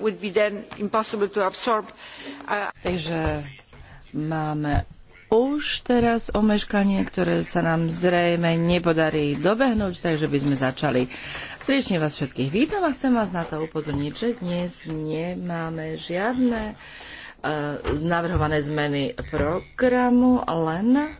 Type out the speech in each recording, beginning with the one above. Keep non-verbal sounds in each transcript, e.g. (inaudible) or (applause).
would be then impossible to absorb. Uh, takže máme už teraz omeškanie, ktoré sa nám zrejme nepodarí dobehnúť, takže by sme začali. Srdečne vás všetkých vítam a chcem vás na to upozorniť, že dnes nemáme žiadne uh, navrhované zmeny programu, len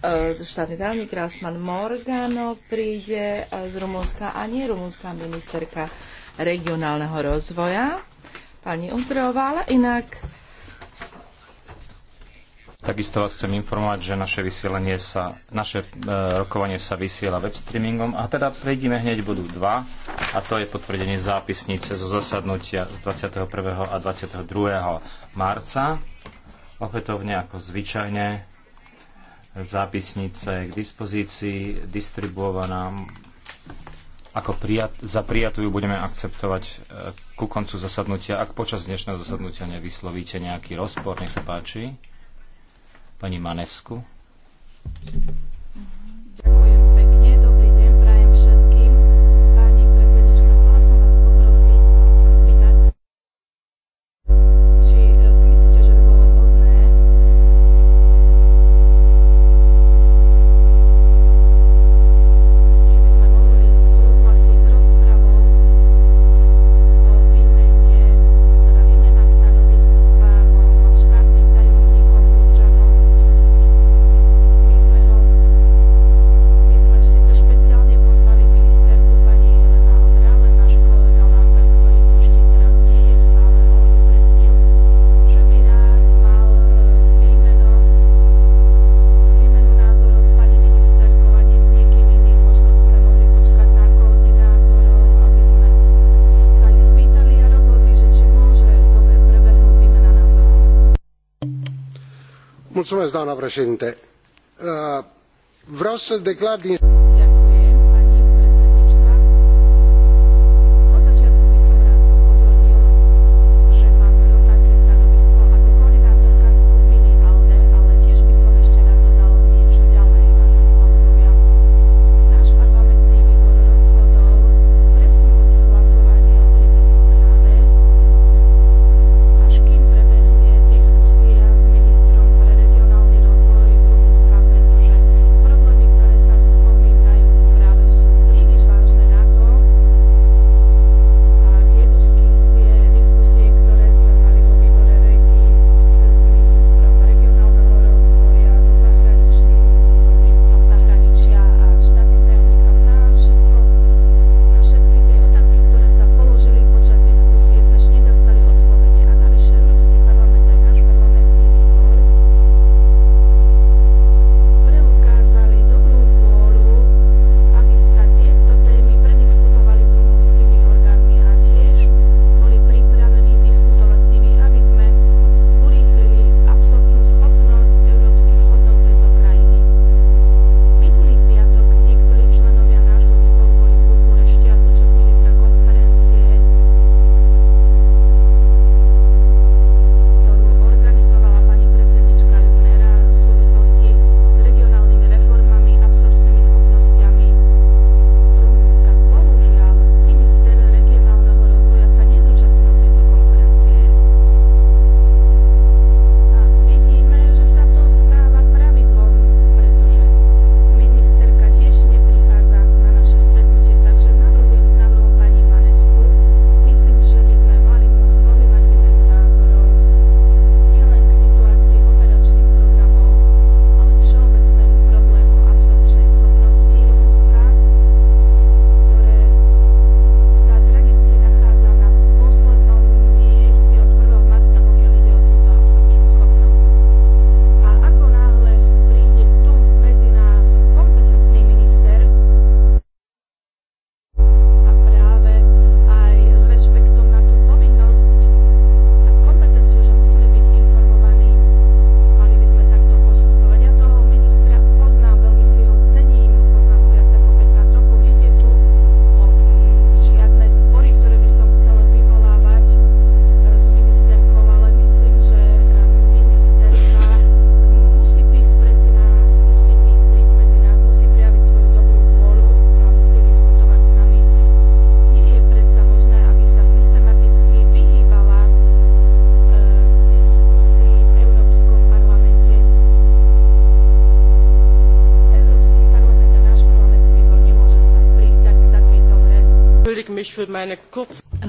E, štátny tajomník Rasman Morgano príde e, z Rumunska a nie rumunská ministerka regionálneho rozvoja, pani Udrová, ale inak Takisto vás chcem informovať, že naše, vysielanie sa, naše e, rokovanie sa vysiela web streamingom a teda prejdime hneď bodu 2 a to je potvrdenie zápisnice zo zasadnutia z 21. a 22. marca. Opätovne ako zvyčajne Zápisnice k dispozícii, distribuovaná ako prijat, za prijatú ju budeme akceptovať e, ku koncu zasadnutia, ak počas dnešného zasadnutia nevyslovíte nejaký rozpor. Nech sa páči. Pani Manevsku. Ďakujem. Uh, vreau să declar din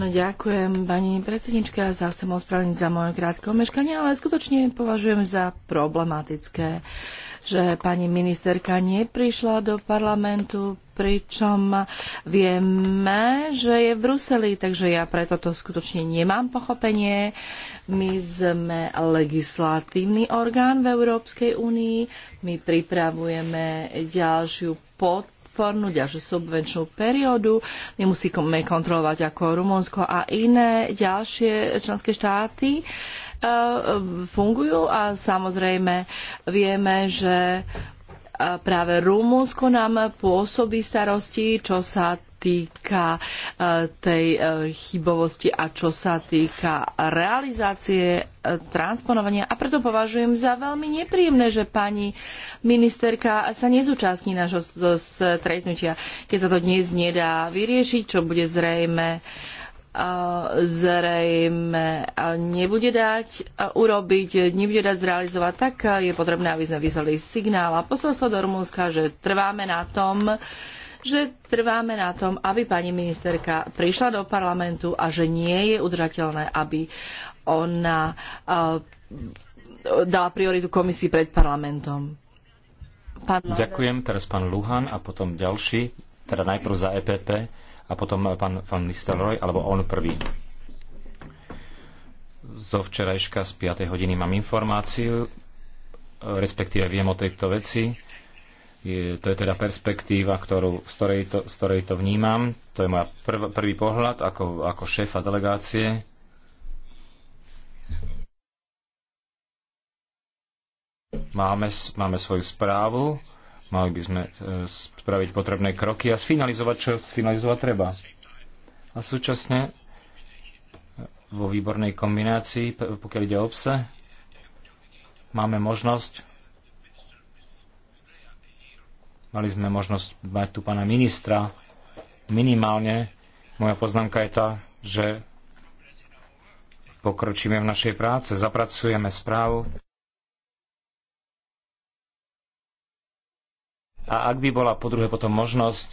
Áno, ďakujem pani predsednička. Ja sa chcem ospravedlniť za moje krátke omeškanie, ale skutočne považujem za problematické, že pani ministerka neprišla do parlamentu, pričom vieme, že je v Bruseli, takže ja preto to skutočne nemám pochopenie. My sme legislatívny orgán v Európskej únii, my pripravujeme ďalšiu pod ponúť až subvenčnú periódu. My musíme kontrolovať ako Rumunsko a iné ďalšie členské štáty e, fungujú a samozrejme vieme, že e, práve Rumunsko nám pôsobí starosti, čo sa týka e, tej e, chybovosti a čo sa týka realizácie e, transponovania. A preto považujem za veľmi nepríjemné, že pani ministerka sa nezúčastní nášho stretnutia, keď sa to dnes nedá vyriešiť, čo bude zrejme zrejme nebude dať urobiť, nebude dať zrealizovať, tak je potrebné, aby sme vyslali signál a posolstvo do Rumúnska, že trváme na tom, že trváme na tom, aby pani ministerka prišla do parlamentu a že nie je udržateľné, aby ona eh, dala prioritu komisii pred parlamentom. Pán Ďakujem. Teraz pán Luhan a potom ďalší, teda najprv za EPP a potom pán minister Nistelrooy, alebo on prvý. Zo včerajška z 5. hodiny mám informáciu, respektíve viem o tejto veci je, to je teda perspektíva, ktorú, z, ktorej to, z ktorej to vnímam. To je môj prv, prvý pohľad ako, ako šéfa delegácie. Máme, máme svoju správu, mali by sme e, spraviť potrebné kroky a sfinalizovať, čo sfinalizovať treba. A súčasne e, vo výbornej kombinácii, pokiaľ ide o obse, máme možnosť Mali sme možnosť mať tu pána ministra. Minimálne moja poznámka je tá, že pokročíme v našej práce, zapracujeme správu. A ak by bola po druhé potom možnosť,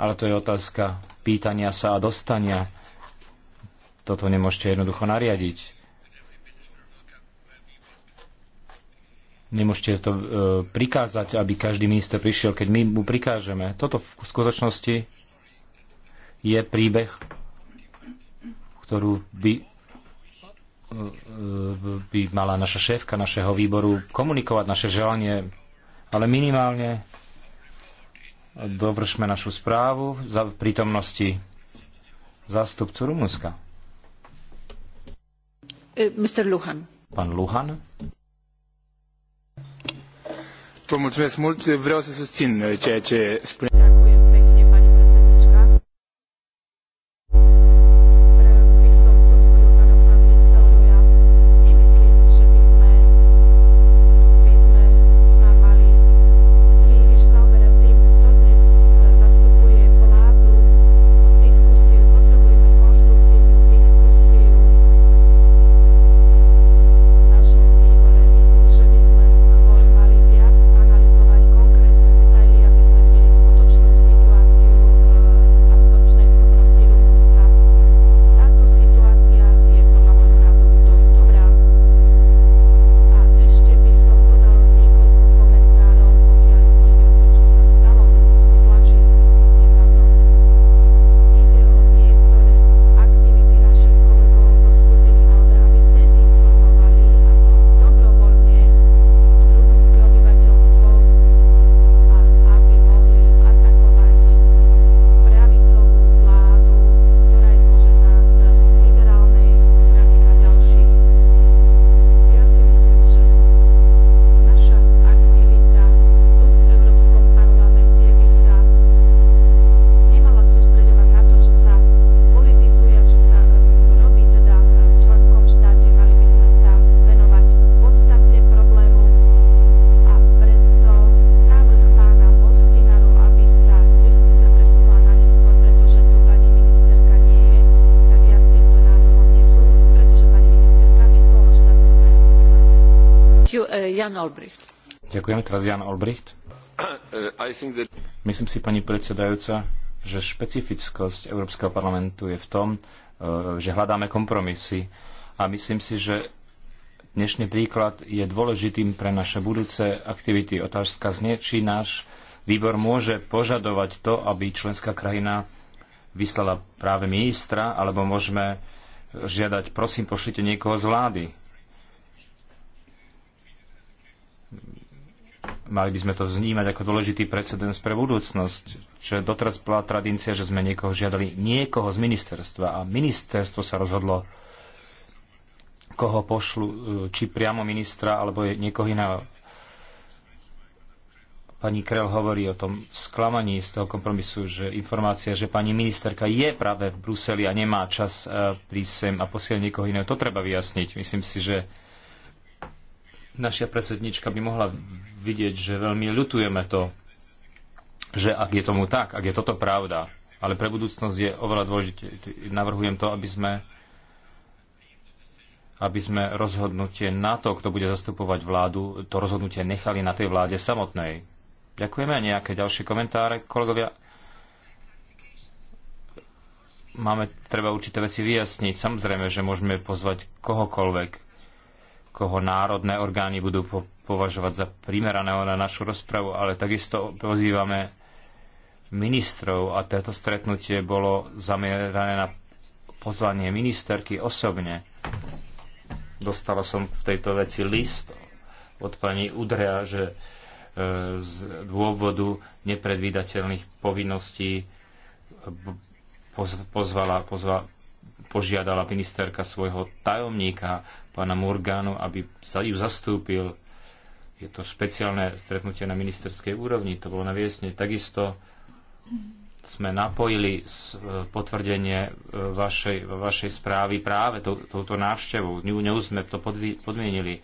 ale to je otázka pýtania sa a dostania, toto nemôžete jednoducho nariadiť. Nemôžete to e, prikázať, aby každý minister prišiel, keď my mu prikážeme. Toto v skutočnosti je príbeh, ktorú by, e, e, by mala naša šéfka našeho výboru komunikovať naše želanie, ale minimálne dovršme našu správu za prítomnosti zástupcu Rumunska. Mr. Luhan. Pán Luhan. Vă mulțumesc mult. Vreau să susțin uh, ceea ce spune. Teraz Jan Olbricht. Uh, that... Myslím si, pani predsedajúca, že špecifickosť Európskeho parlamentu je v tom, uh, že hľadáme kompromisy. A myslím si, že dnešný príklad je dôležitým pre naše budúce aktivity. Otázka znie, či náš výbor môže požadovať to, aby členská krajina vyslala práve ministra, alebo môžeme žiadať, prosím, pošlite niekoho z vlády mali by sme to vnímať ako dôležitý precedens pre budúcnosť. Čo doteraz bola tradícia, že sme niekoho žiadali, niekoho z ministerstva a ministerstvo sa rozhodlo, koho pošlu, e, či priamo ministra, alebo niekoho iného. Pani Krel hovorí o tom sklamaní z toho kompromisu, že informácia, že pani ministerka je práve v Bruseli a nemá čas e, prísť sem a posielať niekoho iného, to treba vyjasniť. Myslím si, že naša predsednička by mohla vidieť, že veľmi ľutujeme to, že ak je tomu tak, ak je toto pravda, ale pre budúcnosť je oveľa dôležité. Navrhujem to, aby sme, aby sme rozhodnutie na to, kto bude zastupovať vládu, to rozhodnutie nechali na tej vláde samotnej. Ďakujeme a nejaké ďalšie komentáre, kolegovia. Máme treba určité veci vyjasniť. Samozrejme, že môžeme pozvať kohokoľvek, koho národné orgány budú považovať za primeraného na našu rozpravu, ale takisto pozývame ministrov a toto stretnutie bolo zamerané na pozvanie ministerky osobne. Dostala som v tejto veci list od pani Udrea, že e, z dôvodu nepredvídateľných povinností pozvala, pozvala, požiadala ministerka svojho tajomníka, pána Morgánu, aby sa ju zastúpil. Je to špeciálne stretnutie na ministerskej úrovni, to bolo na Viesne. Takisto sme napojili e, potvrdenie e, vašej, vašej správy práve tou, touto návštevou. Ňu sme to podmienili.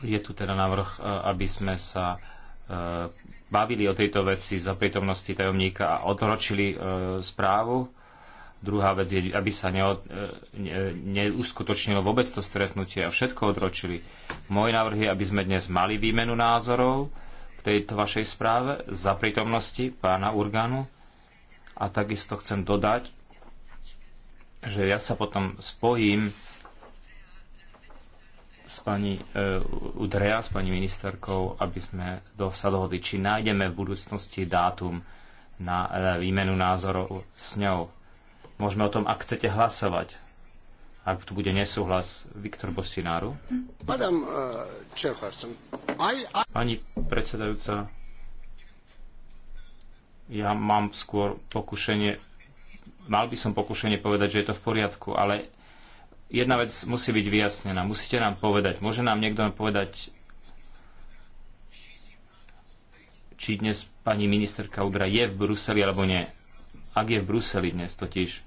Je tu teda návrh, e, aby sme sa E, bavili o tejto veci za prítomnosti tajomníka a odročili e, správu. Druhá vec je, aby sa neod, e, ne, neuskutočnilo vôbec to stretnutie a všetko odročili. Môj návrh je, aby sme dnes mali výmenu názorov k tejto vašej správe za prítomnosti pána Urgánu. A takisto chcem dodať, že ja sa potom spojím s pani e, Udrea, s pani ministerkou, aby sme sa dohodli, či nájdeme v budúcnosti dátum na e, výmenu názorov s ňou. Môžeme o tom, ak chcete hlasovať. Ak tu bude nesúhlas Viktor Bostináru. E, pani predsedajúca, ja mám skôr pokušenie, mal by som pokušenie povedať, že je to v poriadku, ale jedna vec musí byť vyjasnená. Musíte nám povedať, môže nám niekto povedať, či dnes pani ministerka Udra je v Bruseli alebo nie. Ak je v Bruseli dnes totiž,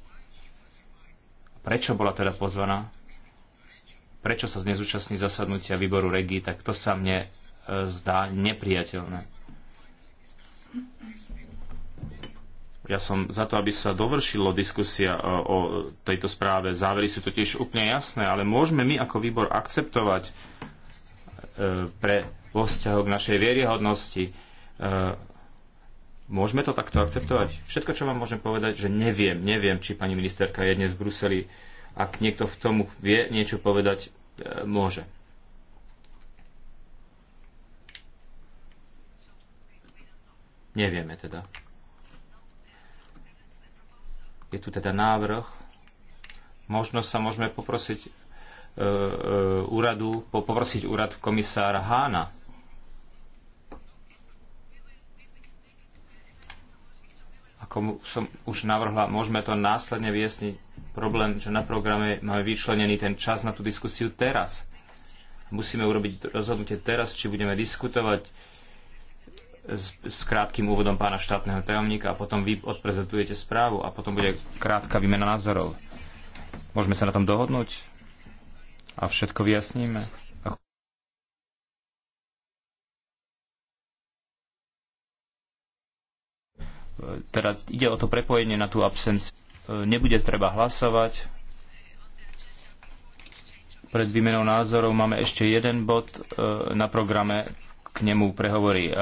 prečo bola teda pozvaná? Prečo sa účastní zasadnutia výboru regí, tak to sa mne e, zdá nepriateľné. Ja som za to, aby sa dovršilo diskusia e, o tejto správe. Závery sú totiž úplne jasné, ale môžeme my ako výbor akceptovať e, pre vo vzťahu k našej vieriehodnosti. E, môžeme to takto akceptovať? Všetko, čo vám môžem povedať, že neviem, neviem, či pani ministerka je dnes v Bruseli. Ak niekto v tomu vie niečo povedať, môže. Nevieme teda. Je tu teda návrh. Možno sa môžeme poprosiť e, e, úradu, poprosiť úrad komisára Hána, ako som už navrhla, môžeme to následne vyjasniť problém, že na programe máme vyčlenený ten čas na tú diskusiu teraz. Musíme urobiť rozhodnutie teraz, či budeme diskutovať s, s krátkým úvodom pána štátneho tajomníka a potom vy odprezentujete správu a potom bude krátka výmena názorov. Môžeme sa na tom dohodnúť a všetko vyjasníme. Teda ide o to prepojenie na tú absenciu. Nebude treba hlasovať. Pred výmenou názorov máme ešte jeden bod e, na programe, k nemu prehovorí e,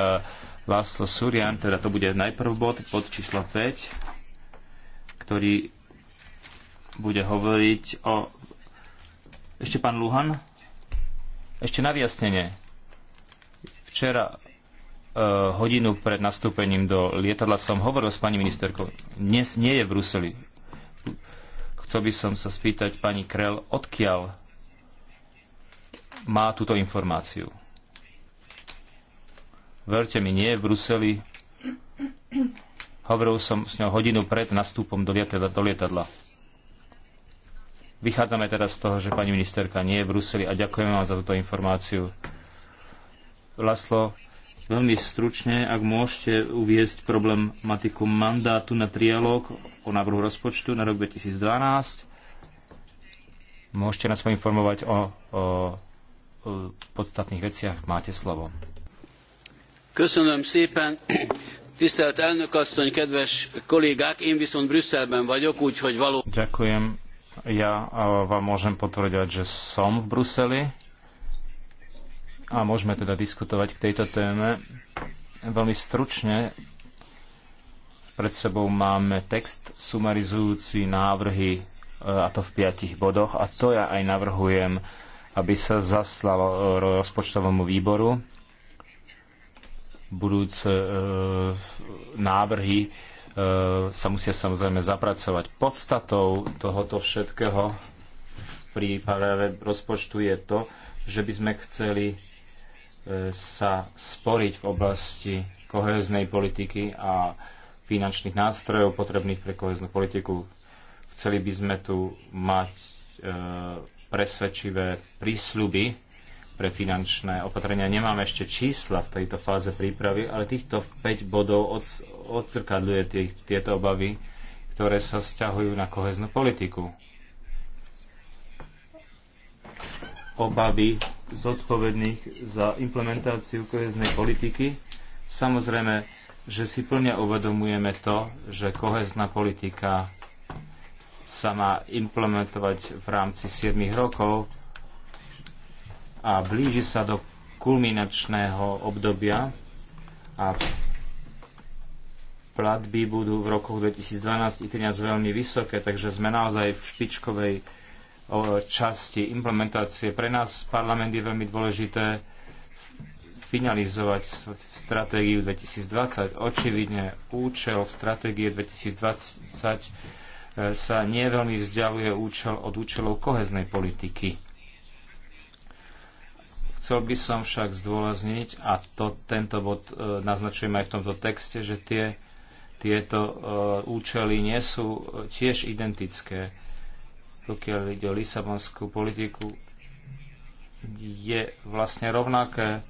Laslo Surian, teda to bude najprv bod pod číslo 5, ktorý bude hovoriť o... Ešte pán Luhan? Ešte na vyjasnenie. Včera e, hodinu pred nastúpením do lietadla som hovoril s pani ministerkou. Dnes nie je v Bruseli. Chcel by som sa spýtať pani Krell, odkiaľ má túto informáciu. Verte mi, nie v Bruseli. Hovoril som s ňou hodinu pred nastupom do, lietadla, do lietadla. Vychádzame teda z toho, že pani ministerka nie je v Bruseli a ďakujem vám za túto informáciu. Laslo, veľmi stručne, ak môžete uviezť problematiku mandátu na trialóg o návrhu rozpočtu na rok 2012. Môžete nás poinformovať o, o, o podstatných veciach. Máte slovo. Köszönöm szépen. Tisztelt elnök asszony, kedves kollégák, én viszont Brüsszelben vagyok, úgyhogy való... Ďakujem. Ja vám môžem potvrdiť, že som v Bruseli a môžeme teda diskutovať k tejto téme. Veľmi stručne pred sebou máme text sumarizujúci návrhy e, a to v piatich bodoch a to ja aj navrhujem, aby sa zaslalo rozpočtovému výboru budúce e, návrhy e, sa musia samozrejme zapracovať. Podstatou tohoto všetkého v prípade rozpočtu je to, že by sme chceli e, sa sporiť v oblasti kohéznej politiky a finančných nástrojov potrebných pre koheznú politiku. Chceli by sme tu mať presvedčivé prísľuby pre finančné opatrenia. Nemám ešte čísla v tejto fáze prípravy, ale týchto 5 bodov od, odzrkadľuje tých, tieto obavy, ktoré sa vzťahujú na koheznú politiku. Obavy zodpovedných za implementáciu koheznej politiky. Samozrejme, že si plne uvedomujeme to, že kohezná politika sa má implementovať v rámci 7 rokov, a blíži sa do kulminačného obdobia a platby budú v rokoch 2012 i 2013 veľmi vysoké, takže sme naozaj v špičkovej časti implementácie. Pre nás parlament je veľmi dôležité finalizovať stratégiu 2020. Očividne účel stratégie 2020 e, sa nie veľmi vzdialuje účel od účelov koheznej politiky Chcel by som však zdôrazniť, a to, tento bod e, naznačujem aj v tomto texte, že tie, tieto e, účely nie sú e, tiež identické. Pokiaľ ide o lisabonskú politiku, je vlastne rovnaké,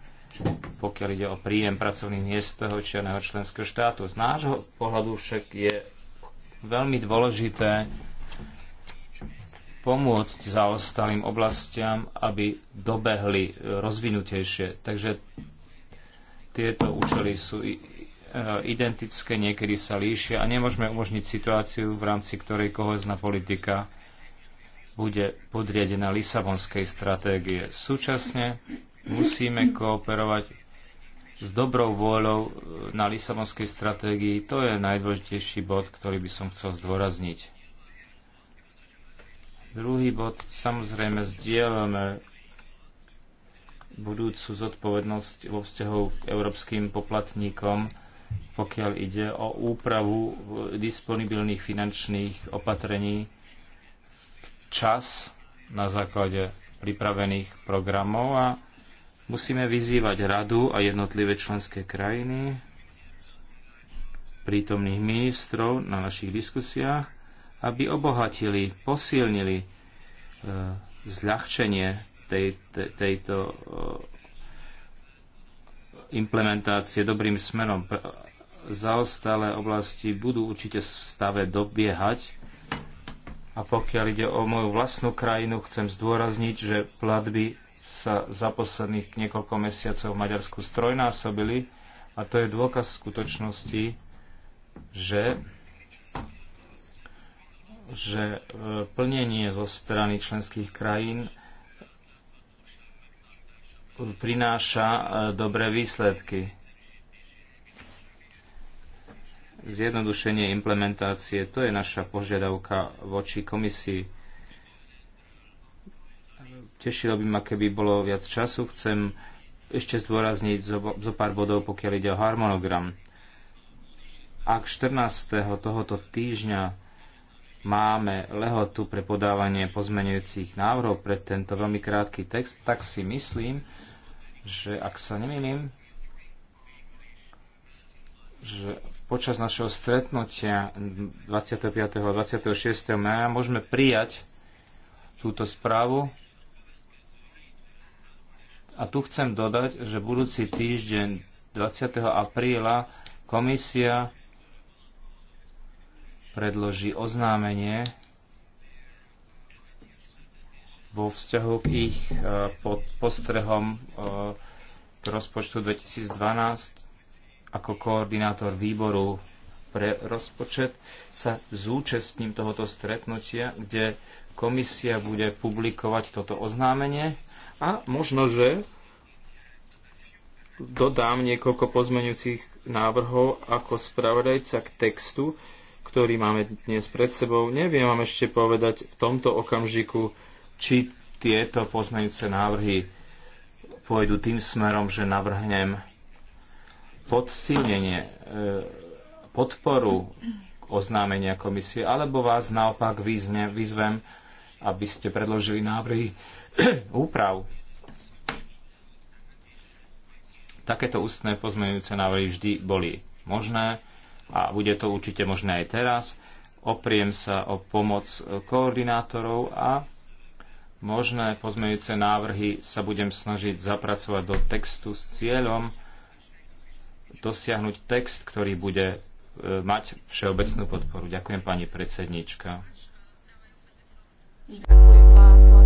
pokiaľ ide o príjem pracovných miest toho či členského štátu. Z nášho pohľadu však je veľmi dôležité, pomôcť zaostalým oblastiam, aby dobehli rozvinutejšie. Takže tieto účely sú e, identické, niekedy sa líšia a nemôžeme umožniť situáciu, v rámci ktorej kohezná politika bude podriadená Lisabonskej stratégie. Súčasne musíme kooperovať s dobrou vôľou e, na Lisabonskej stratégii. To je najdôležitejší bod, ktorý by som chcel zdôrazniť Druhý bod, samozrejme, zdieľame budúcu zodpovednosť vo vzťahu k európskym poplatníkom, pokiaľ ide o úpravu disponibilných finančných opatrení čas na základe pripravených programov a musíme vyzývať radu a jednotlivé členské krajiny, prítomných ministrov na našich diskusiách, aby obohatili, posilnili e, zľahčenie tej, tej, tejto e, implementácie dobrým smerom. Zaostalé oblasti budú určite v stave dobiehať. A pokiaľ ide o moju vlastnú krajinu, chcem zdôrazniť, že platby sa za posledných niekoľko mesiacov v Maďarsku strojnásobili a to je dôkaz skutočnosti, že že e, plnenie zo strany členských krajín e, prináša e, dobré výsledky. Zjednodušenie implementácie, to je naša požiadavka voči komisii. Tešilo by ma, keby bolo viac času. Chcem ešte zdôrazniť zo, zo pár bodov, pokiaľ ide o harmonogram. Ak 14. tohoto týždňa máme lehotu pre podávanie pozmenujúcich návrhov pre tento veľmi krátky text, tak si myslím, že ak sa nemýlim, že počas našeho stretnutia 25. a 26. maja môžeme prijať túto správu. A tu chcem dodať, že budúci týždeň 20. apríla komisia predloží oznámenie vo vzťahu k ich e, postrehom e, k rozpočtu 2012 ako koordinátor výboru pre rozpočet sa zúčastním tohoto stretnutia, kde komisia bude publikovať toto oznámenie a možno, že dodám niekoľko pozmeňujúcich návrhov ako spravodajca k textu, ktorý máme dnes pred sebou. Neviem vám ešte povedať v tomto okamžiku, či tieto pozmeňujúce návrhy pôjdu tým smerom, že navrhnem podsilnenie, e, podporu oznámenia komisie, alebo vás naopak vyzvem, aby ste predložili návrhy (clears throat) úprav. Takéto ústne pozmeňujúce návrhy vždy boli možné a bude to určite možné aj teraz. Opriem sa o pomoc koordinátorov a možné pozmeňujúce návrhy sa budem snažiť zapracovať do textu s cieľom dosiahnuť text, ktorý bude e, mať všeobecnú podporu. Ďakujem pani predsedníčka. Ďakujem,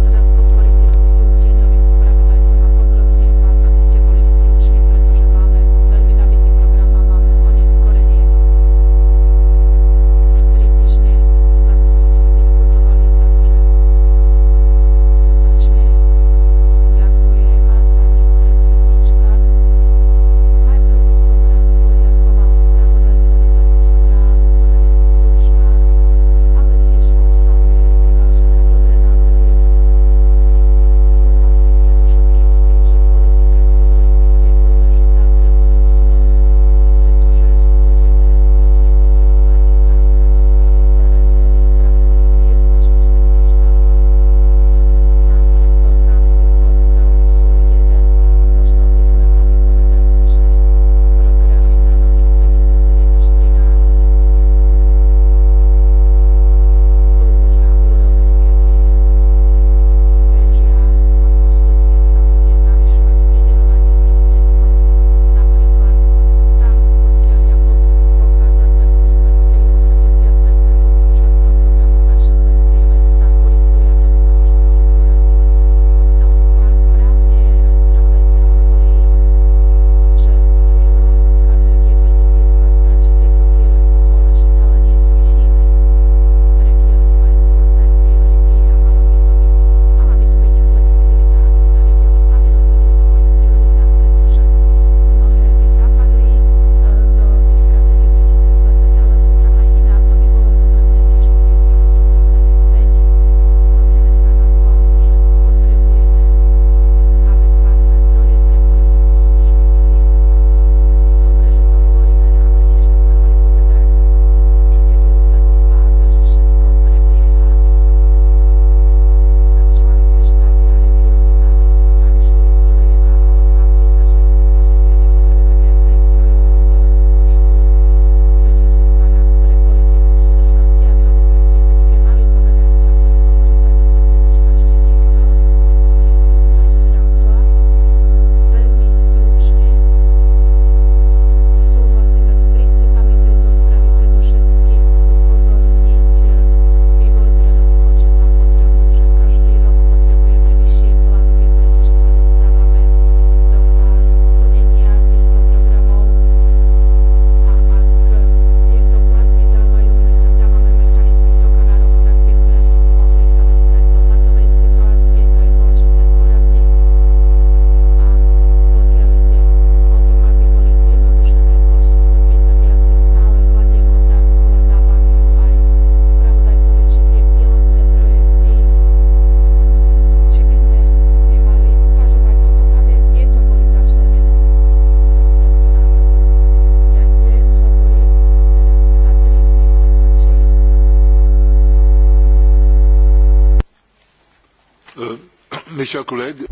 mes chers collègues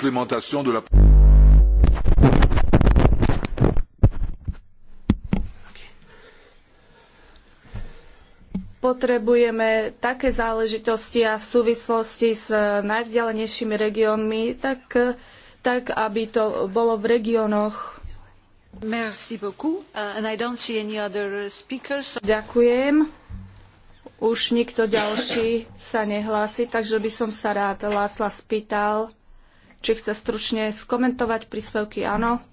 l'implémentation de la potrebujeme také záležitosti a súvislosti s najvzdialenejšími regiónmi, tak, tak aby to bolo v regiónoch. Uh, Ďakujem. Už nikto ďalší sa nehlási, takže by som sa rád Lásla spýtal, či chce stručne skomentovať príspevky? Áno.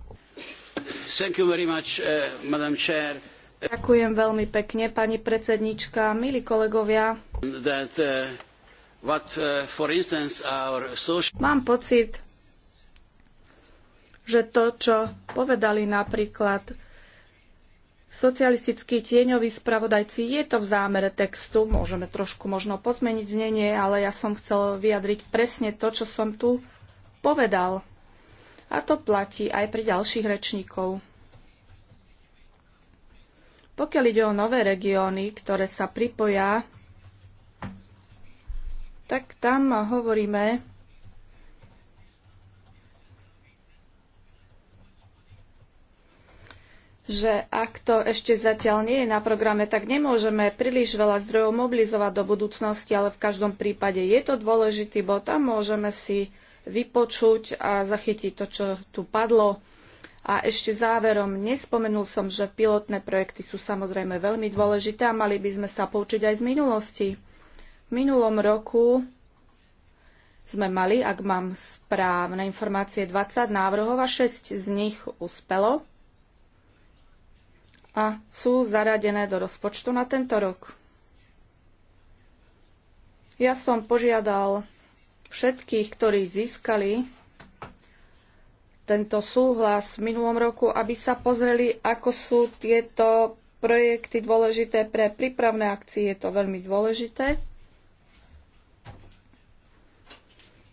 Much, uh, Ďakujem veľmi pekne, pani predsednička, milí kolegovia. That, uh, what, uh, instance, social... Mám pocit, že to, čo povedali napríklad socialistickí tieňoví spravodajci, je to v zámere textu, môžeme trošku možno pozmeniť znenie, ale ja som chcel vyjadriť presne to, čo som tu povedal. A to platí aj pre ďalších rečníkov. Pokiaľ ide o nové regióny, ktoré sa pripoja, tak tam hovoríme že ak to ešte zatiaľ nie je na programe, tak nemôžeme príliš veľa zdrojov mobilizovať do budúcnosti, ale v každom prípade je to dôležitý bod a môžeme si vypočuť a zachytiť to, čo tu padlo. A ešte záverom, nespomenul som, že pilotné projekty sú samozrejme veľmi dôležité a mali by sme sa poučiť aj z minulosti. V minulom roku sme mali, ak mám správne informácie, 20 návrhov a 6 z nich uspelo a sú zaradené do rozpočtu na tento rok. Ja som požiadal všetkých, ktorí získali tento súhlas v minulom roku, aby sa pozreli, ako sú tieto projekty dôležité pre prípravné akcie. Je to veľmi dôležité.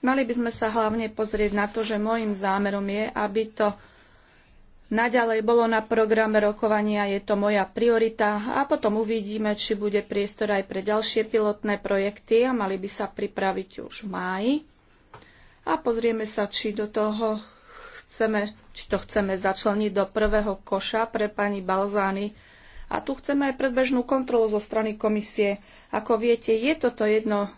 Mali by sme sa hlavne pozrieť na to, že môjim zámerom je, aby to Naďalej bolo na programe rokovania, je to moja priorita a potom uvidíme, či bude priestor aj pre ďalšie pilotné projekty a mali by sa pripraviť už v máji. A pozrieme sa, či do toho chceme, či to chceme začleniť do prvého koša pre pani Balzány, a tu chceme aj predbežnú kontrolu zo strany komisie. Ako viete, je toto jedno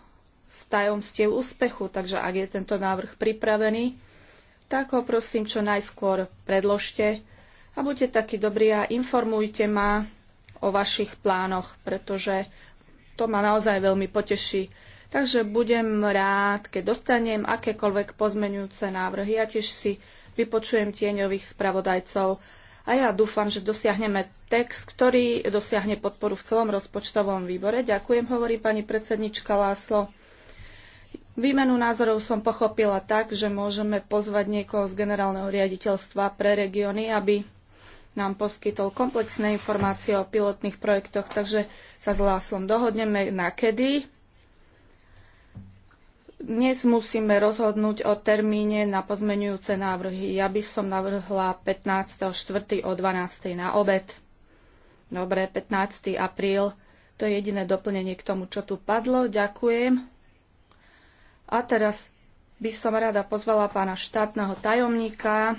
z tajomstiev úspechu, takže ak je tento návrh pripravený, tak ho prosím čo najskôr predložte a buďte takí dobrí a informujte ma o vašich plánoch, pretože to ma naozaj veľmi poteší. Takže budem rád, keď dostanem akékoľvek pozmenujúce návrhy. Ja tiež si vypočujem tieňových spravodajcov a ja dúfam, že dosiahneme text, ktorý dosiahne podporu v celom rozpočtovom výbore. Ďakujem, hovorí pani predsednička Láslo. Výmenu názorov som pochopila tak, že môžeme pozvať niekoho z generálneho riaditeľstva pre regióny, aby nám poskytol komplexné informácie o pilotných projektoch, takže sa s Láslom dohodneme na kedy. Dnes musíme rozhodnúť o termíne na pozmenujúce návrhy. Ja by som navrhla 15.4. o 12.00 na obed. Dobre, 15. apríl. To je jediné doplnenie k tomu, čo tu padlo. Ďakujem. A teraz by som rada pozvala pána štátneho tajomníka.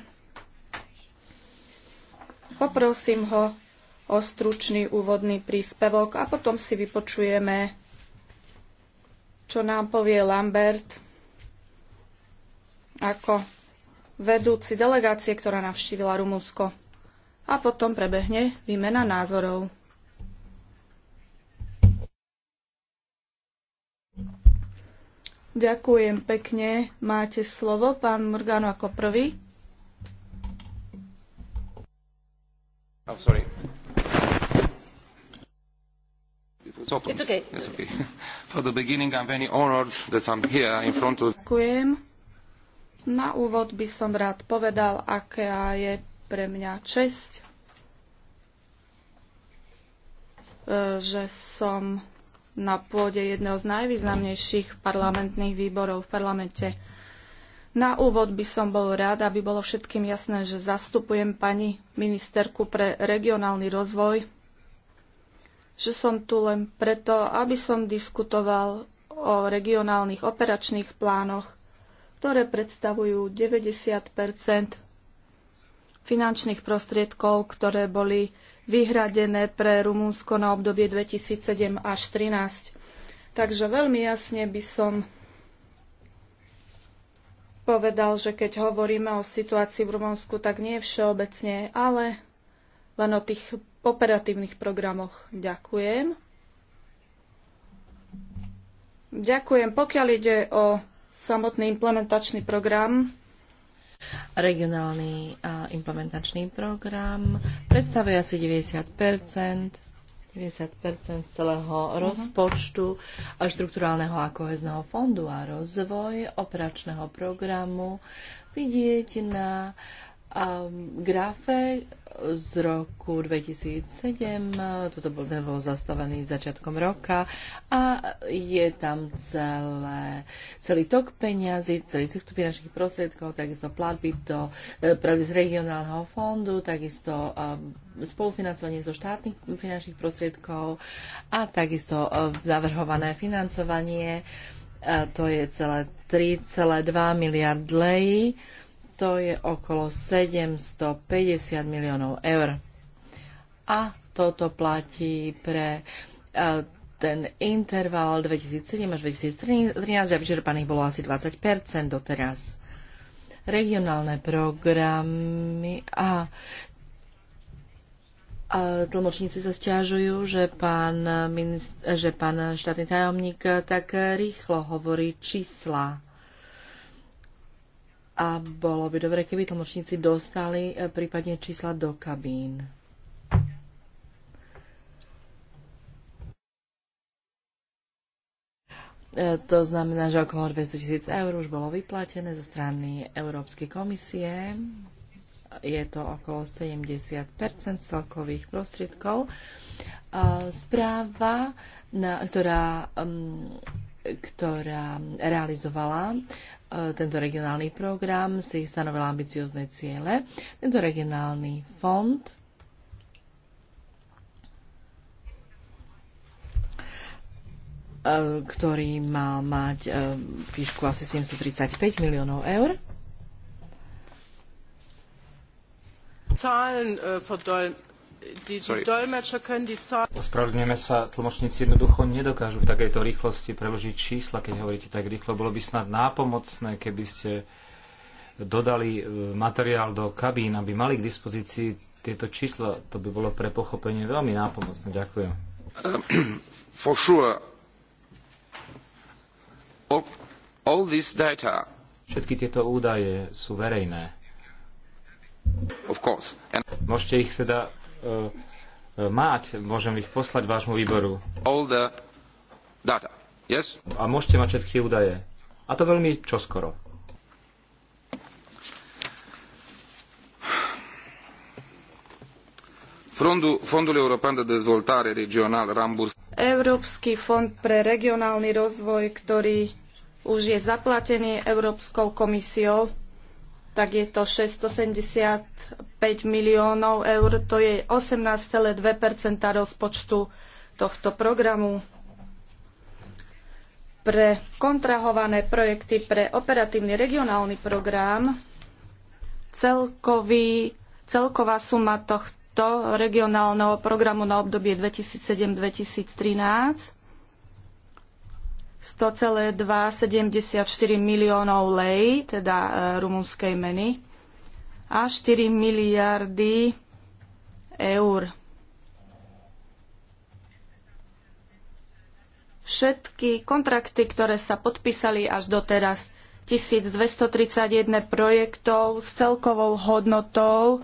Poprosím ho o stručný úvodný príspevok a potom si vypočujeme, čo nám povie Lambert ako vedúci delegácie, ktorá navštívila Rumúnsko. A potom prebehne výmena názorov. Ďakujem pekne. Máte slovo, pán Morgano, ako prvý. Oh, sorry. It's It's okay. It's okay. (laughs) For the beginning, I'm very honored that I'm here in front of... Ďakujem. Na úvod by som rád povedal, aká je pre mňa česť, eh, že som na pôde jedného z najvýznamnejších parlamentných výborov v parlamente. Na úvod by som bol rád, aby bolo všetkým jasné, že zastupujem pani ministerku pre regionálny rozvoj, že som tu len preto, aby som diskutoval o regionálnych operačných plánoch, ktoré predstavujú 90 finančných prostriedkov, ktoré boli vyhradené pre Rumúnsko na obdobie 2007 až 2013. Takže veľmi jasne by som povedal, že keď hovoríme o situácii v Rumunsku, tak nie všeobecne, ale len o tých operatívnych programoch. Ďakujem. Ďakujem. Pokiaľ ide o samotný implementačný program, Regionálny implementačný program predstavuje asi 90 90 z celého mhm. rozpočtu a štruktúrálneho a kohezného fondu a rozvoj operačného programu vidieť na grafe z roku 2007. Toto bol, ten bol zastavený začiatkom roka a je tam celé, celý tok peňazí, celý týchto finančných prostriedkov, takisto platby do e, pravdy z regionálneho fondu, takisto e, spolufinancovanie zo štátnych finančných prostriedkov a takisto navrhované e, financovanie. To je celé 3,2 miliard lei to je okolo 750 miliónov eur. A toto platí pre e, ten interval 2007 až 2013 a vyčerpaných bolo asi 20 doteraz. Regionálne programy a, a tlmočníci sa stiažujú, že pán, minister, že pán štátny tajomník tak rýchlo hovorí čísla a bolo by dobre, keby tlmočníci dostali e, prípadne čísla do kabín. E, to znamená, že okolo 200 tisíc eur už bolo vyplatené zo strany Európskej komisie. Je to okolo 70 celkových prostriedkov. Správa, na, ktorá, mm, ktorá realizovala E, tento regionálny program si stanovila ambiciozne ciele. Tento regionálny fond e, ktorý má mať e, výšku asi 735 miliónov eur. Zahlen, uh, Ospravedlňujeme sa, tlmočníci jednoducho nedokážu v takejto rýchlosti preložiť čísla, keď hovoríte tak rýchlo. Bolo by snad nápomocné, keby ste dodali e, materiál do kabín, aby mali k dispozícii tieto čísla. To by bolo pre pochopenie veľmi nápomocné. Ďakujem. (clears throat) For sure. All, all this data. Všetky tieto údaje sú verejné. Of course. And... Môžete ich teda uh, mať, môžem ich poslať vášmu výboru. All the data. Yes? A môžete mať všetky údaje. A to veľmi čoskoro. Fondul, Fondul European de Dezvoltare Regional Ramburs. Európsky fond pre regionálny rozvoj, ktorý už je zaplatený Európskou komisiou, tak je to 675 miliónov eur, to je 18,2 rozpočtu tohto programu. Pre kontrahované projekty pre operatívny regionálny program celkový, celková suma tohto regionálneho programu na obdobie 2007-2013 100,274 miliónov lei, teda e, rumunskej meny, a 4 miliardy eur. Všetky kontrakty, ktoré sa podpísali až doteraz, 1231 projektov s celkovou hodnotou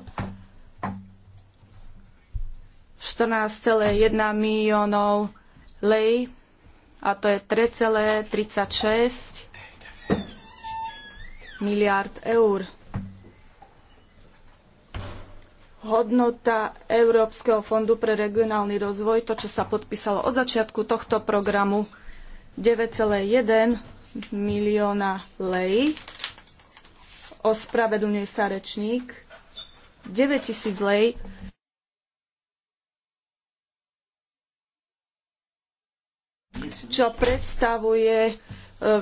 14,1 miliónov lei a to je 3,36 miliard eur. Hodnota Európskeho fondu pre regionálny rozvoj, to, čo sa podpísalo od začiatku tohto programu, 9,1 milióna lei. Ospravedlňuje sa rečník. 9000 lei čo predstavuje e,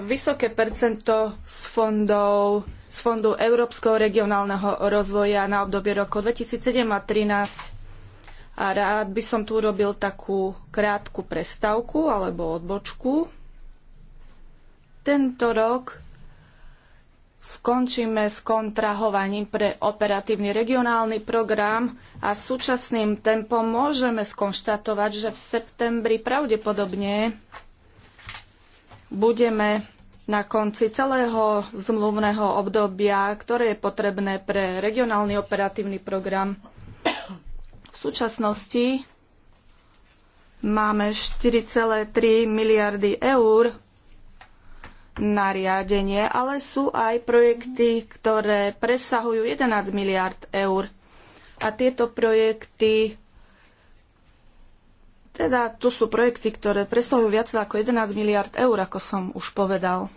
vysoké percento z fondov z Fondu Európskeho regionálneho rozvoja na obdobie roku 2007 a 2013. A rád by som tu urobil takú krátku prestávku alebo odbočku. Tento rok skončíme s kontrahovaním pre operatívny regionálny program a súčasným tempom môžeme skonštatovať, že v septembri pravdepodobne budeme na konci celého zmluvného obdobia, ktoré je potrebné pre regionálny operatívny program. V súčasnosti máme 4,3 miliardy eur nariadenie, ale sú aj projekty, ktoré presahujú 11 miliard eur. A tieto projekty, teda tu sú projekty, ktoré presahujú viac ako 11 miliard eur, ako som už povedal.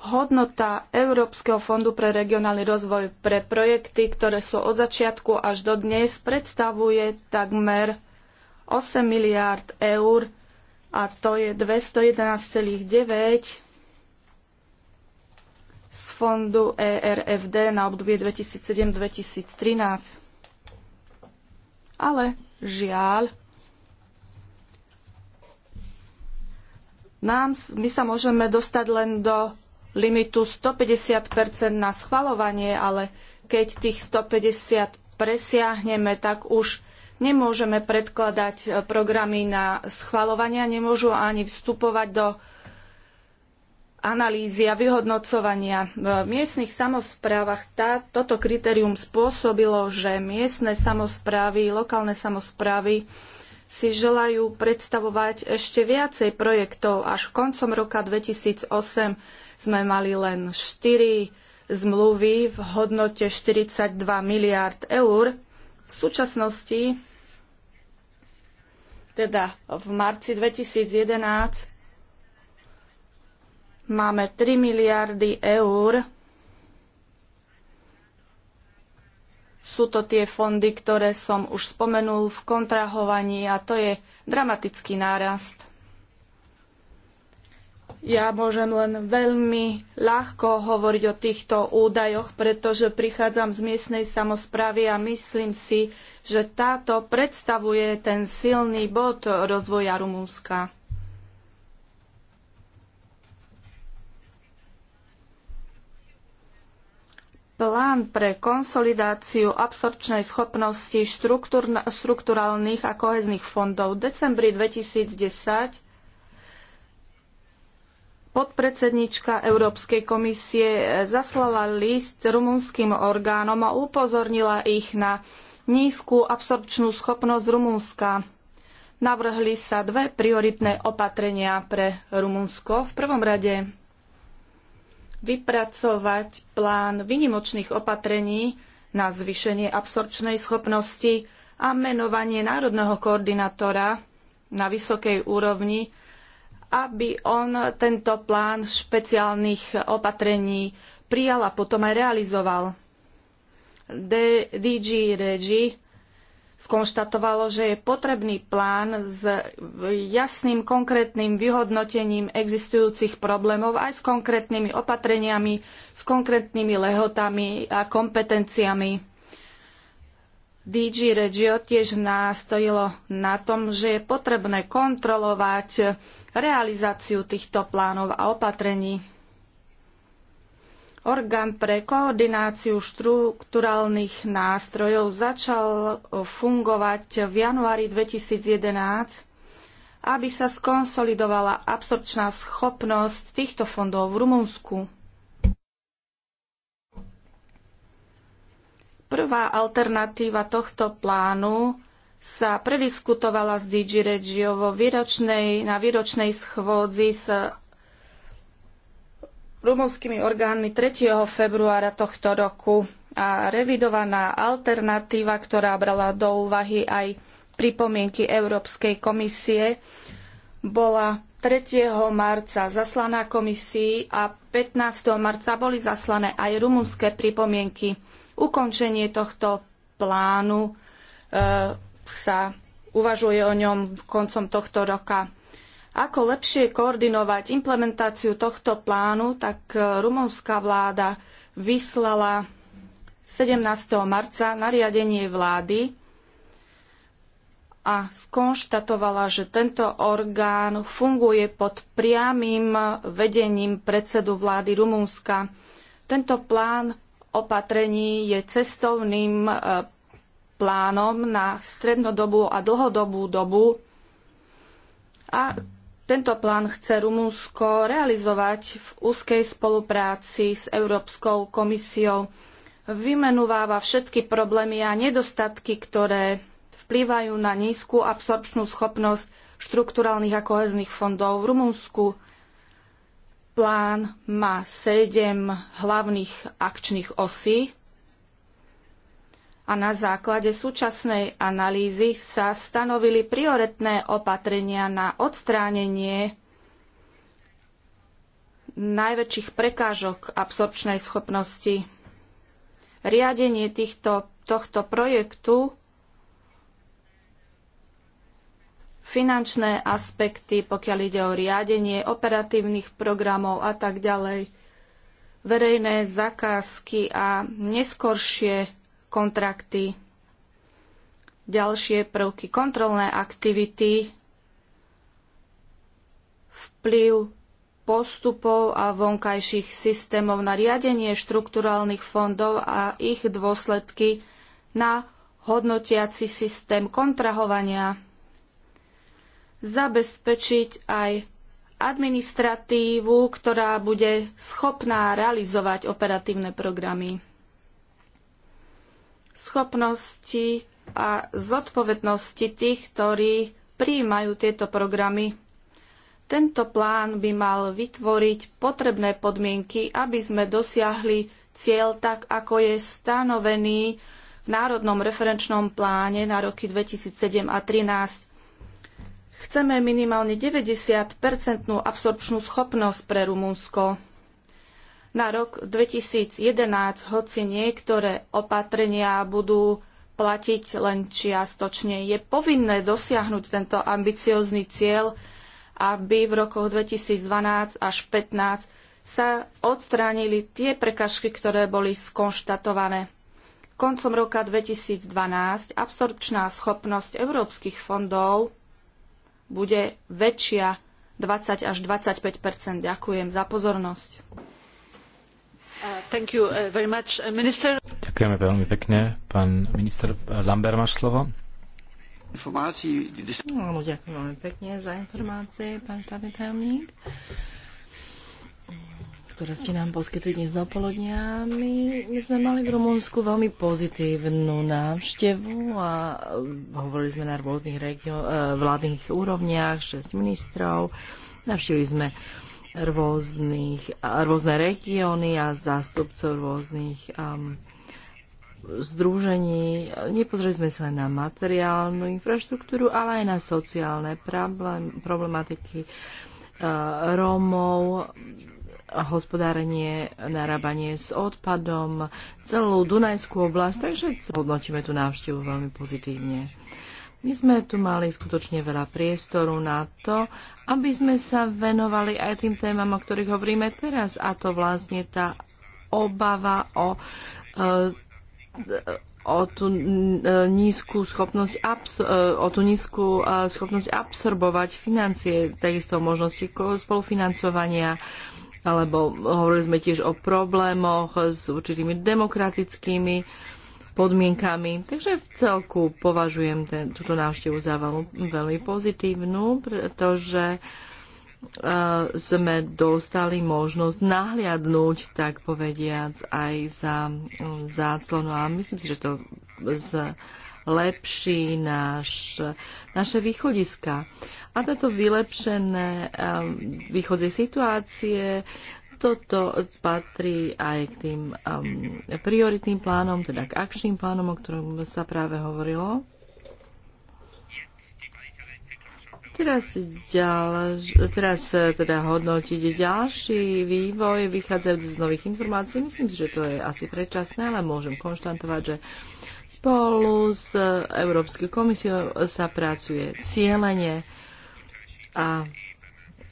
Hodnota Európskeho fondu pre regionálny rozvoj pre projekty, ktoré sú od začiatku až do dnes, predstavuje takmer 8 miliárd eur a to je 211,9 z fondu ERFD na obdobie 2007-2013. Ale žiaľ, nám, my sa môžeme dostať len do limitu 150 na schvalovanie, ale keď tých 150 presiahneme, tak už Nemôžeme predkladať e, programy na a nemôžu ani vstupovať do analýzy a vyhodnocovania. V miestnych samozprávach tá, toto kritérium spôsobilo, že miestne samozprávy, lokálne samozprávy si želajú predstavovať ešte viacej projektov. Až koncom roka 2008 sme mali len 4 zmluvy v hodnote 42 miliárd eur. V súčasnosti teda v marci 2011 máme 3 miliardy eur. Sú to tie fondy, ktoré som už spomenul v kontrahovaní a to je dramatický nárast. Ja môžem len veľmi ľahko hovoriť o týchto údajoch, pretože prichádzam z miestnej samozprávy a myslím si, že táto predstavuje ten silný bod rozvoja Rumúnska. Plán pre konsolidáciu absorpčnej schopnosti štrukturálnych a kohezných fondov v decembri 2010 podpredsednička Európskej komisie zaslala list rumunským orgánom a upozornila ich na nízku absorpčnú schopnosť Rumunska. Navrhli sa dve prioritné opatrenia pre Rumunsko. V prvom rade vypracovať plán vynimočných opatrení na zvýšenie absorpčnej schopnosti a menovanie národného koordinátora na vysokej úrovni aby on tento plán špeciálnych opatrení prijal a potom aj realizoval. DG Regi skonštatovalo, že je potrebný plán s jasným konkrétnym vyhodnotením existujúcich problémov aj s konkrétnymi opatreniami, s konkrétnymi lehotami a kompetenciami. DG Regio tiež nastojilo na tom, že je potrebné kontrolovať realizáciu týchto plánov a opatrení. Orgán pre koordináciu štrukturálnych nástrojov začal fungovať v januári 2011, aby sa skonsolidovala absorpčná schopnosť týchto fondov v Rumunsku. Prvá alternatíva tohto plánu sa prediskutovala s DG Regio vo výročnej, na výročnej schôdzi s rumunskými orgánmi 3. februára tohto roku a revidovaná alternatíva, ktorá brala do úvahy aj pripomienky Európskej komisie, bola 3. marca zaslaná komisii a 15. marca boli zaslané aj rumunské pripomienky. Ukončenie tohto plánu e, sa uvažuje o ňom koncom tohto roka. Ako lepšie koordinovať implementáciu tohto plánu, tak e, rumunská vláda vyslala 17. marca nariadenie vlády a skonštatovala, že tento orgán funguje pod priamým vedením predsedu vlády Rumúnska. Tento plán opatrení je cestovným e, plánom na strednodobú a dlhodobú dobu. A tento plán chce Rumunsko realizovať v úzkej spolupráci s Európskou komisiou. Vymenúváva všetky problémy a nedostatky, ktoré vplývajú na nízku absorpčnú schopnosť štrukturálnych a kohezných fondov v Rumunsku. Plán má sedem hlavných akčných osí a na základe súčasnej analýzy sa stanovili prioritné opatrenia na odstránenie najväčších prekážok absorpčnej schopnosti. Riadenie týchto, tohto projektu, finančné aspekty, pokiaľ ide o riadenie operatívnych programov a tak ďalej, verejné zakázky a neskoršie kontrakty. Ďalšie prvky kontrolné aktivity, vplyv postupov a vonkajších systémov na riadenie štrukturálnych fondov a ich dôsledky na hodnotiaci systém kontrahovania. Zabezpečiť aj administratívu, ktorá bude schopná realizovať operatívne programy schopnosti a zodpovednosti tých, ktorí prijímajú tieto programy. Tento plán by mal vytvoriť potrebné podmienky, aby sme dosiahli cieľ tak, ako je stanovený v Národnom referenčnom pláne na roky 2007 a 2013. Chceme minimálne 90-percentnú absorpčnú schopnosť pre Rumunsko na rok 2011, hoci niektoré opatrenia budú platiť len čiastočne. Je povinné dosiahnuť tento ambiciózny cieľ, aby v rokoch 2012 až 2015 sa odstránili tie prekažky, ktoré boli skonštatované. Koncom roka 2012 absorpčná schopnosť európskych fondov bude väčšia 20 až 25 Ďakujem za pozornosť ďakujem veľmi pekne za informácie, pán štátny tajomník ktoré ste nám poskytli dnes do poludnia. My, my sme mali v Rumunsku veľmi pozitívnu návštevu a um, hovorili sme na rôznych regio- uh, vládnych úrovniach, šesť ministrov. Navštívili sme uh, rôznych, rôzne regióny a zástupcov rôznych um, združení. Nepozreli sme sa len na materiálnu infraštruktúru, ale aj na sociálne problém, problematiky uh, Rómov, hospodárenie, narábanie s odpadom, celú Dunajskú oblasť, takže hodnotíme tú návštevu veľmi pozitívne. My sme tu mali skutočne veľa priestoru na to, aby sme sa venovali aj tým témam, o ktorých hovoríme teraz, a to vlastne tá obava o, e, e, e, o tú nízku schopnosť o tú nízku schopnosť absorbovať financie, takisto možnosti spolufinancovania, alebo hovorili sme tiež o problémoch s určitými demokratickými podmienkami. Takže v celku považujem ten, túto návštevu za veľmi, veľmi pozitívnu, pretože uh, sme dostali možnosť nahliadnúť, tak povediac, aj za mm, záclonu. A myslím si, že to z, lepší naš, naše východiska. A táto vylepšené um, e, východzie situácie toto patrí aj k tým um, prioritným plánom, teda k akčným plánom, o ktorom sa práve hovorilo. Teraz, ďal, teraz teda hodnotiť ďalší vývoj vychádzajúci z nových informácií. Myslím si, že to je asi predčasné, ale môžem konštantovať, že spolu s Európskou komisiou sa pracuje cieľene a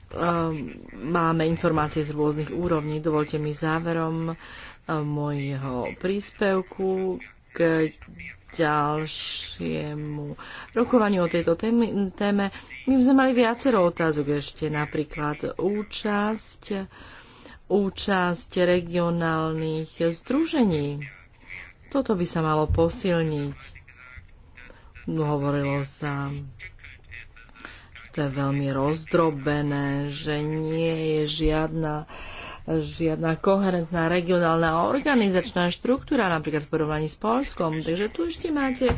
Ehm, máme informácie z rôznych úrovní. Dovolte mi záverom môjho ehm, príspevku k ďalšiemu rokovaniu o tejto téme. My sme mali viacero otázok ešte, napríklad účasť, účasť regionálnych združení. Toto by sa malo posilniť. Hovorilo sa to je veľmi rozdrobené, že nie je žiadna žiadna koherentná regionálna organizačná štruktúra, napríklad v porovnaní s Polskom. Takže tu ešte máte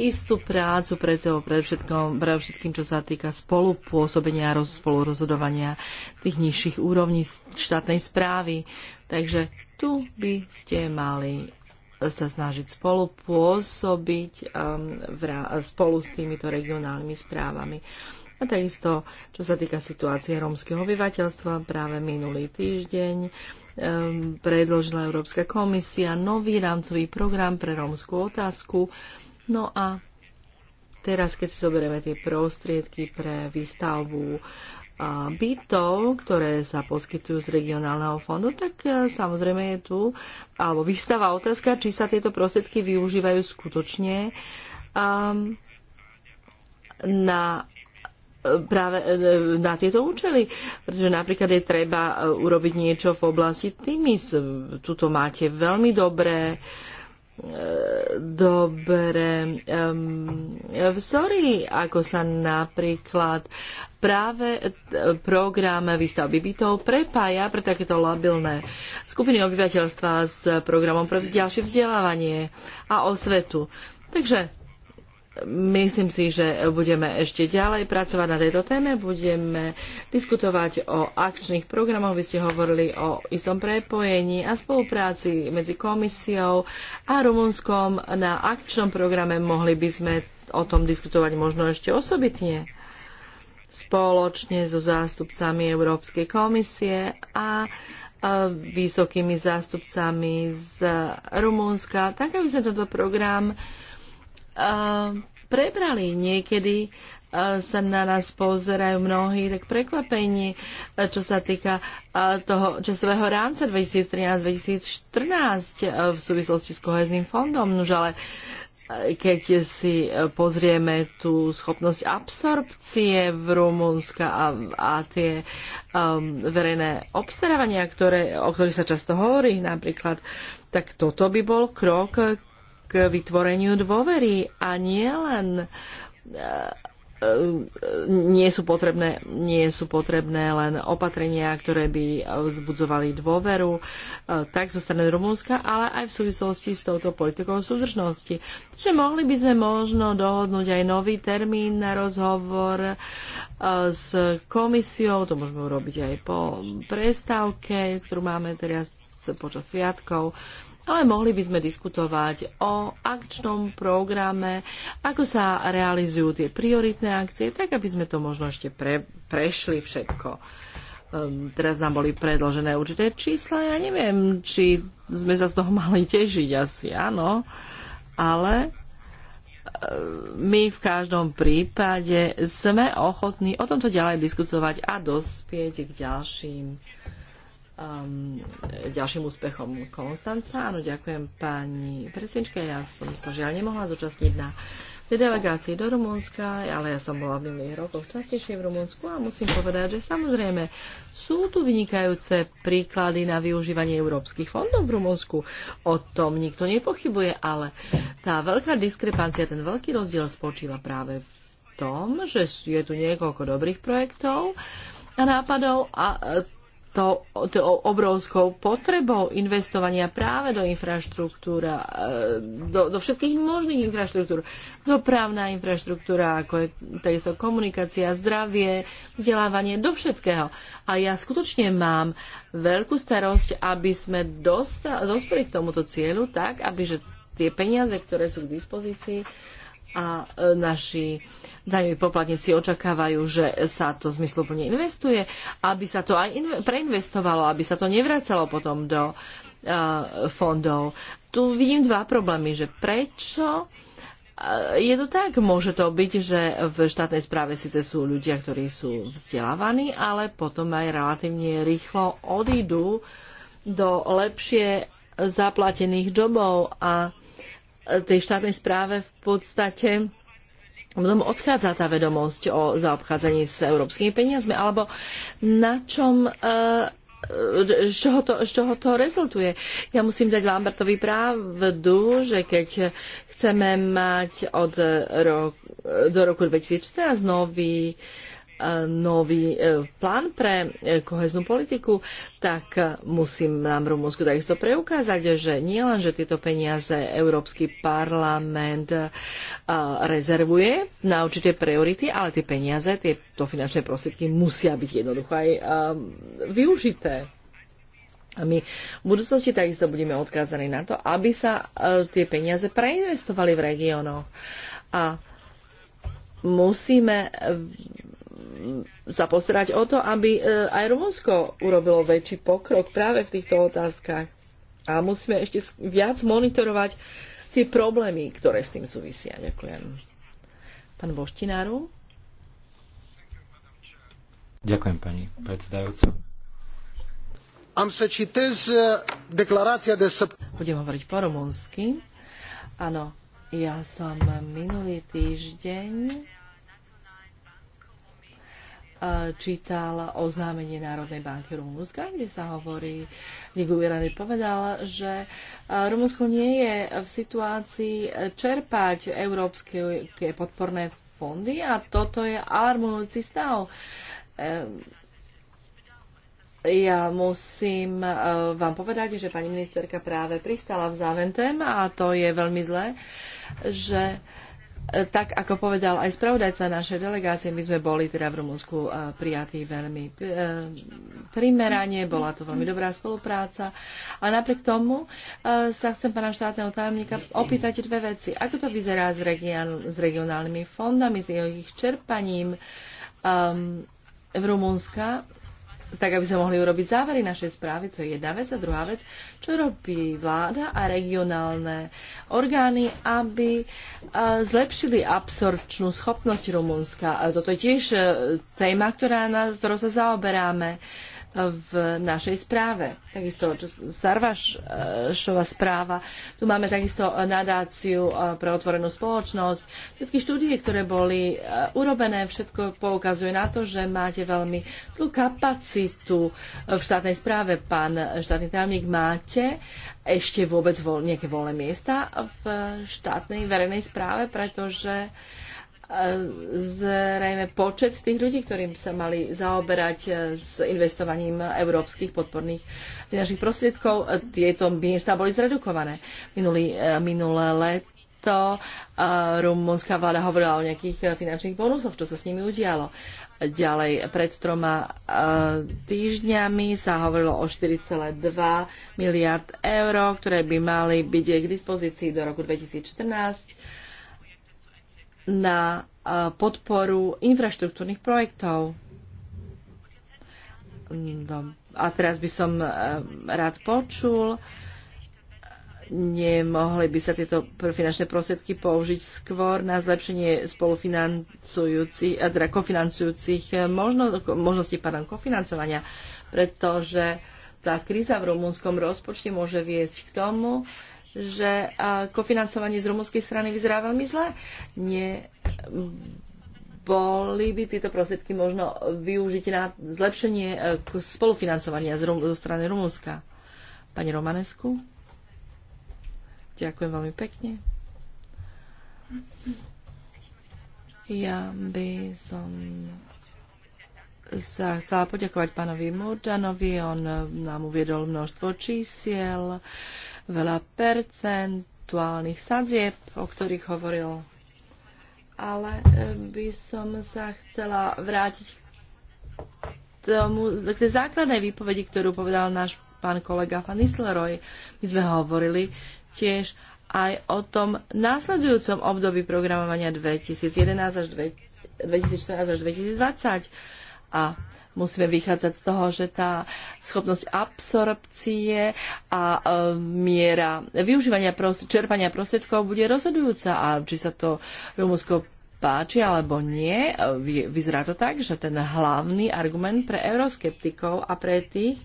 istú prácu pred sebou, pre všetkým, pre všetkým čo sa týka spolupôsobenia a spolurozhodovania tých nižších úrovní štátnej správy. Takže tu by ste mali sa snažiť spolupôsobiť um, spolu s týmito regionálnymi správami. A takisto, čo sa týka situácie rómskeho obyvateľstva, práve minulý týždeň um, predložila Európska komisia nový rámcový program pre rómskú otázku. No a teraz, keď si zoberieme tie prostriedky pre výstavbu bytov, ktoré sa poskytujú z regionálneho fondu, tak e, samozrejme je tu, alebo vystáva otázka, či sa tieto prostriedky využívajú skutočne um, na práve e, na tieto účely. Pretože napríklad je treba e, urobiť niečo v oblasti TIMIS. Tuto máte veľmi dobré e, dobré um, vzory, ako sa napríklad práve program výstavby bytov prepája pre takéto labilné skupiny obyvateľstva s programom pre ďalšie vzdelávanie a osvetu. Takže Myslím si, že budeme ešte ďalej pracovať na tejto téme, budeme diskutovať o akčných programoch. Vy ste hovorili o istom prepojení a spolupráci medzi komisiou a Rumunskom na akčnom programe. Mohli by sme o tom diskutovať možno ešte osobitne spoločne so zástupcami Európskej komisie a vysokými zástupcami z Rumúnska, tak aby sme tento program Eh, prebrali. Niekedy eh, sa na nás pozerajú mnohí, tak prekvapenie, eh, čo sa týka toho časového rámca 2013-2014 v súvislosti s kohezným fondom. Nož ale keď si pozrieme tú schopnosť absorpcie v Rumunska a, a tie um, verejné obstarávania, ktoré, o ktorých sa často hovorí napríklad, tak toto by bol krok k vytvoreniu dôvery a nielen e, e, nie sú, potrebné, nie sú potrebné len opatrenia, ktoré by vzbudzovali dôveru e, tak zo strany Rumunska, ale aj v súvislosti s touto politikou súdržnosti. Čiže mohli by sme možno dohodnúť aj nový termín na rozhovor s komisiou, to môžeme urobiť aj po prestávke, ktorú máme teraz počas sviatkov ale mohli by sme diskutovať o akčnom programe, ako sa realizujú tie prioritné akcie, tak aby sme to možno ešte pre, prešli všetko. Um, teraz nám boli predložené určité čísla, ja neviem, či sme sa z toho mali tešiť asi, áno, ale ehm, my v každom prípade sme ochotní o tomto ďalej diskutovať a dospieť k ďalším um, ďalším úspechom Konstanca. Áno, ďakujem pani predsedničke. Ja som sa žiaľ nemohla zúčastniť na tej delegácii do Rumunska, ale ja som bola v minulých rokoch častejšie v Rumunsku a musím povedať, že samozrejme sú tu vynikajúce príklady na využívanie európskych fondov v Rumunsku. O tom nikto nepochybuje, ale tá veľká diskrepancia, ten veľký rozdiel spočíva práve v tom, že je tu niekoľko dobrých projektov, a nápadov a tou, tou obrovskou potrebou investovania práve do infraštruktúra, e, do, do všetkých možných infraštruktúr. Dopravná infraštruktúra, ako je tejto komunikácia, zdravie, vzdelávanie, do všetkého. A ja skutočne mám veľkú starosť, aby sme dospeli k tomuto cieľu tak, aby že tie peniaze, ktoré sú k dispozícii, a e, naši daňoví poplatníci očakávajú, že sa to zmysluplne investuje, aby sa to aj preinvestovalo, aby sa to nevracalo potom do uh, fondov. Tu vidím dva problémy, že prečo e, je to tak, môže to byť, že v štátnej správe síce sú ľudia, ktorí sú vzdelávaní, ale potom aj relatívne rýchlo odídu do lepšie zaplatených jobov a tej štátnej správe v podstate potom odchádza tá vedomosť o zaobchádzaní s európskymi peniazmi, alebo na čom e, e, z čoho, to, z čoho to rezultuje. Ja musím dať Lambertovi pravdu, že keď chceme mať od ro- do roku 2014 nový nový e, plán pre e, koheznú politiku, tak e, musím nám Rumunsku takisto preukázať, že nie len, že tieto peniaze Európsky parlament rezervuje na určité priority, ale tie peniaze, tieto finančné prostriedky musia byť jednoducho aj využité. A my v budúcnosti takisto budeme odkázaní na to, aby sa tie peniaze preinvestovali v regiónoch. A musíme sa postarať o to, aby e, aj Rumunsko urobilo väčší pokrok práve v týchto otázkach. A musíme ešte viac monitorovať tie problémy, ktoré s tým súvisia. Ďakujem. Pán Boštináru? Ďakujem, pani predsedajúca. E, Budem hovoriť po Rumunsky. Áno, ja som minulý týždeň čítal oznámenie Národnej banky Rumúnska, kde sa hovorí, kde guvernér povedal, že e, Rumúnsko nie je v situácii e, čerpať európske podporné fondy a toto je alarmujúci stav. E, ja musím vám povedať, že pani ministerka práve pristala v záventem a to je veľmi zlé, že uh, tak ako povedal aj spravodajca našej delegácie, my sme boli teda v Rumunsku prijatí veľmi e, primerane, bola to veľmi dobrá spolupráca a napriek tomu e, sa chcem pána štátneho tajomníka opýtať dve veci. Ako to vyzerá s, region, s regionálnymi fondami, s ich čerpaním um, v Rumunska, tak aby sme mohli urobiť závery našej správy, to je jedna vec. A druhá vec, čo robí vláda a regionálne orgány, aby e, zlepšili absorpčnú schopnosť Rumunska. Toto je tiež e, téma, ktorá nás, ktorou sa zaoberáme v našej správe. Takisto Sarvašová správa. Tu máme takisto nadáciu eh, pre otvorenú spoločnosť. Všetky štúdie, ktoré boli eh, urobené, všetko poukazuje na to, že máte veľmi tú kapacitu v štátnej správe. Pán štátny tajomník, máte ešte vôbec voľ, nejaké voľné miesta v štátnej verejnej správe, pretože zrejme počet tých ľudí, ktorým sa mali zaoberať e, s investovaním európskych podporných finančných prostriedkov. Tieto miesta boli zredukované. Minulý, e, minulé leto to e, rumunská vláda hovorila o nejakých finančných bonusoch, čo sa s nimi udialo. Ďalej, pred troma týždňami sa hovorilo o 4,2 miliard eur, ktoré by mali byť k dispozícii do roku 2014 na e, podporu infraštruktúrnych projektov. No, a teraz by som e, rád počul, nemohli by sa tieto finančné prostriedky použiť skôr na zlepšenie spolufinancujúcich, e, teda kofinancujúcich možno, možností pardon, kofinancovania, pretože tá kríza v rumúnskom rozpočte môže viesť k tomu, že kofinancovanie z rumúnskej strany vyzerá veľmi zle. Nie, boli by tieto prostriedky možno využiť na zlepšenie e, spolufinancovania zo strany Rumúnska? Pani Romanesku, ďakujem veľmi pekne. Ja by som sa chcela poďakovať pánovi Murdanovi. On e, nám uviedol množstvo čísiel. Uh, veľa percentuálnych sadzieb, o ktorých hovoril. Ale eh, by som sa chcela vrátiť k, tomu, k tej základnej výpovedi, ktorú povedal náš pán kolega Van Nisleroy. My sme hovorili tiež aj o tom následujúcom období programovania 2011 až 2014 až 2020. A Musíme vychádzať z toho, že tá schopnosť absorpcie a e, miera využívania čerpania prostriedkov bude rozhodujúca a či sa to Rumunsko páči alebo nie, e, vyzerá to tak, že ten hlavný argument pre euroskeptikov a pre tých,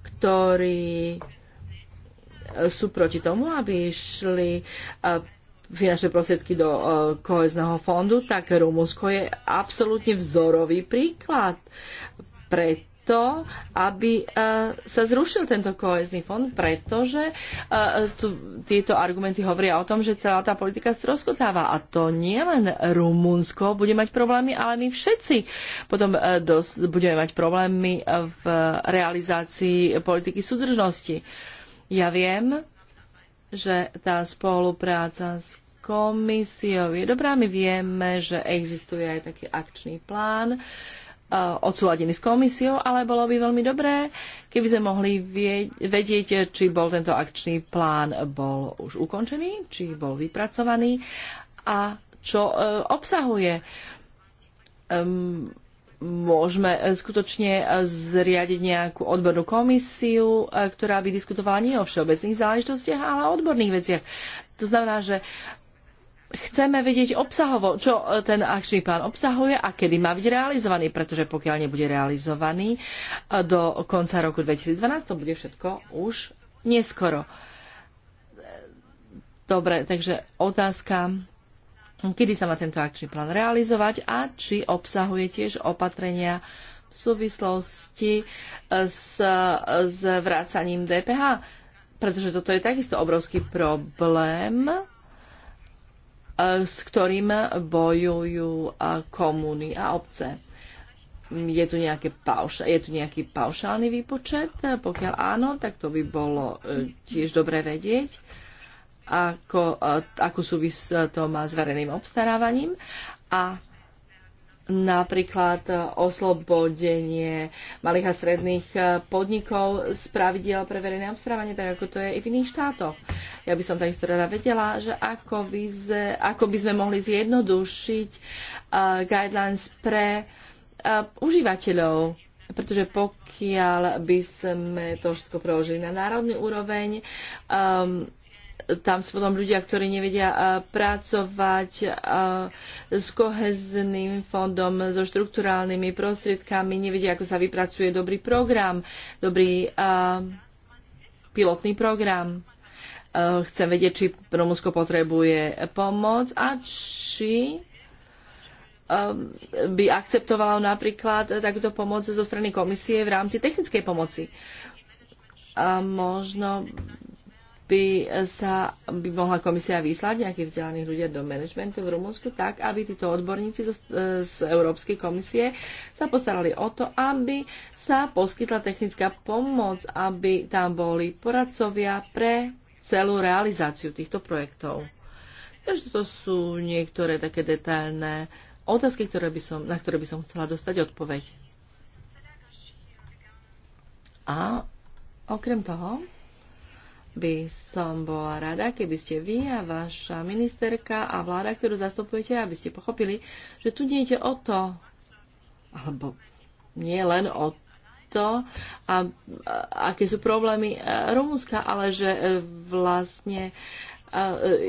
ktorí sú proti tomu, aby išli e, finančné prostriedky do e, kohezného fondu, tak Rumunsko je absolútne vzorový príklad pre to, aby e, sa zrušil tento kohezný fond, pretože e, tu, tieto argumenty hovoria o tom, že celá tá politika stroskotáva. A to nie len Rumunsko bude mať problémy, ale my všetci potom dos- budeme mať problémy v realizácii politiky súdržnosti. Ja viem, že tá spolupráca s komisiou je dobrá. My vieme, že existuje aj taký akčný plán e, odsúladený s komisiou, ale bolo by veľmi dobré, keby sme mohli vedieť, či bol tento akčný plán bol už ukončený, či bol vypracovaný a čo e, obsahuje. Môžeme e, skutočne zriadiť nejakú odbornú komisiu, ktorá by diskutovala nie o všeobecných záležitostiach, ale o odborných veciach. To znamená, že chceme vedieť obsahovo, čo e, ten akčný plán obsahuje a kedy má byť realizovaný, pretože pokiaľ nebude realizovaný e, do konca roku 2012, to bude všetko už neskoro. E, dobre, takže otázka, kedy sa má tento akčný plán realizovať a či obsahuje tiež opatrenia v súvislosti s, s vrácaním DPH, pretože toto je takisto obrovský problém E, s ktorým bojujú e, komúny a obce. Je tu, nejaké pauša, je tu nejaký paušálny výpočet? E, pokiaľ áno, tak to by bolo tiež dobre vedieť ako, ako súvis to má s verejným obstarávaním a napríklad oslobodenie malých a stredných podnikov z pravidiel pre verejné obstarávanie, tak ako to je i v iných štátoch. Ja by som isto rada vedela, že ako, vize, ako by sme mohli zjednodušiť uh, guidelines pre uh, užívateľov pretože pokiaľ by sme to všetko preložili na národný úroveň, um, tam sú potom ľudia, ktorí nevedia pracovať s kohezným fondom, so štruktúrálnymi prostriedkami, nevedia, ako sa vypracuje dobrý program, dobrý pilotný program. Eh, chcem vedieť, či Rumunsko potrebuje pomoc a či eh, by akceptovalo napríklad takúto pomoc zo strany komisie v rámci technickej pomoci. A možno by sa by mohla komisia vyslať nejakých vzdelaných ľudia do manažmentu v Rumunsku tak, aby títo odborníci eh, z Európskej komisie sa postarali o to, aby sa poskytla technická pomoc, aby tam boli poradcovia pre celú realizáciu týchto projektov. Takže to sú niektoré také detailné otázky, ktoré by som, na ktoré by som chcela dostať odpoveď. A okrem toho by som bola rada, keby ste vy a vaša ministerka a vláda, ktorú zastupujete, aby ste pochopili, že tu nie ide o to, alebo nie len o to a, aké sú problémy e, Rumúnska, ale že e, vlastne e,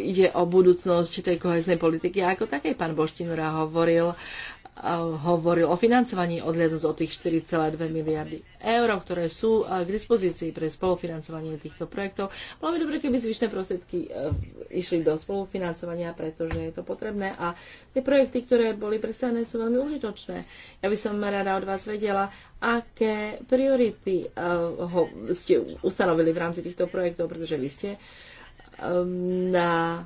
ide o budúcnosť tej koheznej politiky. A ako také pán Boštinura hovoril, hovoril o financovaní odhľadnúť od tých 4,2 miliardy eur, ktoré sú eh, k dispozícii pre spolufinancovanie týchto projektov. Bolo by dobre, keby zvyšné prostriedky eh, išli do spolufinancovania, pretože je to potrebné a tie projekty, ktoré boli predstavené, sú veľmi užitočné. Ja by som rada od vás vedela, aké priority eh, ste ustanovili v rámci týchto projektov, pretože vy ste na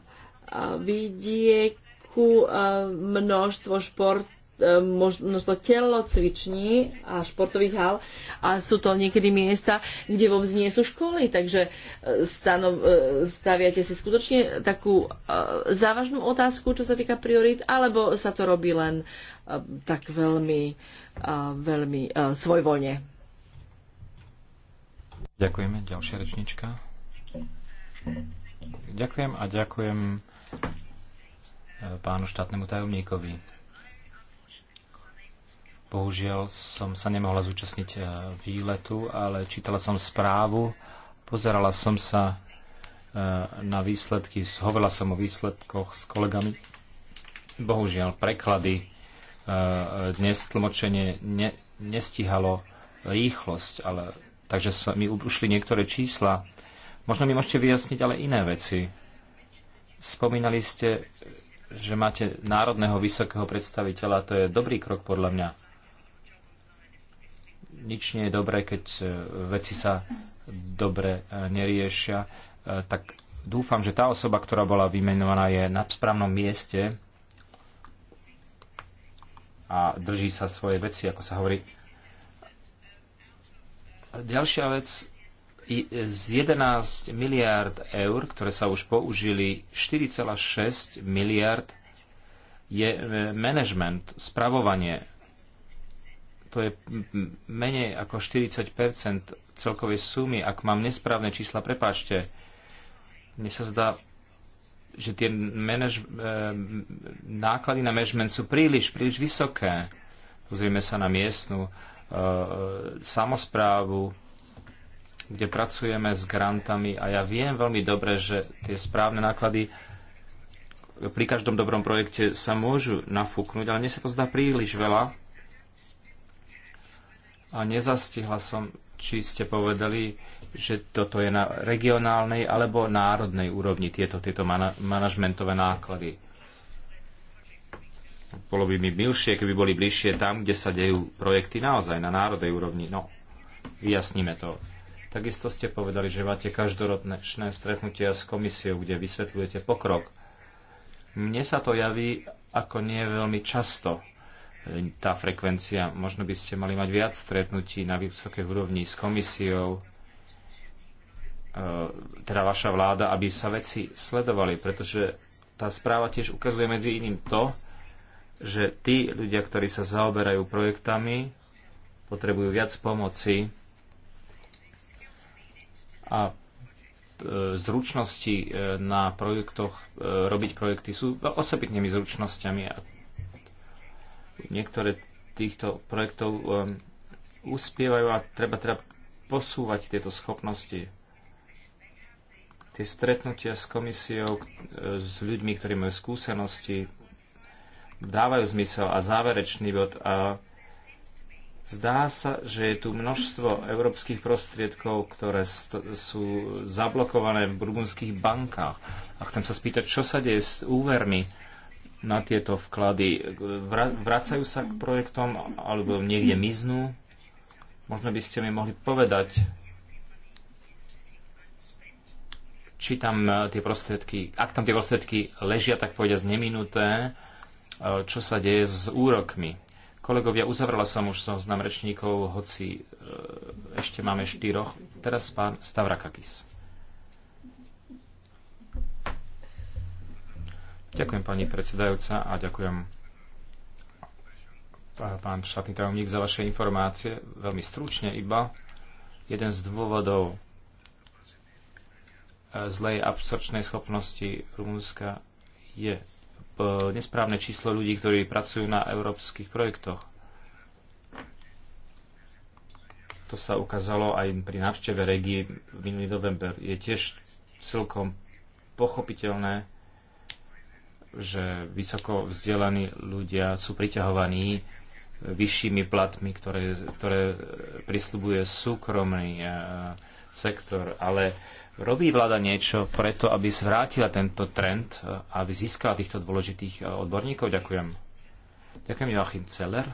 vidieku množstvo šport E, množstvo cviční a športových hal a sú to niekedy miesta, kde vôbec nie sú školy, takže e, stanov, e, staviate si skutočne takú závažnú otázku, čo sa týka priorít, alebo sa to robí len tak veľmi, veľmi svojvoľne. Ďakujeme. Ďalšia rečnička. Ďakujem a ďakujem pánu štátnemu tajomníkovi Bohužiaľ som sa nemohla zúčastniť e, výletu, ale čítala som správu, pozerala som sa e, na výsledky, hovorila som o výsledkoch s kolegami. Bohužiaľ preklady e, dnes tlmočenie ne, nestihalo rýchlosť, ale, takže sa mi ušli niektoré čísla. Možno mi môžete vyjasniť ale iné veci. Spomínali ste, že máte národného vysokého predstaviteľa, to je dobrý krok podľa mňa nič nie je dobré, keď e, veci sa dobre e, neriešia, e, tak dúfam, že tá osoba, ktorá bola vymenovaná, je na správnom mieste a drží sa svoje veci, ako sa hovorí. Ďalšia vec, z 11 miliard eur, ktoré sa už použili, 4,6 miliard je management, spravovanie to je menej ako 40 celkovej sumy. Ak mám nesprávne čísla, prepáčte. Mne sa zdá, že tie manaž, e, náklady na management sú príliš, príliš vysoké. Pozrieme sa na miestnu e, samozprávu, kde pracujeme s grantami a ja viem veľmi dobre, že tie správne náklady pri každom dobrom projekte sa môžu nafúknúť, ale mne sa to zdá príliš veľa a nezastihla som, či ste povedali, že toto je na regionálnej alebo národnej úrovni tieto, tieto mana- manažmentové náklady. Bolo by mi milšie, keby boli bližšie tam, kde sa dejú projekty naozaj na národnej úrovni. No, vyjasníme to. Takisto ste povedali, že máte každoročné stretnutia s komisiou, kde vysvetľujete pokrok. Mne sa to javí ako nie veľmi často tá frekvencia. Možno by ste mali mať viac stretnutí na vysokej úrovni s komisiou, e, teda vaša vláda, aby sa veci sledovali, pretože tá správa tiež ukazuje medzi iným to, že tí ľudia, ktorí sa zaoberajú projektami, potrebujú viac pomoci a e, zručnosti e, na projektoch, robiť projekty sú osobitnými zručnosťami a Niektoré týchto projektov um, uspievajú a treba teda posúvať tieto schopnosti. Tie stretnutia s komisiou, s ľuďmi, ktorí majú skúsenosti, dávajú zmysel a záverečný bod. A zdá sa, že je tu množstvo európskych prostriedkov, ktoré sú zablokované v rumunských bankách. A chcem sa spýtať, čo sa deje s úvermi, na tieto vklady? Vracajú sa k projektom alebo niekde miznú? Možno by ste mi mohli povedať, či tam eh, tie prostriedky, ak tam tie prostriedky ležia, tak povediať neminuté, eh, čo sa deje s úrokmi. Kolegovia, uzavrela som už zoznam rečníkov, hoci eh, ešte máme štyroch. Teraz pán Stavrakakis. Ďakujem pani predsedajúca a ďakujem pán štátny tajomník za vaše informácie. Veľmi stručne iba jeden z dôvodov e, zlej absorpčnej schopnosti Rumunska je e, nesprávne číslo ľudí, ktorí pracujú na európskych projektoch. To sa ukázalo aj pri návšteve regii minulý november. Je tiež celkom pochopiteľné, že vysoko vzdelaní ľudia sú priťahovaní vyššími platmi, ktoré, ktoré prislubuje súkromný e, sektor. Ale robí vláda niečo preto, aby zvrátila tento trend, e, aby získala týchto dôležitých e, odborníkov? Ďakujem. Ďakujem Joachim Celler.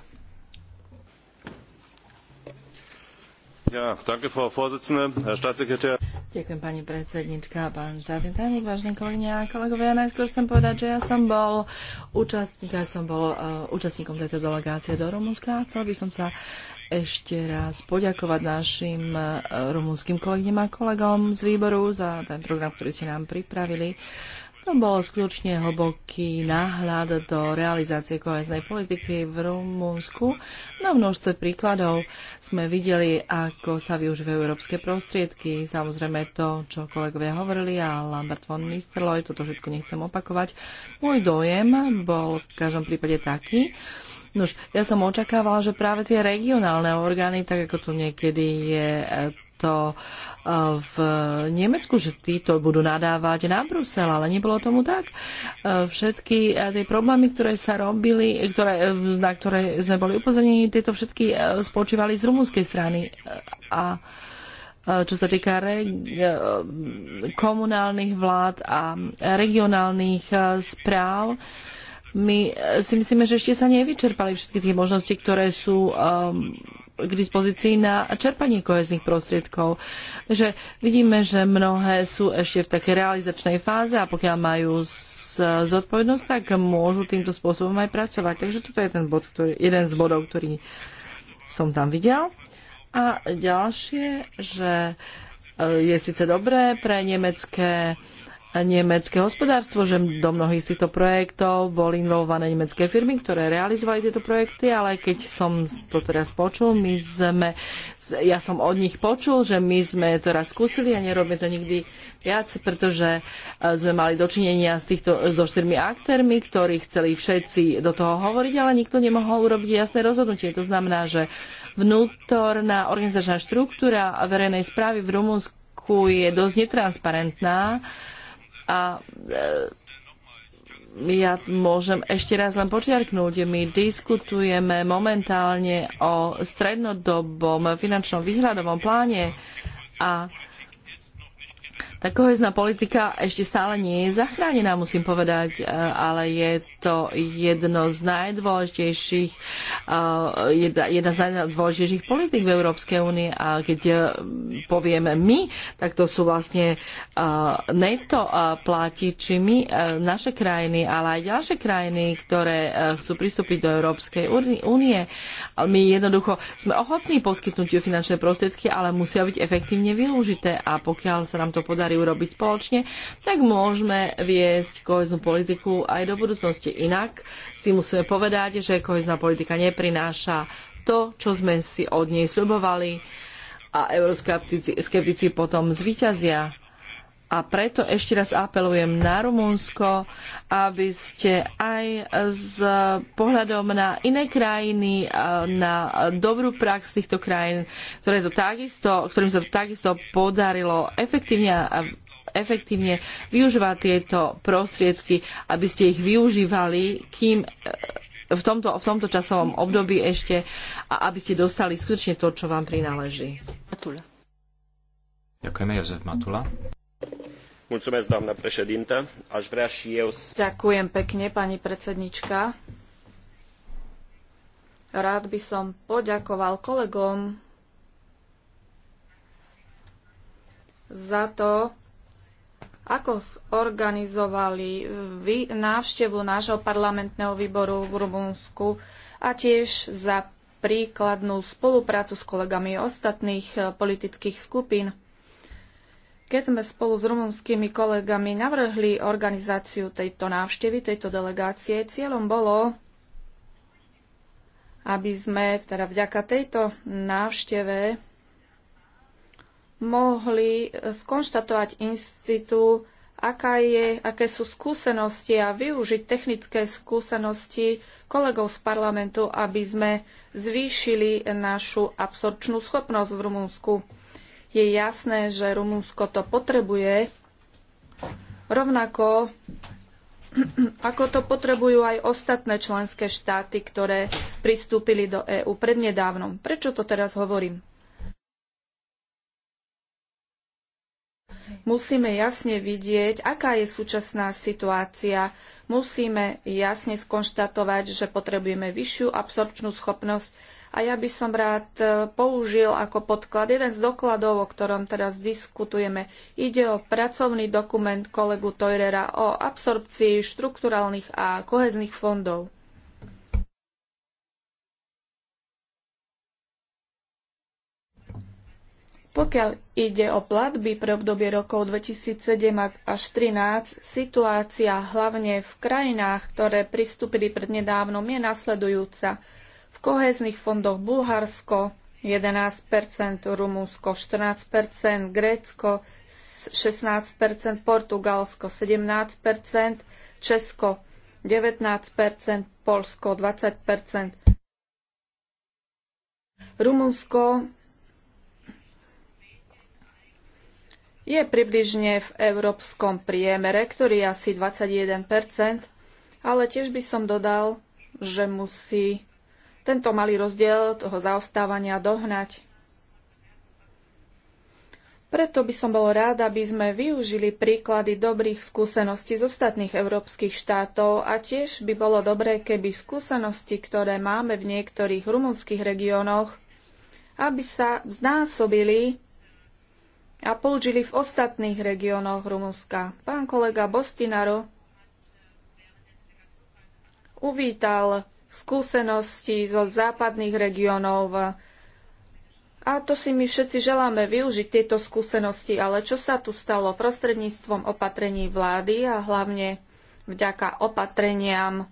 Frau Vorsitzende, Herr Staatssekretär. Ďakujem pani predsednička, pán štátny tajomník, vážne kolegyne a kolegovia. Najskôr chcem povedať, že ja som bol účastník, ja som bol e, účastníkom tejto delegácie do Rumunska a chcel by som sa ešte raz poďakovať našim uh, rumunským kolegyňam a kolegom z výboru za ten program, ktorý ste nám pripravili. To bol skutočne hlboký náhľad do realizácie koheznej politiky v Rumunsku. Na množstve príkladov sme videli, ako sa využívajú európske prostriedky. Samozrejme to, čo kolegovia hovorili a Lambert von Nistelrooy, toto všetko nechcem opakovať. Môj dojem bol v každom prípade taký, Nož, ja som očakávala, že práve tie regionálne orgány, tak ako to niekedy je e, to eh, v Nemecku, že títo budú nadávať na Brusel, ale nebolo tomu tak. Eh, všetky eh, tie problémy, ktoré sa robili, ktoré, na ktoré sme boli upozornení, tieto všetky spočívali z rumunskej strany. A čo sa týka re, komunálnych vlád a regionálnych správ, my si myslíme, že ešte sa nevyčerpali všetky tie možnosti, ktoré sú um, k dispozícii na čerpanie kohezných prostriedkov. Takže vidíme, že mnohé sú ešte v takej realizačnej fáze a pokiaľ majú zodpovednosť, tak môžu týmto spôsobom aj pracovať. Takže toto je ten bod, ktorý, jeden z bodov, ktorý som tam videl. A ďalšie, že e, je síce dobré pre nemecké uh, nemecké hospodárstvo, že do mnohých z týchto projektov boli involvované nemecké firmy, ktoré realizovali tieto projekty, ale keď som to teraz počul, my sme, ja som od nich počul, že my sme to raz skúsili a nerobíme to nikdy viac, pretože e, sme mali dočinenia s týchto, so štyrmi aktérmi, ktorí chceli všetci do toho hovoriť, ale nikto nemohol urobiť jasné rozhodnutie. To znamená, že vnútorná organizačná štruktúra verejnej správy v Rumunsku je dosť netransparentná. Uh, a e, ja môžem ešte raz len počiarknúť, my diskutujeme momentálne o strednodobom finančnom výhľadovom pláne a tá kohezná politika ešte stále nie je zachránená, musím povedať, e, ale je to jedno z najdôležitejších, eh, jedna, jedna z najdôležitejších politik v Európskej únie a keď eh, povieme my, tak to sú vlastne eh, NATO platiči my, naše krajiny, ale aj ďalšie krajiny, ktoré chcú pristúpiť do Európskej únie. My jednoducho sme ochotní poskytnúť finančné prostriedky, ale musia byť efektívne využité a pokiaľ sa nám to podarí urobiť spoločne, tak môžeme viesť koheznú politiku aj do budúcnosti inak, si musíme povedať, že kohezná politika neprináša to, čo sme si od nej sľubovali a euroskeptici skeptici potom zvíťazia. A preto ešte raz apelujem na Rumunsko, aby ste aj s pohľadom na iné krajiny, na dobrú prax týchto krajín, ktoré to takisto, ktorým sa to takisto podarilo efektívne a efektívne využívať tieto prostriedky, aby ste ich využívali, kým e, v tomto, v tomto časovom období ešte a aby ste dostali skutočne to, čo vám prináleží. Matula. Ďakujeme, Jozef Matula. Mulțumesc, doamnă președintă. Aș vrea și eu să... Ďakujem pekne, pani predsednička. Rád by som poďakoval kolegom za to, ako zorganizovali e, vy návštevu nášho parlamentného výboru v Rumunsku a tiež za príkladnú spoluprácu s kolegami ostatných e, politických skupín? Keď sme spolu s rumunskými kolegami navrhli organizáciu tejto návštevy, tejto delegácie, cieľom bolo, aby sme teda vďaka tejto návšteve mohli eh, skonštatovať institú, aká je, aké sú skúsenosti a využiť technické skúsenosti kolegov z parlamentu, aby sme zvýšili našu absorčnú schopnosť v Rumunsku. Je jasné, že Rumunsko to potrebuje, rovnako (clears throat) ako to potrebujú aj ostatné členské štáty, ktoré pristúpili do EÚ prednedávnom. Prečo to teraz hovorím? Musíme jasne vidieť, aká je súčasná situácia. Musíme jasne skonštatovať, že potrebujeme vyššiu absorpčnú schopnosť a ja by som rád e, použil ako podklad jeden z dokladov, o ktorom teraz diskutujeme. Ide o pracovný dokument kolegu Tojrera o absorpcii štrukturálnych a kohezných fondov. Pokiaľ ide o platby pre obdobie rokov 2007 až 2013, situácia hlavne v krajinách, ktoré pristúpili prednedávnom, je nasledujúca. V kohéznych fondoch Bulharsko 11 Rumunsko 14 Grécko 16 Portugalsko 17 Česko 19 Polsko 20 Rumunsko je približne v európskom priemere, ktorý je asi 21 ale tiež by som dodal, že musí tento malý rozdiel toho zaostávania dohnať. Preto by som bol rád, aby sme využili príklady dobrých skúseností z ostatných európskych štátov a tiež by bolo dobré, keby skúsenosti, ktoré máme v niektorých rumunských regiónoch, aby sa znásobili a použili v ostatných regiónoch Rumunska. Pán kolega Bostinaro uvítal skúsenosti zo západných regiónov a to si my všetci želáme využiť tieto skúsenosti, ale čo sa tu stalo prostredníctvom opatrení vlády a hlavne vďaka opatreniam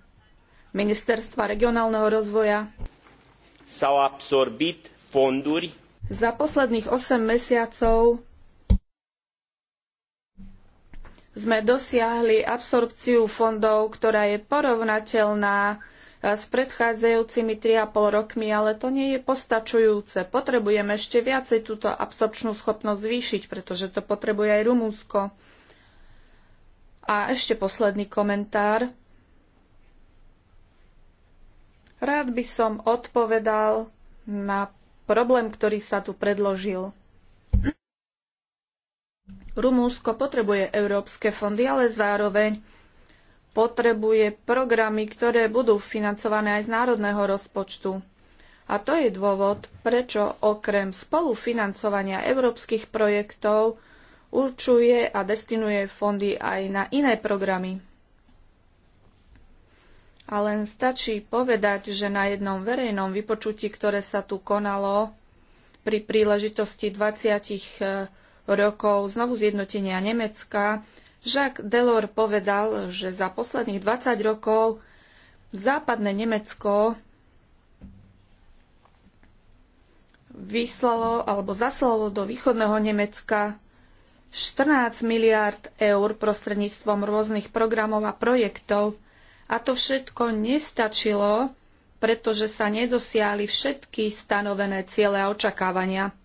Ministerstva regionálneho rozvoja? Za posledných 8 mesiacov sme dosiahli absorpciu fondov, ktorá je porovnateľná e, s predchádzajúcimi 3,5 rokmi, ale to nie je postačujúce. Potrebujeme ešte viacej túto absorpčnú schopnosť zvýšiť, pretože to potrebuje aj Rumúnsko. A ešte posledný komentár. Rád by som odpovedal na problém, ktorý sa tu predložil. Rumúnsko potrebuje európske fondy, ale zároveň potrebuje programy, ktoré budú financované aj z národného rozpočtu. A to je dôvod, prečo okrem spolufinancovania európskych projektov určuje a destinuje fondy aj na iné programy. A len stačí povedať, že na jednom verejnom vypočutí, ktoré sa tu konalo pri príležitosti 20 rokov znovu zjednotenia Nemecka, Jacques Delors povedal, že za posledných 20 rokov západné Nemecko vyslalo alebo zaslalo do východného Nemecka 14 miliard eur prostredníctvom rôznych programov a projektov. A to všetko nestačilo, pretože sa nedosiahli všetky stanovené ciele a očakávania.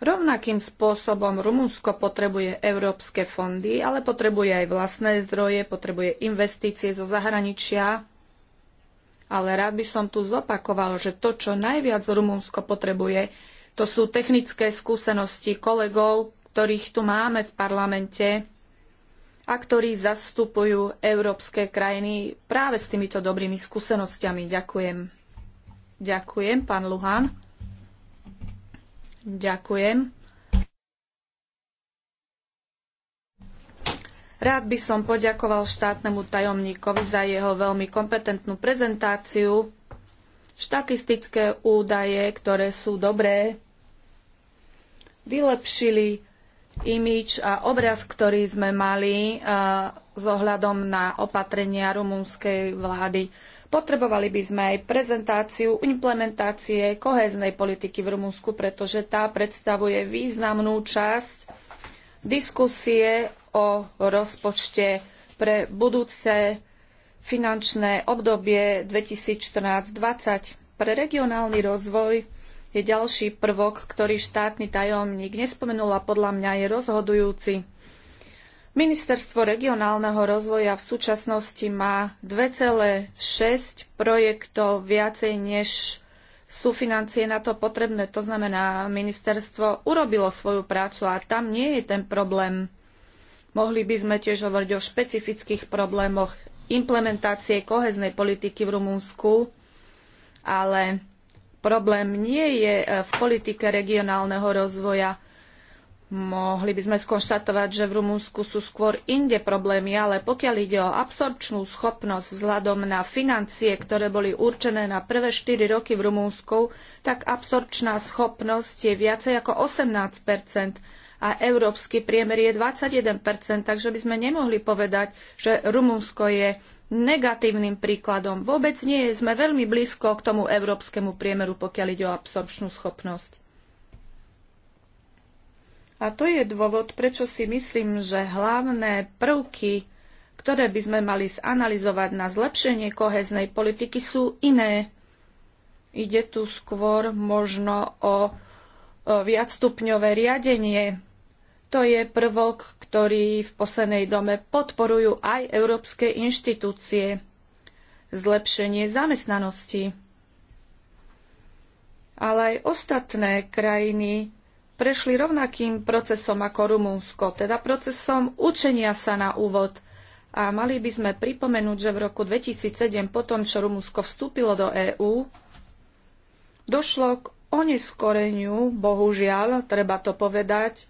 Rovnakým spôsobom Rumunsko potrebuje európske fondy, ale potrebuje aj vlastné zdroje, potrebuje investície zo zahraničia. Ale rád by som tu zopakoval, že to, čo najviac Rumunsko potrebuje, to sú technické skúsenosti kolegov, ktorých tu máme v parlamente a ktorí zastupujú európske krajiny práve s týmito dobrými skúsenostiami. Ďakujem. Ďakujem, pán Luhan. Ďakujem. Rád by som poďakoval štátnemu tajomníkovi za jeho veľmi kompetentnú prezentáciu. Štatistické údaje, ktoré sú dobré, vylepšili imič a obraz, ktorý sme mali eh, s ohľadom na opatrenia rumunskej vlády. Potrebovali by sme aj prezentáciu implementácie kohéznej politiky v Rumunsku, pretože tá predstavuje významnú časť diskusie o rozpočte pre budúce finančné obdobie 2014-2020. Pre regionálny rozvoj je ďalší prvok, ktorý štátny tajomník nespomenul a podľa mňa je rozhodujúci. Ministerstvo regionálneho rozvoja v súčasnosti má 2,6 projektov viacej než sú financie na to potrebné. To znamená, ministerstvo urobilo svoju prácu a tam nie je ten problém. Mohli by sme tiež hovoriť o špecifických problémoch implementácie koheznej politiky v Rumunsku, ale problém nie je eh, v politike regionálneho rozvoja Mohli by sme skonštatovať, že v Rumunsku sú skôr inde problémy, ale pokiaľ ide o absorpčnú schopnosť vzhľadom na financie, ktoré boli určené na prvé 4 roky v Rumunsku, tak absorpčná schopnosť je viacej ako 18 a európsky priemer je 21 takže by sme nemohli povedať, že Rumunsko je negatívnym príkladom. Vôbec nie, sme veľmi blízko k tomu európskemu priemeru, pokiaľ ide o absorpčnú schopnosť. A to je dôvod, prečo si myslím, že hlavné prvky, ktoré by sme mali zanalizovať na zlepšenie koheznej politiky, sú iné. Ide tu skôr možno o, o viacstupňové riadenie. To je prvok, ktorý v poslednej dome podporujú aj európske inštitúcie. Zlepšenie zamestnanosti. Ale aj ostatné krajiny prešli rovnakým procesom ako Rumunsko, teda procesom učenia sa na úvod. A mali by sme pripomenúť, že v roku 2007, potom čo Rumunsko vstúpilo do EÚ, došlo k oneskoreniu, bohužiaľ, treba to povedať,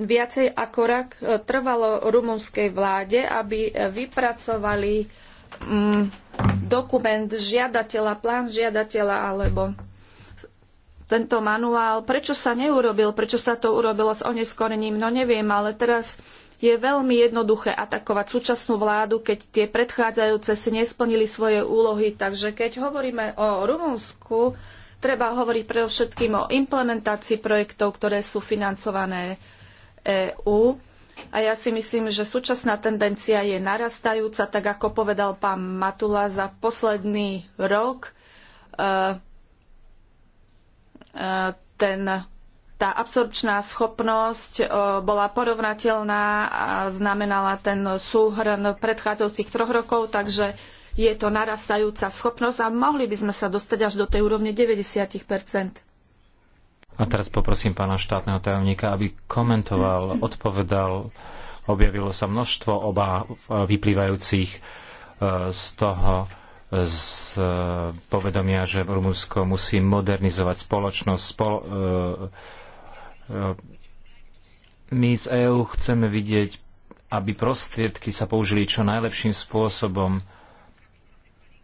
viacej ako rak e, trvalo rumunskej vláde, aby e, vypracovali mm, dokument žiadateľa, plán žiadateľa alebo tento manuál, prečo sa neurobil, prečo sa to urobilo s oneskorením, no neviem, ale teraz je veľmi jednoduché atakovať súčasnú vládu, keď tie predchádzajúce si nesplnili svoje úlohy. Takže keď hovoríme o Rumunsku, treba hovoriť predovšetkým o implementácii projektov, ktoré sú financované EÚ. A ja si myslím, že súčasná tendencia je narastajúca, tak ako povedal pán Matula za posledný rok. E ten, tá absorpčná schopnosť eh, bola porovnateľná a znamenala ten súhrn predchádzajúcich troch rokov, takže je to narastajúca schopnosť a mohli by sme sa dostať až do tej úrovne 90 A teraz poprosím pána štátneho tajomníka, aby komentoval, odpovedal. Objavilo sa množstvo obáv eh, vyplývajúcich eh, z toho, z e, povedomia, že Rumunsko musí modernizovať spoločnosť. Spolo, e, e, my z EÚ chceme vidieť, aby prostriedky sa použili čo najlepším spôsobom.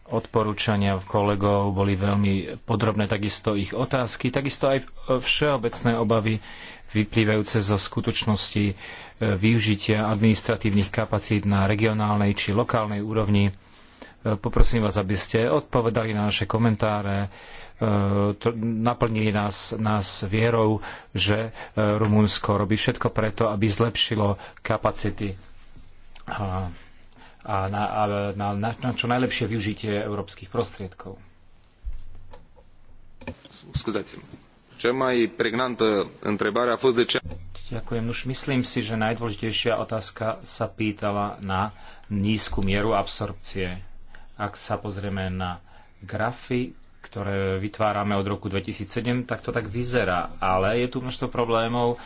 Odporúčania kolegov boli veľmi podrobné, takisto ich otázky, takisto aj všeobecné obavy vyplývajúce zo skutočnosti využitia administratívnych kapacít na regionálnej či lokálnej úrovni Poprosím vás, aby ste odpovedali na naše komentáre, e, naplnili nás, nás vierou, že e, Rumunsko robí všetko preto, aby zlepšilo kapacity a, a, na, a na, na, na čo najlepšie využitie európskych prostriedkov. scuzați Cea mai pregnantă întrebare a fost de ce... Ďakujem. Už myslím si, že najdôležitejšia otázka sa pýtala na nízku mieru absorpcie. Ak sa pozrieme na grafy, ktoré vytvárame od roku 2007, tak to tak vyzerá. Ale je tu množstvo problémov,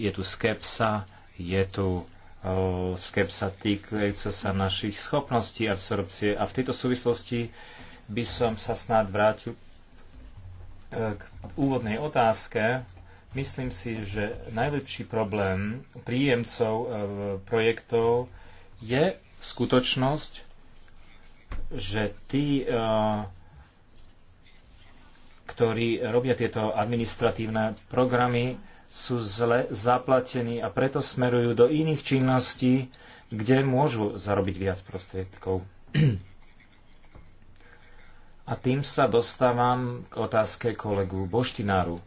je tu skepsa, je tu eh, skepsa týkajúca sa našich schopností absorpcie. A v tejto súvislosti by som sa snad vrátil eh, k úvodnej otázke. Myslím si, že najlepší problém príjemcov eh, projektov je skutočnosť, že tí, eh, ktorí robia tieto administratívne programy, sú zle zaplatení a preto smerujú do iných činností, kde môžu zarobiť viac prostriedkov. (clears throat) A tým sa dostávam k otázke kolegu Boštináru.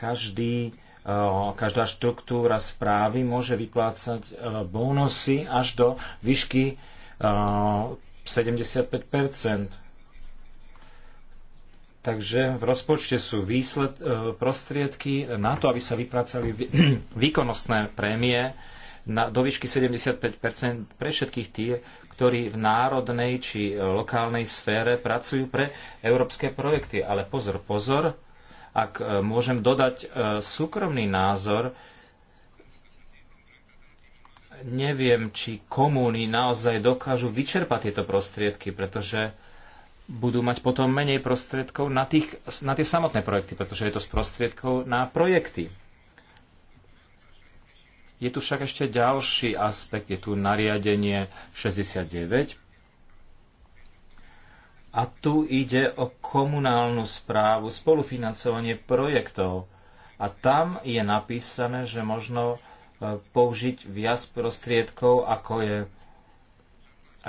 Každý, eh, každá štruktúra správy môže vyplácať eh, bónusy až do výšky 75 eh, Takže v rozpočte sú výsled, eh, prostriedky na to, aby sa vypracali (clears throat) výkonnostné prémie na, do výšky 75 pre všetkých tých, ktorí v národnej či eh, lokálnej sfére pracujú pre európske projekty. Ale pozor, pozor, ak môžem dodať súkromný názor, neviem, či komúny naozaj dokážu vyčerpať tieto prostriedky, pretože budú mať potom menej prostriedkov na, tých, na tie samotné projekty, pretože je to z prostriedkov na projekty. Je tu však ešte ďalší aspekt, je tu nariadenie 69. A tu ide o komunálnu správu, spolufinancovanie projektov. A tam je napísané, že možno použiť viac prostriedkov, ako je,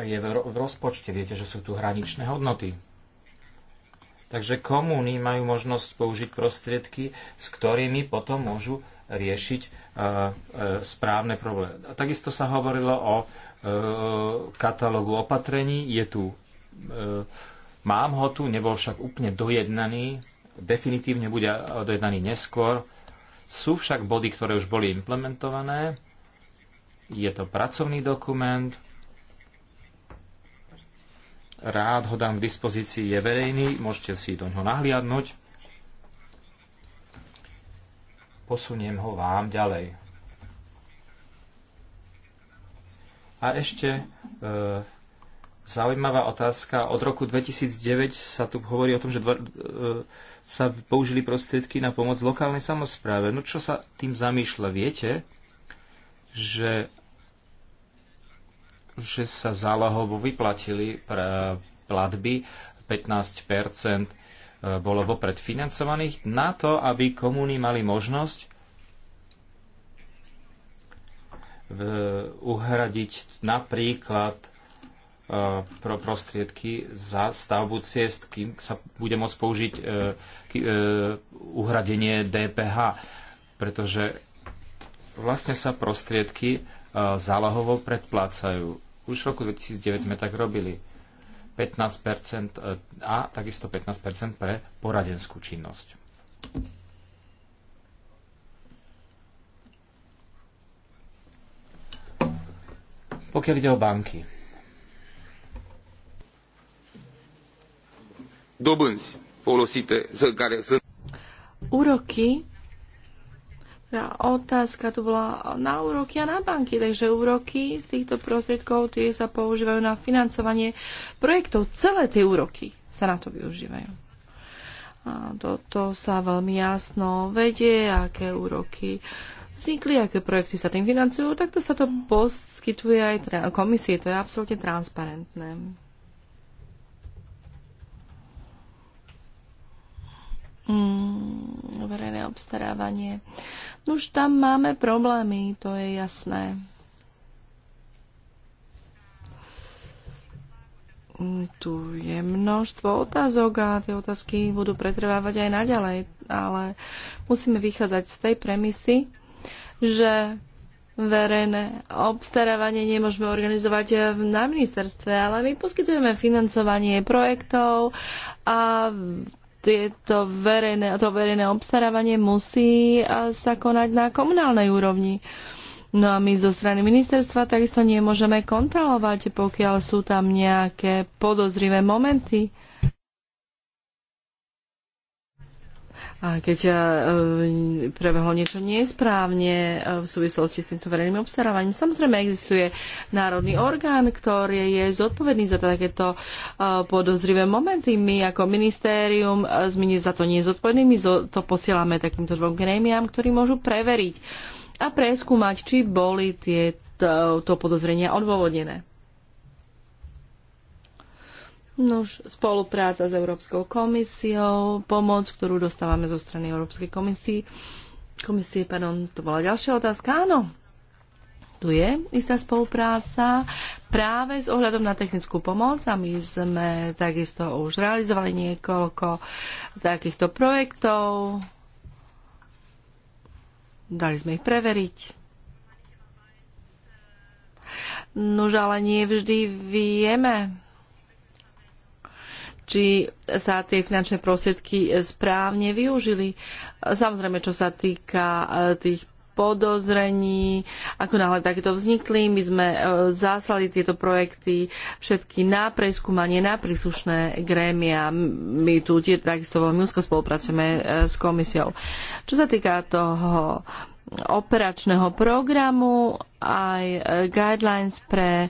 je v rozpočte. Viete, že sú tu hraničné hodnoty. Takže komúny majú možnosť použiť prostriedky, s ktorými potom môžu riešiť e, e, správne problémy. A takisto sa hovorilo o e, katalógu opatrení. Je tu, mám ho tu, nebol však úplne dojednaný, definitívne bude dojednaný neskôr sú však body, ktoré už boli implementované. Je to pracovný dokument. Rád ho dám k dispozícii, je verejný, môžete si do ňoho nahliadnúť. Posuniem ho vám ďalej. A ešte e, zaujímavá otázka. Od roku 2009 sa tu hovorí o tom, že dva, e, sa použili prostriedky na pomoc lokálnej samozpráve. No čo sa tým zamýšľa? Viete, že, že sa zálohovo vyplatili platby 15 e, bolo vopred financovaných na to, aby komúny mali možnosť uhradiť napríklad E, pro prostriedky za stavbu ciest, kým sa bude môcť použiť e, e, uhradenie DPH, pretože vlastne sa prostriedky zálohovo predplácajú. Už v roku 2009 sme tak robili. 15% a takisto 15% pre poradenskú činnosť. Pokiaľ ide o banky, dobânzi folosite, care sunt... Úroky tá otázka tu bola na úroky a na banky, takže úroky z týchto prostriedkov tie sa používajú na financovanie projektov. Celé tie úroky sa na to využívajú. A toto sa veľmi jasno vedie, aké úroky vznikli, aké projekty sa tým financujú, takto sa to poskytuje aj teda komisie. To je absolútne transparentné. mm, verejné obstarávanie. No už tam máme problémy, to je jasné. Mm, tu je množstvo otázok a tie otázky budú pretrvávať aj naďalej, ale musíme vychádzať z tej premisy, že verejné obstarávanie nemôžeme organizovať na ministerstve, ale my poskytujeme financovanie projektov a tieto verejné, to verejné obstarávanie musí sa konať na komunálnej úrovni. No a my zo strany ministerstva takisto nemôžeme kontrolovať, pokiaľ sú tam nejaké podozrivé momenty. A keď e, prebehlo niečo nesprávne e, v súvislosti s týmto verejným obstarávaním, samozrejme existuje národný orgán, ktorý je zodpovedný za takéto e, podozrivé momenty. My ako ministérium sme za to nezodpovední, my to posielame takýmto dvom grémiám, ktorí môžu preveriť a preskúmať, či boli tieto podozrenia odôvodnené. Nož, spolupráca s Európskou komisiou, pomoc, ktorú dostávame zo strany Európskej komisii. Komisie, pardon, to bola ďalšia otázka, áno. Tu je istá spolupráca práve s ohľadom na technickú pomoc a my sme takisto už realizovali niekoľko takýchto projektov. Dali sme ich preveriť. Nož, ale nie vždy vieme, či sa tie finančné prostriedky správne využili. Samozrejme, čo sa týka e, tých podozrení, ako náhle takéto vznikli. My sme e, zaslali tieto projekty všetky na preskúmanie, na príslušné grémia. My tu tie, takisto veľmi úzko spolupracujeme e, s komisiou. Čo sa týka toho operačného programu, aj guidelines pre uh,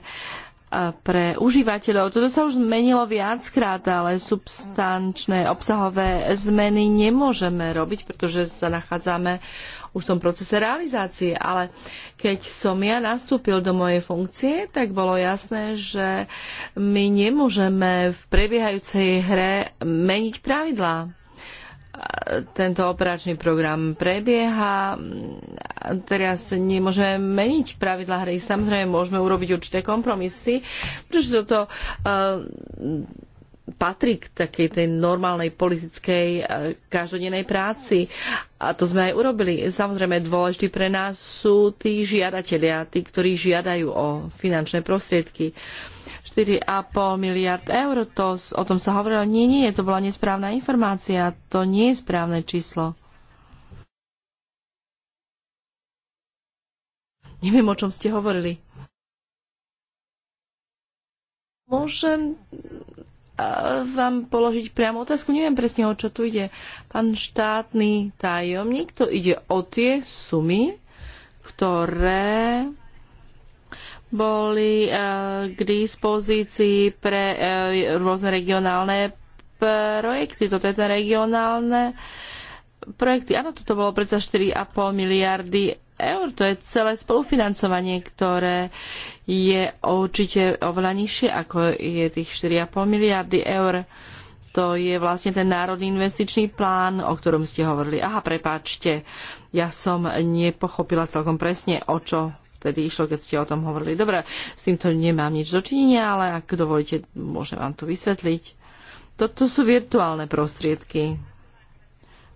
pre užívateľov. Toto sa už zmenilo viackrát, ale substančné obsahové zmeny nemôžeme robiť, pretože sa nachádzame už v tom procese realizácie. Ale keď som ja nastúpil do mojej funkcie, tak bolo jasné, že my nemôžeme v prebiehajúcej hre meniť pravidlá tento operačný program prebieha. Teraz nemôžeme meniť pravidla hry. Samozrejme, môžeme urobiť určité kompromisy, pretože toto eh, patrí k takej tej normálnej politickej eh, každodennej práci. A to sme aj urobili. Samozrejme, dôležití pre nás sú tí žiadatelia, tí, ktorí žiadajú o finančné prostriedky. Uh, 4,5 miliard eur. To, o tom sa hovorilo. Nie, nie, to bola nesprávna informácia. To nie je správne číslo. Neviem, o čom ste hovorili. Môžem vám položiť priamo otázku. Neviem presne, o čo tu ide. Pán štátny tajomník, to ide o tie sumy, ktoré boli eh, k dispozícii pre eh, rôzne regionálne projekty, toto je ten regionálne projekty. Áno, toto bolo predsa 4,5 miliardy eur. To je celé spolufinancovanie, ktoré je určite oveľa nižšie, ako je tých 4,5 miliardy eur. To je vlastne ten národný investičný plán, o ktorom ste hovorili. Aha, prepáčte, ja som nepochopila celkom presne, o čo vtedy išlo, keď ste o tom hovorili. Dobre, s týmto nemám nič dočinenia, ale ak dovolíte, môžem vám to vysvetliť. Toto sú virtuálne prostriedky,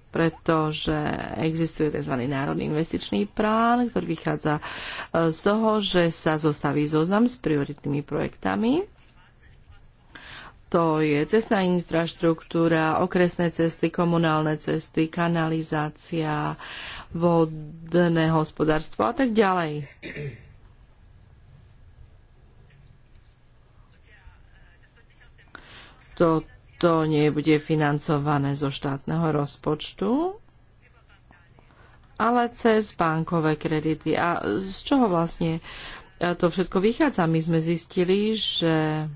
pretože existuje tzv. národný investičný plán, ktorý vychádza eh, z toho, že sa zostaví zoznam s prioritnými projektami to je cestná infraštruktúra, okresné cesty, komunálne cesty, kanalizácia, vodné hospodárstvo a tak ďalej. Toto nebude financované zo štátneho rozpočtu, ale cez bankové kredity. A z čoho vlastne to všetko vychádza? My sme zistili, že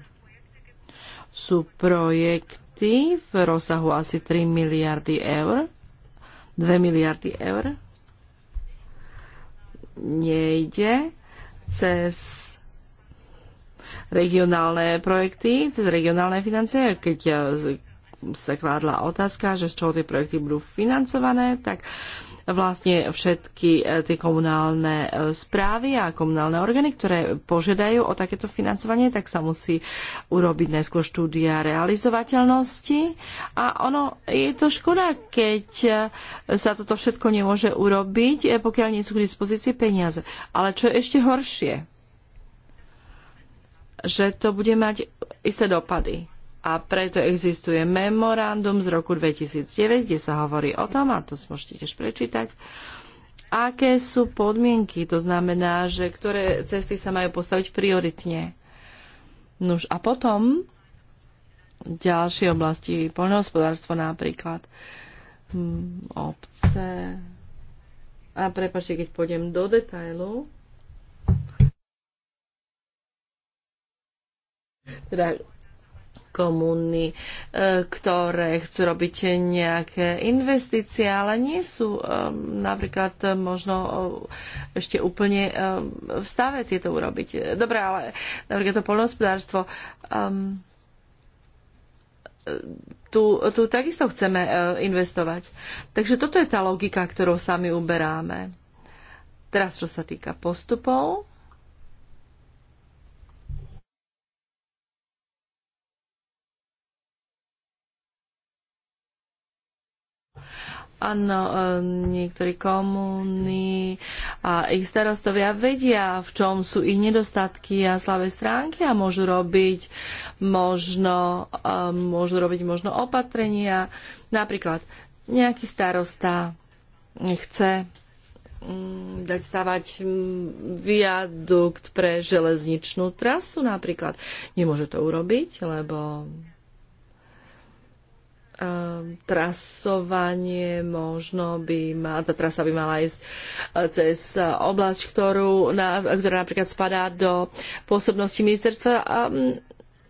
sú projekty v rozsahu asi 3 miliardy eur, 2 miliardy eur. Nejde cez regionálne projekty, cez regionálne financie, keď sa kládla otázka, že z čoho tie projekty budú financované, tak uh, vlastne všetky e, tie komunálne e, správy a komunálne orgány, ktoré požiadajú o takéto financovanie, tak sa musí urobiť najskôr štúdia realizovateľnosti. A ono je to škoda, keď e, sa toto všetko nemôže urobiť, pokiaľ nie sú k dispozícii peniaze. Ale čo je ešte horšie, že to bude mať isté dopady a preto existuje memorandum z roku 2009, kde sa hovorí o tom, a to môžete tiež prečítať, aké sú podmienky, to znamená, že ktoré cesty sa majú postaviť prioritne. Nuž a potom ďalšie oblasti, poľnohospodárstvo napríklad, hm, obce. A prepačte, keď pôjdem do detailu, teda komúny, e, ktoré chcú robiť nejaké investície, ale nie sú e, napríklad možno e, ešte úplne v stave tieto urobiť. Dobre, ale napríklad to poľnohospodárstvo. Um, tu, tu takisto chceme investovať. Takže toto je tá logika, ktorou sami uberáme. Teraz, čo sa týka postupov, Áno, e, niektorí komúny a ich starostovia vedia, v čom sú ich nedostatky a slavé stránky a môžu robiť možno, e, môžu robiť možno opatrenia. Napríklad nejaký starosta chce mm, dať stavať mm, viadukt pre železničnú trasu napríklad. Nemôže to urobiť, lebo um, trasovanie možno by mala, tá trasa by mala ísť e, cez e, oblasť, ktorú, na, ktorá napríklad spadá do pôsobnosti ministerstva ehm,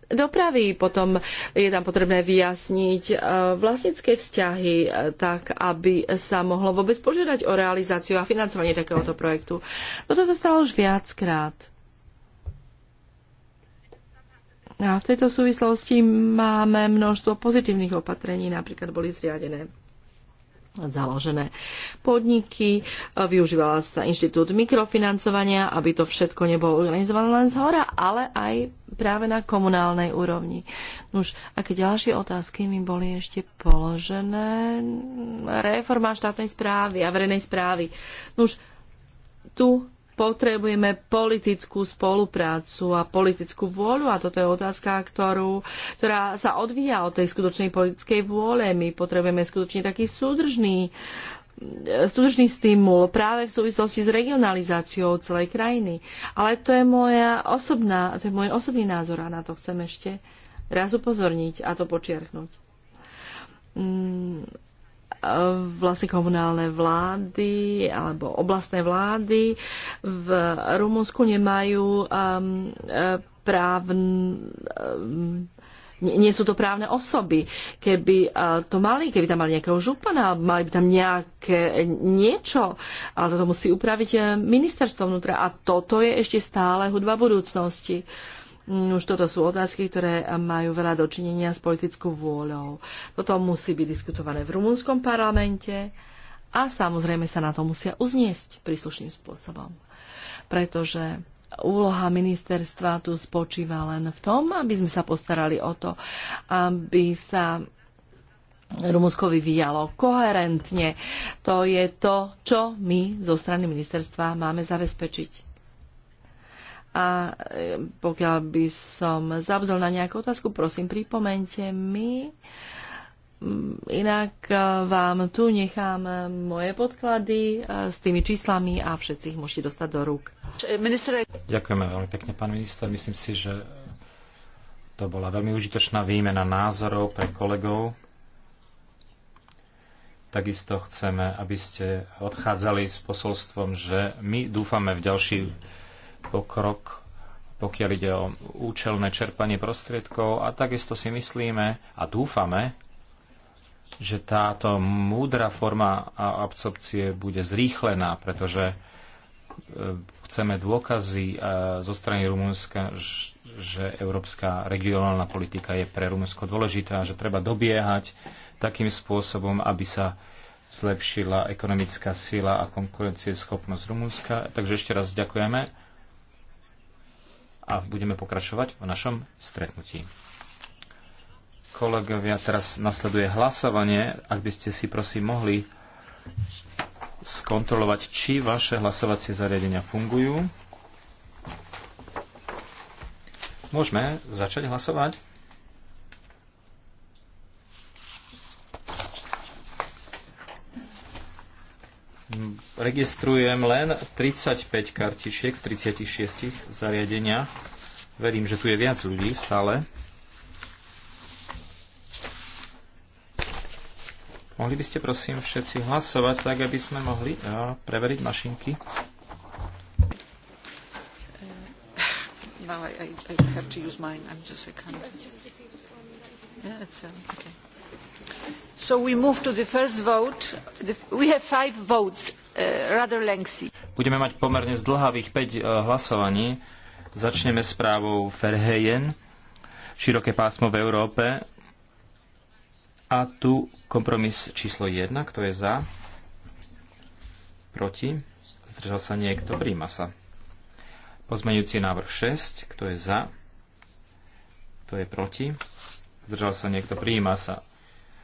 dopravy. Potom je tam potrebné vyjasniť e, vlastnícke vzťahy tak, aby sa mohlo vôbec požiadať o realizáciu a financovanie takéhoto projektu. Toto sa stalo už viackrát. A v tejto súvislosti máme množstvo pozitívnych opatrení, napríklad boli zriadené založené podniky, využívala sa inštitút mikrofinancovania, aby to všetko nebolo organizované len z hora, ale aj práve na komunálnej úrovni. Nuž, aké ďalšie otázky mi boli ešte položené? Reforma štátnej správy a verejnej správy. Nuž, tu potrebujeme politickú spoluprácu a politickú vôľu a toto je otázka, ktorú, ktorá sa odvíja od tej skutočnej politickej vôle. My potrebujeme skutočne taký súdržný súdržný stimul práve v súvislosti s regionalizáciou celej krajiny. Ale to je, moja osobná, to je môj osobný názor a na to chcem ešte raz upozorniť a to počiarknúť. Mm, vlastne komunálne vlády alebo oblastné vlády v Rumunsku nemajú um, e, právn, um, nie sú to právne osoby. Keby e, to mali, keby tam mali nejakého župana, mali by tam nejaké niečo, ale toto musí upraviť e, ministerstvo vnútra. A toto je ešte stále hudba budúcnosti. Uh, Mm, už toto sú otázky, ktoré majú veľa dočinenia s politickou vôľou. Toto musí byť diskutované v rumunskom parlamente a samozrejme sa na to musia uzniesť príslušným spôsobom. Pretože úloha ministerstva tu spočíva len v tom, aby sme sa postarali o to, aby sa Rumunsko vyvíjalo koherentne. To je to, čo my zo strany ministerstva máme zabezpečiť. A e, pokiaľ by som zabudol na nejakú otázku, prosím, pripomente mi. Mm, inak e, vám tu nechám moje podklady e, s tými číslami a všetci ich môžete dostať do rúk. Ďakujeme veľmi pekne, pán minister. Myslím si, že to bola veľmi užitočná výmena názorov pre kolegov. Takisto chceme, aby ste odchádzali s posolstvom, že my dúfame v ďalší pokrok, pokiaľ ide o účelné čerpanie prostriedkov a takisto si myslíme a dúfame, že táto múdra forma absorpcie bude zrýchlená, pretože e, chceme dôkazy e, zo strany Rumunska, že európska regionálna politika je pre Rumunsko dôležitá, že treba dobiehať takým spôsobom, aby sa zlepšila ekonomická sila a konkurencieschopnosť Rumunska. Takže ešte raz ďakujeme a budeme pokračovať v našom stretnutí. Kolegovia, teraz nasleduje hlasovanie. Ak by ste si prosím mohli skontrolovať, či vaše hlasovacie zariadenia fungujú. Môžeme začať hlasovať. registrujem len 35 kartičiek v 36 zariadeniach. Verím, že tu je viac ľudí v sále. Mohli by ste prosím všetci hlasovať tak, aby sme mohli ja, preveriť mašinky? Now I, I, have to use mine. I'm just a kind. Yeah, it's, um, okay. Uh, Budeme mať pomerne zdlhavých 5 uh, hlasovaní. Začneme správou Verheyen, široké pásmo v Európe. A tu kompromis číslo 1, kto je za? Proti? Zdržal sa niekto? Príjma sa. Pozmeňujúci návrh 6, kto je za? Kto je proti? Zdržal sa niekto? Príjma sa.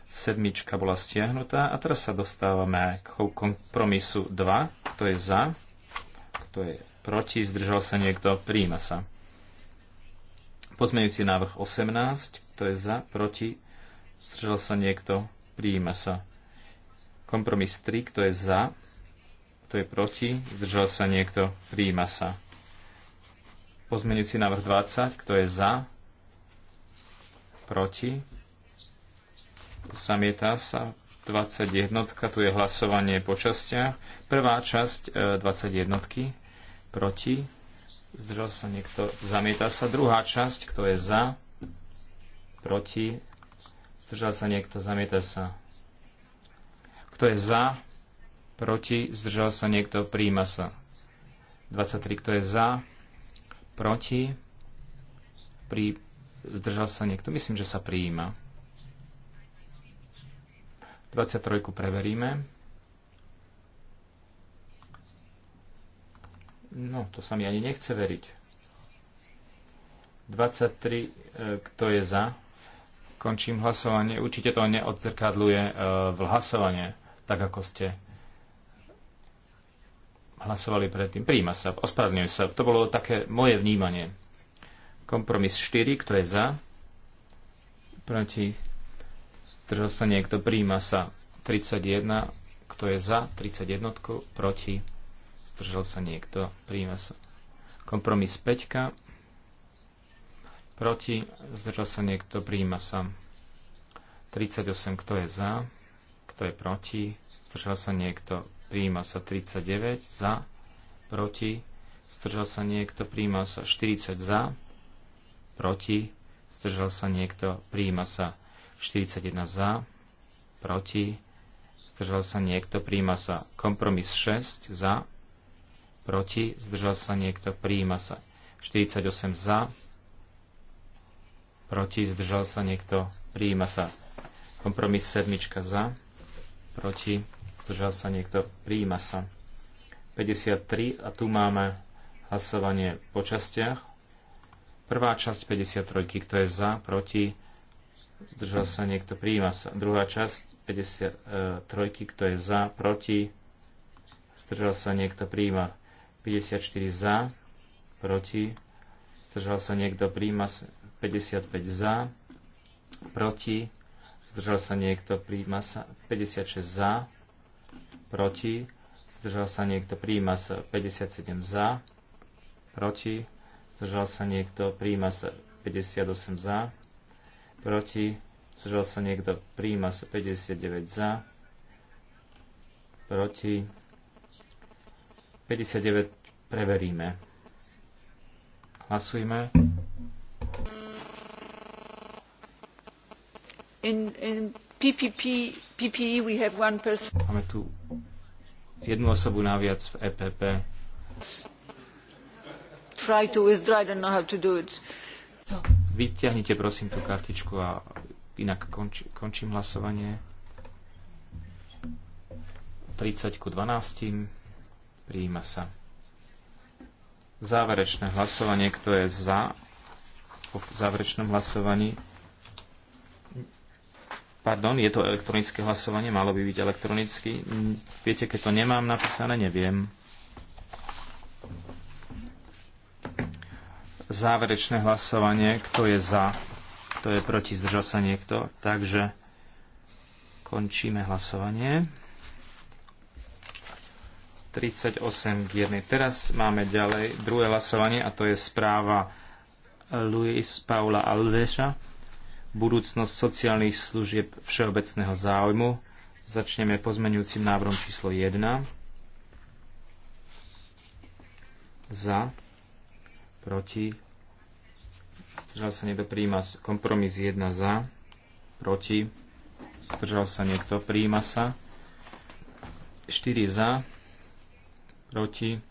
Sedmička bola stiahnutá a teraz sa dostávame k kompromisu 2. Kto je za? Kto je proti? Zdržal sa niekto? príjma sa. Pozmeňujúci návrh 18. Kto je za? Proti? Zdržal sa niekto? príjma sa. Kompromis 3. Kto je za? Kto je proti? Zdržal sa niekto? Príjma sa. Pozmeňujúci návrh 20. Kto je za? Proti? zamieta sa 21. Tu je hlasovanie po častiach. Prvá časť 21. E, proti. Zdržal sa niekto. Zamieta sa druhá časť. Kto je za? Proti. Zdržal sa niekto. Zamieta sa. Kto je za? Proti. Zdržal sa niekto. Príjma sa. 23. Kto je za? Proti. Pri... Zdržal sa niekto. Myslím, že sa prijíma. 23 preveríme. No, to sa mi ani nechce veriť. 23, e, kto je za? Končím hlasovanie. Určite to neodzrkadluje e, v hlasovanie, tak ako ste hlasovali predtým. Príjma sa, ospravedlňujem sa. To bolo také moje vnímanie. Kompromis 4, kto je za? Proti Zdržal sa niekto? Príjima sa 31. Kto je za? 31. Proti? Zdržal sa niekto? Príjima sa. Kompromis 5. Proti? Zdržal sa niekto? Príjima sa. 38. Kto je za? Kto je proti? Zdržal sa niekto? Príjima sa 39. Za? Proti? Zdržal sa niekto? Príjima sa 40. Za? Proti? Zdržal sa niekto? Príjima sa 41 za, proti, zdržal sa niekto, príjma sa kompromis 6 za, proti, zdržal sa niekto, príjma sa 48 za, proti, zdržal sa niekto, príjma sa kompromis 7 za, proti, zdržal sa niekto, príjma sa 53 a tu máme hlasovanie po častiach. Prvá časť 53, kto je za, proti, zdržal sa niekto, prijíma sa. Druhá časť 53, e, kto je za, proti, zdržal sa niekto, prijíma. 54 za, proti, zdržal sa niekto, prijíma 55 za, proti, zdržal sa niekto, prijíma sa 56 za, proti, zdržal sa niekto, prijíma sa 57 za, proti, zdržal sa niekto, prijíma sa 58 za, proti, zdržal sa niekto, príjma sa 59 za, proti, 59 preveríme. Hlasujme. In, in PPP, PPE we have one person. Máme tu jednu osobu naviac v EPP. Try to withdraw, I don't know how to do it. No. Vyťahnite prosím tú kartičku a inak konč, končím hlasovanie. 30 ku 12. Prijíma sa. Záverečné hlasovanie, kto je za po záverečnom hlasovaní. Pardon, je to elektronické hlasovanie, malo by byť elektronicky. Viete, keď to nemám napísané, neviem. záverečné hlasovanie, kto je za, kto je proti, zdržal sa niekto. Takže končíme hlasovanie. 38 k 1. Teraz máme ďalej druhé hlasovanie a to je správa Luis Paula Alveša budúcnosť sociálnych služieb všeobecného záujmu. Začneme pozmenujúcim návrhom číslo 1. Za proti, zdržal sa niekto, príjma Kompromis 1 za, proti, zdržal sa niekto, príjma sa. 4 za, proti,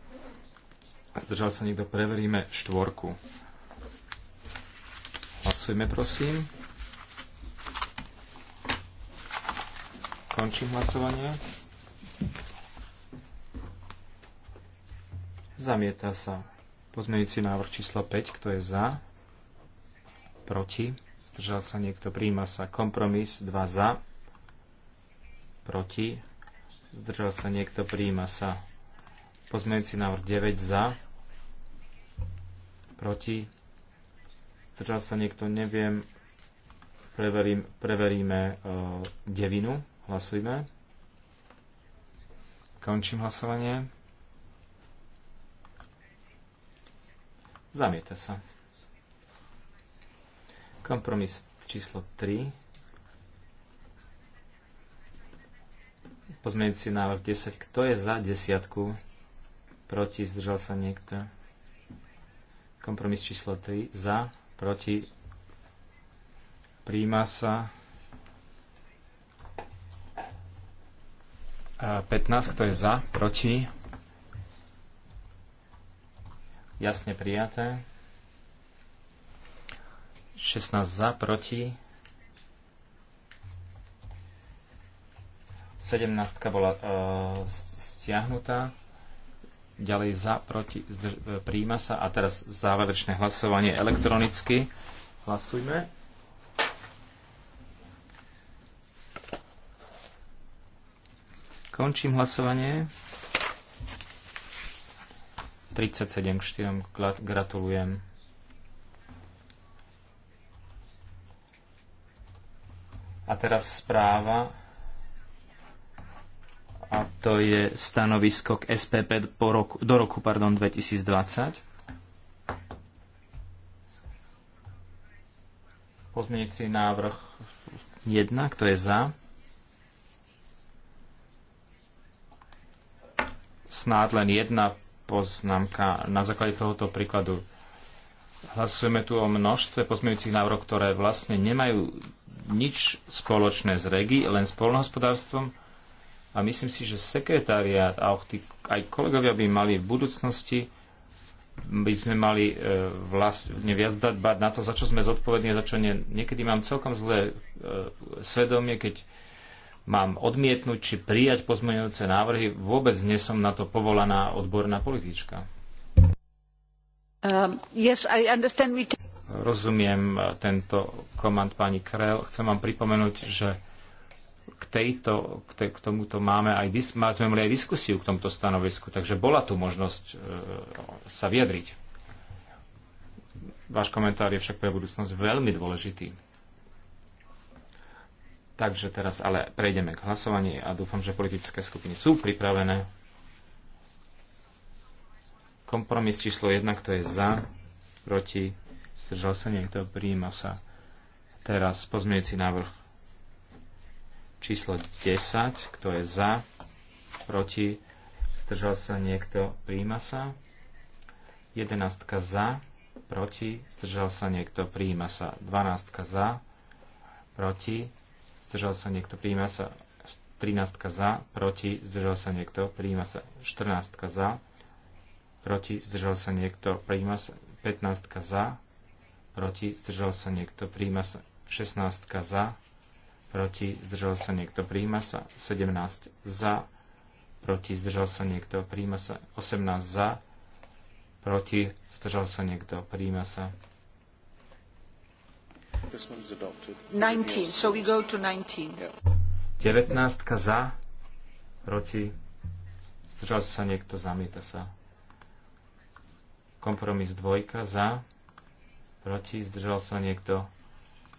a zdržal sa niekto, preveríme štvorku. Hlasujme, prosím. Končím hlasovanie. Zamieta sa. Pozmeňujúci návrh číslo 5, kto je za? Proti? Zdržal sa niekto? Príjma sa kompromis 2 za? Proti? Zdržal sa niekto? Príjma sa pozmeňujúci návrh 9 za? Proti? Zdržal sa niekto? Neviem. Preverím, preveríme e, devinu. Hlasujme. Končím hlasovanie. Zamieta sa. Kompromis číslo 3. Pozmeňujúci návrh 10. Kto je za desiatku? Proti? Zdržal sa niekto? Kompromis číslo 3. Za? Proti? Príjma sa. 15. Kto je za? Proti? Jasne prijaté. 16 za, proti. 17 bola e, stiahnutá. Ďalej za, proti, zdrž, e, príjma sa. A teraz záverečné hlasovanie elektronicky. Hlasujme. Končím hlasovanie. 37 k 4. Gratulujem. A teraz správa. A to je stanovisko k SPP po roku, do roku pardon, 2020. Pozmienujúci návrh 1, kto je za? Snáď len jedna poznámka. Na základe tohoto príkladu hlasujeme tu o množstve pozmeňujúcich návrhov, ktoré vlastne nemajú nič spoločné s regi, len s polnohospodárstvom. A myslím si, že sekretariát a aj kolegovia by mali v budúcnosti by sme mali e, vlastne viac dať bať na to, za čo sme zodpovední a za čo nie. Niekedy mám celkom zlé e, svedomie, keď mám odmietnúť či prijať pozmeňujúce návrhy, vôbec nesom na to povolaná odborná politička. Um, yes, Rozumiem uh, tento komand pani Krell. Chcem vám pripomenúť, že k, tejto, k, te, k tomuto máme aj, dis, má, sme mali aj diskusiu k tomto stanovisku, takže bola tu možnosť e, sa vyjadriť. Váš komentár je však pre budúcnosť veľmi dôležitý. Takže teraz ale prejdeme k hlasovaní a dúfam, že politické skupiny sú pripravené. Kompromis číslo 1, kto je za, proti, zdržal sa niekto, príjima sa. Teraz pozmiejúci návrh číslo 10, kto je za, proti, zdržal sa niekto, príjima sa. 11 za, proti, zdržal sa niekto, príjima sa. 12 za, proti, zdržal sa niekto, príjma sa 13 za, proti, zdržal sa niekto, príjma sa 14 za, proti, zdržal sa niekto, príjma sa 15 za, proti, zdržal sa niekto, príjma sa 16 za, proti, zdržal sa niekto, príjma sa 17 za, proti, zdržal sa niekto, príjma sa 18 za, proti, zdržal sa niekto, príjma sa 19, so we go to 19. za, proti, zdržal sa niekto, zamieta sa. Kompromis dvojka za, proti, zdržal sa niekto,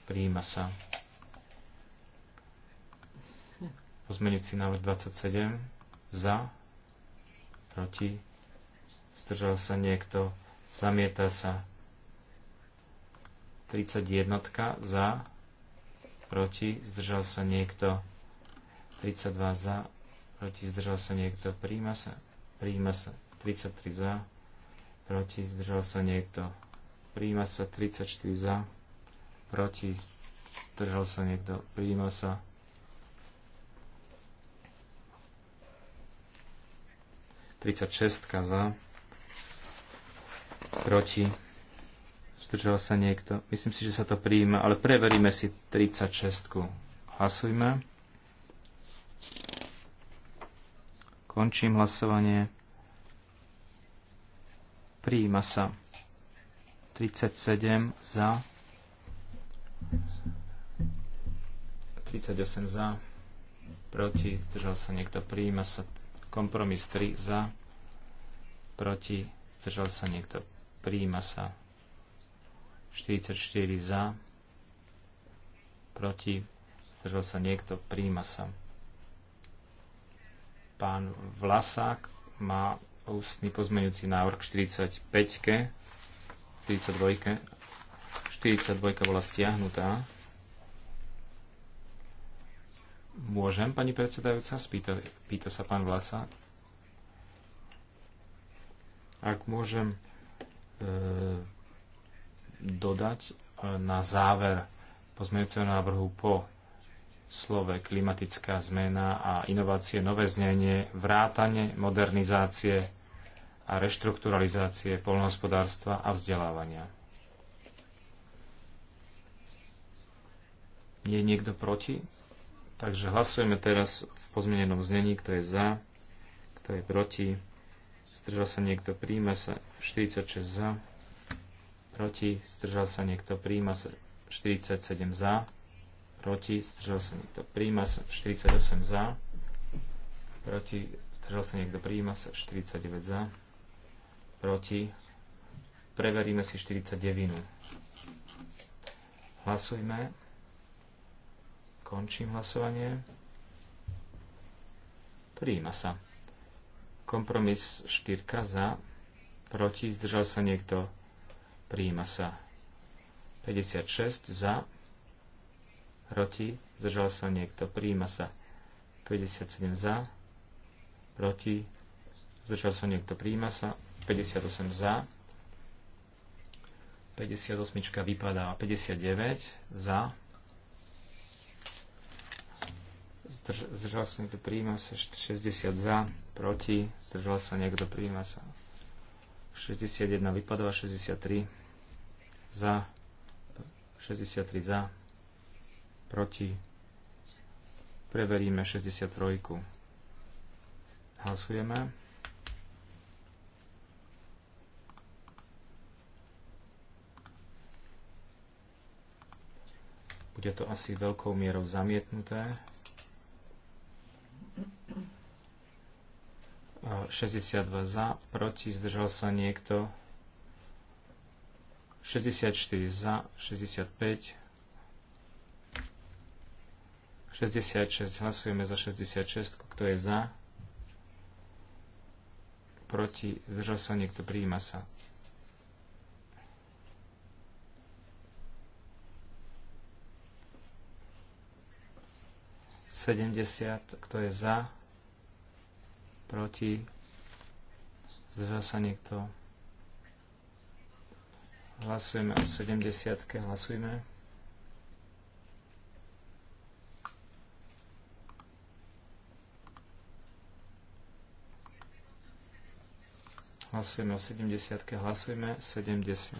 prijíma sa. Pozmeniť si návrh 27 za, proti, zdržal sa niekto, zamieta sa. 31 za, proti, zdržal sa niekto. 32 za, proti, zdržal sa niekto. Príjma sa, príjma sa. 33 za, proti, zdržal sa niekto. Príjma sa 34 za, proti, zdržal sa niekto. Príjma sa. 36 za, proti, Zdržal sa niekto. Myslím si, že sa to prijíma, ale preveríme si 36. -ku. Hlasujme. Končím hlasovanie. Prijíma sa. 37 za. 38 za. Proti. Zdržal sa niekto. Prijíma sa. Kompromis 3 za. Proti. Zdržal sa niekto. Prijíma sa 44 za, proti, zdržal sa niekto, príjma sa. Pán Vlasák má ústny pozmeňujúci návrh 45, 42, 42 bola stiahnutá. Môžem, pani predsedajúca? Spýta, pýta sa pán Vlasák. Ak môžem, e dodať e, na záver pozmeňujúceho návrhu po slove klimatická zmena a inovácie, nové znenie, vrátanie, modernizácie a reštrukturalizácie polnohospodárstva a vzdelávania. Nie Je niekto proti? Takže hlasujeme teraz v pozmenenom znení, kto je za, kto je proti. Zdržal sa niekto, príjme sa 46 za proti, zdržal sa niekto, príjma sa 47 za, proti, zdržal sa niekto, príjma sa 48 za, proti, zdržal sa niekto, príjma sa 49 za, proti, preveríme si 49. Hlasujme. Končím hlasovanie. Príjma sa. Kompromis 4 za, proti, zdržal sa niekto, Prijíma sa. 56 za. Proti. Zdržal sa niekto. Prijíma sa. 57 za. Proti. Zdržal sa niekto. Prijíma sa. 58 za. 58 vypadá 59 za. Zdržal sa niekto, prijíma sa 60 za, proti, zdržal sa niekto, prijíma sa 61 vypadáva, 63 za, 63 za, proti. Preveríme 63. Hlasujeme. Bude to asi veľkou mierou zamietnuté. 62 za, proti, zdržal sa niekto. 64 za, 65. 66, hlasujeme za 66, kto je za. Proti, zdržal sa niekto, prijíma sa. Sedemdesiat, kto je za, proti, zdržal sa niekto. Hlasujeme o 70. Hlasujme. Hlasujeme o 70. Hlasujme 70.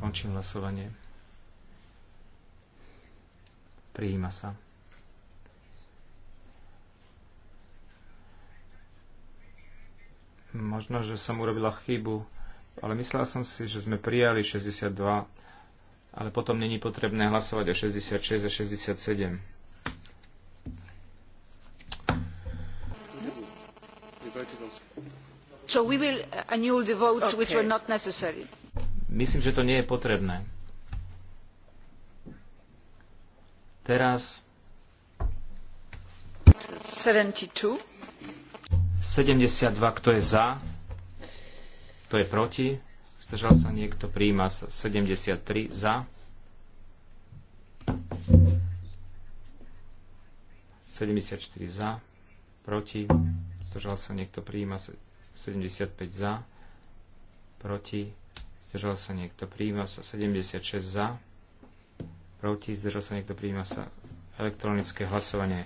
Končím hlasovanie. Prijíma sa. Možno, že som urobila chybu, ale myslela som si, že sme prijali 62, ale potom není potrebné hlasovať o 66 a 67. So we will annul the votes okay. which were not necessary. Myslím, že to nie je potrebné. Teraz 72. 72, kto je za, kto je proti, zdržal sa niekto, príjma sa 73 za, 74 za, proti, zdržal sa niekto, príjma sa 75 za, proti, zdržal sa niekto, príjma sa 76 za, proti, zdržal sa niekto, príjma sa elektronické hlasovanie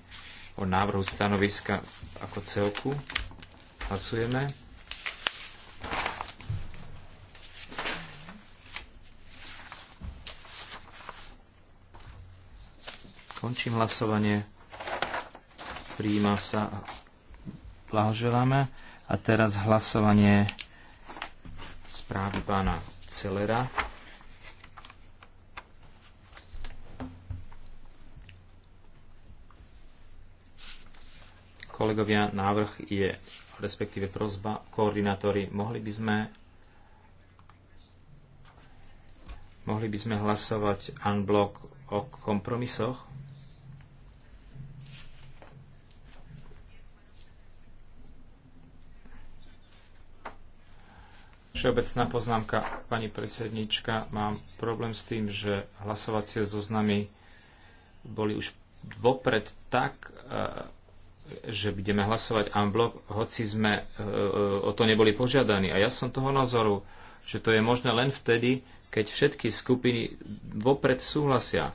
o návrhu stanoviska ako celku. Hlasujeme. Končím hlasovanie. Prijíma sa. Blahoželáme. A teraz hlasovanie správy pána Celera. Kolegovia, návrh je, respektíve prozba, koordinátori, mohli by sme mohli by sme hlasovať unblock o kompromisoch? Všeobecná poznámka, pani predsednička, mám problém s tým, že hlasovacie zoznamy boli už vopred tak eh, že budeme hlasovať unblock, hoci sme e, e, o to neboli požiadaní. A ja som toho názoru, že to je možné len vtedy, keď všetky skupiny vopred súhlasia.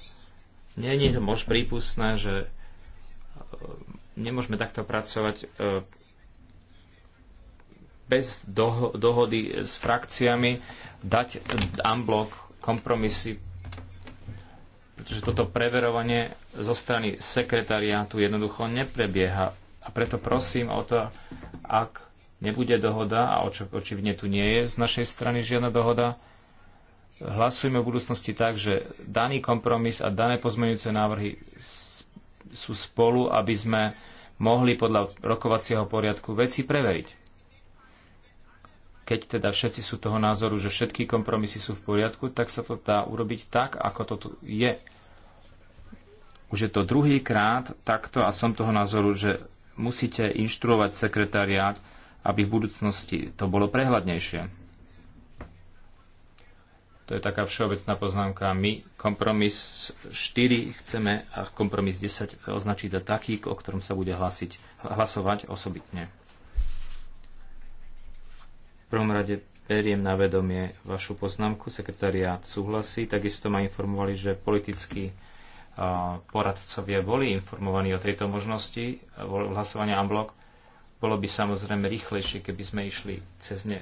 Nie je to mož prípustné, že e, nemôžeme takto pracovať bez dohody s frakciami, dať unblock kompromisy pretože toto preverovanie zo strany sekretariátu jednoducho neprebieha. A preto prosím o to, ak nebude dohoda, a očivne tu nie je z našej strany žiadna dohoda, hlasujme v budúcnosti tak, že daný kompromis a dané pozmeňujúce návrhy sú spolu, aby sme mohli podľa rokovacieho poriadku veci preveriť. Keď teda všetci sú toho názoru, že všetky kompromisy sú v poriadku, tak sa to dá urobiť tak, ako to tu je. Už je to druhý krát takto a som toho názoru, že musíte inštruovať sekretariát, aby v budúcnosti to bolo prehľadnejšie. To je taká všeobecná poznámka. My kompromis 4 chceme a kompromis 10 označiť za taký, o ktorom sa bude hlasiť, hlasovať osobitne prvom rade beriem na vedomie vašu poznámku, sekretariát súhlasí. Takisto ma informovali, že politickí poradcovia boli informovaní o tejto možnosti hlasovania Amblok. Bolo by samozrejme rýchlejšie, keby sme išli cez ne.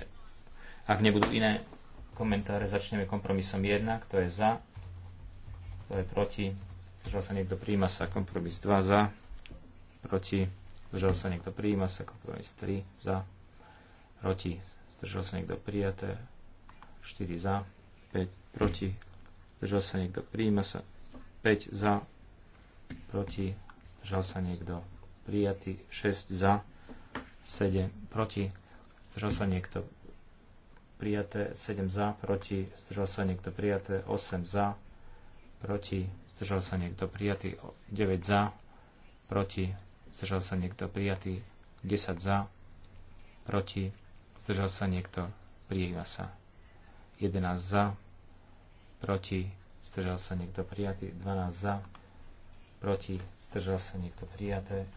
Ak nebudú iné komentáre, začneme kompromisom 1, kto je za, kto je proti, zdržal sa niekto, príjma sa kompromis 2 za, proti, zdržal sa niekto, príjma sa kompromis 3 za, proti, zdržal sa niekto prijaté, 4 za, 5 proti, zdržal sa niekto, prijíma sa, 5 za, proti, zdržal sa niekto, prijatý, 6 za, 7 proti, zdržal sa niekto, prijaté, 7 za, proti, zdržal sa niekto, prijaté, 8 za, proti, zdržal sa niekto, prijatý, 9 za, proti, zdržal sa niekto, prijatý, 10 za, proti, Zdržal sa niekto? Prijíma sa. 11 za. Proti. Zdržal sa niekto? Prijatý. 12 za. Proti. Zdržal sa niekto? Prijaté.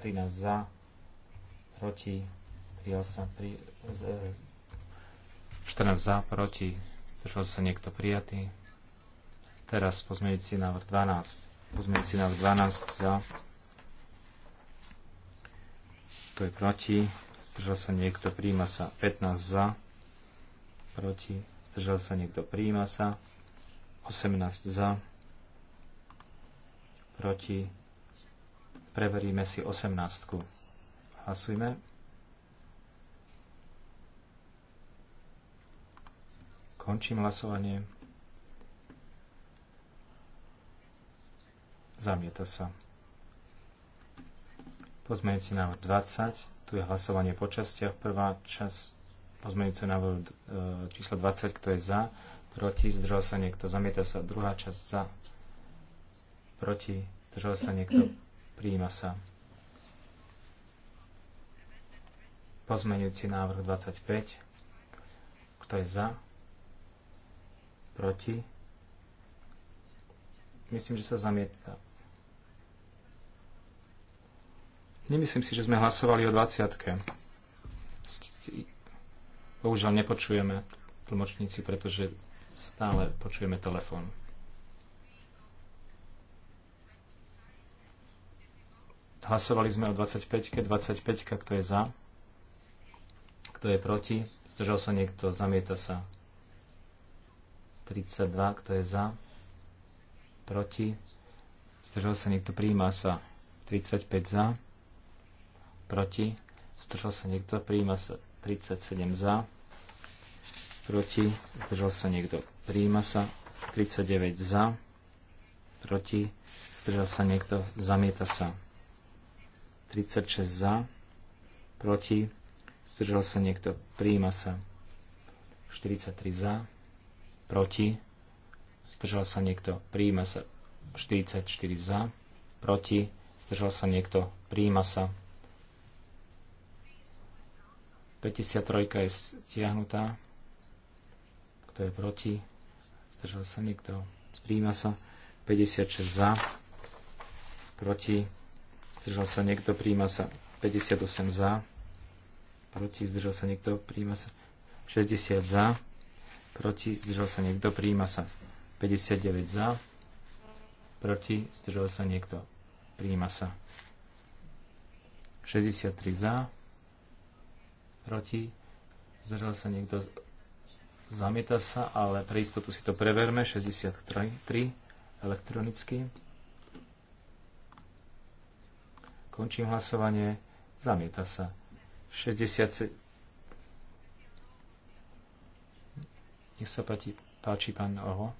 13 za. Proti. Prijal sa. Pri, 14 e, za. Proti. Zdržal sa niekto? Prijatý. Teraz pozmeňujúci návrh 12. Pozmeňujúci návrh 12 za. To je proti zdržal sa niekto, príjma sa 15 za, proti, zdržal sa niekto, príjma sa 18 za, proti, preveríme si 18. Hlasujme. Končím hlasovanie. Zamieta sa. Pozmeňujúci návrh 20 tu je hlasovanie po častiach. Prvá časť pozmeňujúce návrh e, číslo 20, kto je za, proti, zdržal sa niekto, zamieta sa. Druhá časť za, proti, zdržal sa niekto, prijíma sa. Pozmeňujúci návrh 25, kto je za, proti, myslím, že sa zamieta. Nemyslím si, že sme hlasovali o 20. Bohužiaľ nepočujeme tlmočníci, pretože stále počujeme telefón. Hlasovali sme o 25. 25. kto je za? Kto je proti? Zdržal sa niekto? Zamieta sa. 32. Kto je za? Proti? Zdržal sa niekto? Príjma sa. 35 za proti, zdržal sa niekto, príjma sa 37 za, proti, zdržal sa niekto, príjma sa 39 za, proti, zdržal sa niekto, zamieta sa 36 za, proti, zdržal sa niekto, príjma sa 43 za, proti, zdržal sa niekto, príjma sa 44 za, proti, zdržal sa niekto, príjma sa 53 je stiahnutá. Kto je proti? Zdržal sa niekto? Spríjma sa. 56 za. Proti. Zdržal sa niekto? Príjma sa. 58 za. Proti. Zdržal sa niekto? Príjma sa. 60 za. Proti. Zdržal sa niekto? Príjma sa. 59 za. Proti. Zdržal sa niekto? Príjma sa. 63 za proti, zdržal sa niekto, zamieta sa, ale pre istotu si to preverme, 63 elektronicky. Končím hlasovanie, zamieta sa. 67. Nech sa páči, páči pán Oho.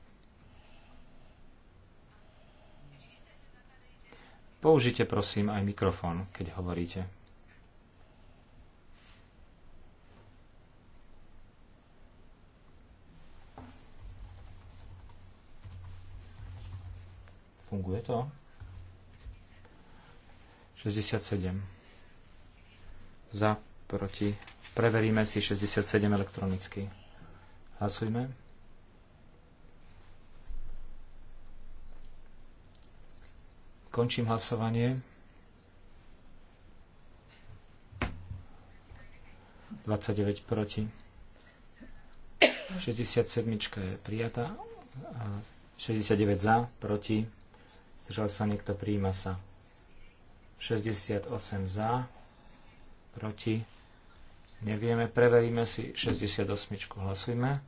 Použite prosím aj mikrofón, keď hovoríte. Funguje to? 67. Za, proti. Preveríme si 67 elektronicky. Hlasujme. Končím hlasovanie. 29 proti. 67 je prijatá. 69 za, proti. Zdržal sa niekto, príjima sa. 68 za, proti. Nevieme, preveríme si 68. Hlasujme.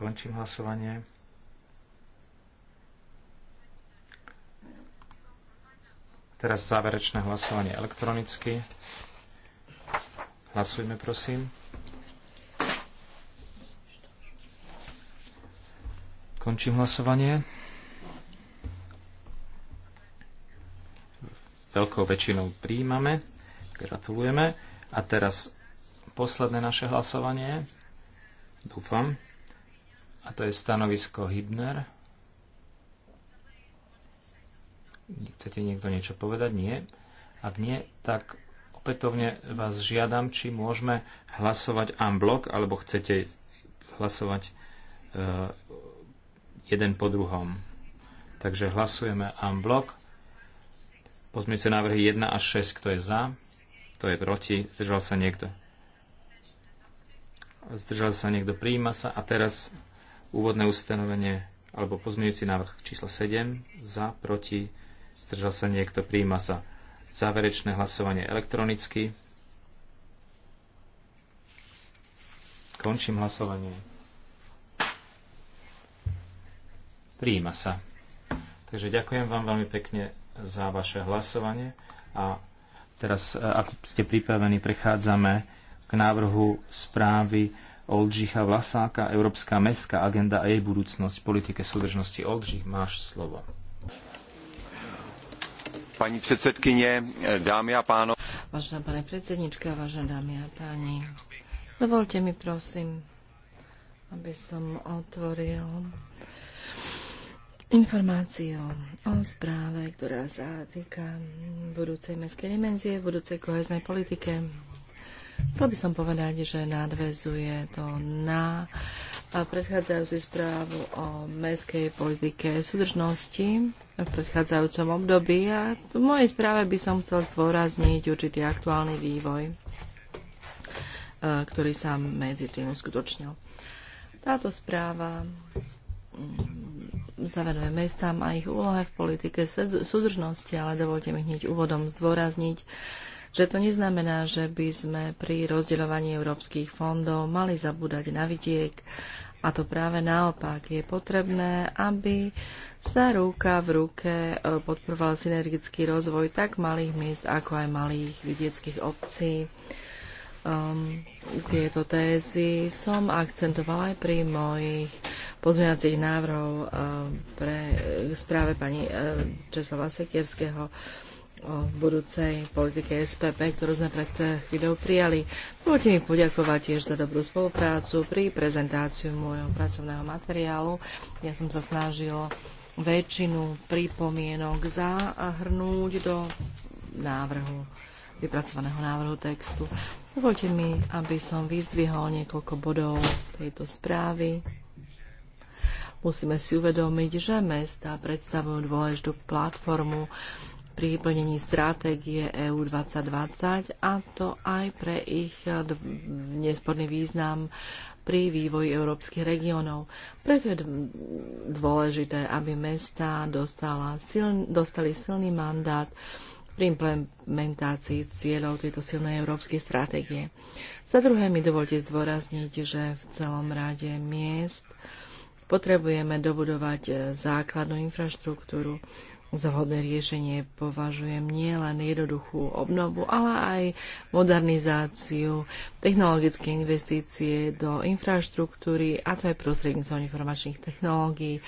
Končím hlasovanie. Teraz záverečné hlasovanie elektronicky. Hlasujme, prosím. Končím hlasovanie. Veľkou väčšinou príjmame. Gratulujeme. A teraz posledné naše hlasovanie. Dúfam. A to je stanovisko Hibner. Chcete niekto niečo povedať? Nie. Ak nie, tak opätovne vás žiadam, či môžeme hlasovať en alebo chcete hlasovať eh, jeden po druhom. Takže hlasujeme en blok. Pozmite návrhy 1 až 6, kto je za, kto je proti, zdržal sa niekto. Zdržal sa niekto, prijíma sa. A teraz úvodné ustanovenie alebo pozmeňujúci návrh číslo 7, za, proti, zdržal sa niekto, prijíma sa. Záverečné hlasovanie elektronicky. Končím hlasovanie. Prijíma sa. Takže ďakujem vám veľmi pekne za vaše hlasovanie a teraz, e, ak ste pripravení, prechádzame k návrhu správy Oldřicha Vlasáka, Európska mestská agenda a jej budúcnosť v politike súdržnosti. Oldřich, máš slovo. Pani predsedkynie, dámy a páno. Vážená pani predsednička, vážené dámy a páni, dovolte mi prosím, aby som otvoril Informácií o správe, ktorá sa týka budúcej mestskej dimenzie, budúcej koheznej politike. Chcel by som povedať, že nadvezuje to na predchádzajúcu správu o mestskej politike súdržnosti v predchádzajúcom období a v mojej správe by som chcel zdôrazniť určitý aktuálny vývoj, e, ktorý sa medzi tým uskutočnil. Táto správa zavenuje mestám a ich úlohe v politike súdržnosti, ale dovolte mi hneď úvodom zdôrazniť, že to neznamená, že by sme pri rozdeľovaní európskych fondov mali zabúdať na vidiek, a to práve naopak je potrebné, aby sa ruka v ruke e, podporoval synergický rozvoj tak malých miest, ako aj malých vidieckých obcí. Um, tieto tézy som akcentovala aj pri mojich pozmeňacích návrhov eh, pre eh, správe pani eh, Česlava Sekierského o budúcej politike SPP, ktorú sme pred chvíľou prijali. Dovolte mi poďakovať tiež za dobrú spoluprácu pri prezentáciu môjho pracovného materiálu. Ja som sa snažil väčšinu pripomienok zahrnúť do návrhu, vypracovaného návrhu textu. Dovolte mi, aby som vyzdvihol niekoľko bodov tejto správy Musíme si uvedomiť, že mesta predstavujú dôležitú platformu pri plnení stratégie EU 2020 a to aj pre ich nesporný význam pri vývoji európskych regiónov. Preto je dôležité, aby mesta dostala dostali silný mandát pri implementácii cieľov tejto silnej európskej stratégie. Za druhé mi dovolte zdôrazniť, že v celom rade miest Potrebujeme dobudovať e, základnú infraštruktúru. Za vhodné riešenie považujem nielen jednoduchú obnovu, ale aj modernizáciu, technologické investície do infraštruktúry, a to aj prostredníctvom informačných technológií.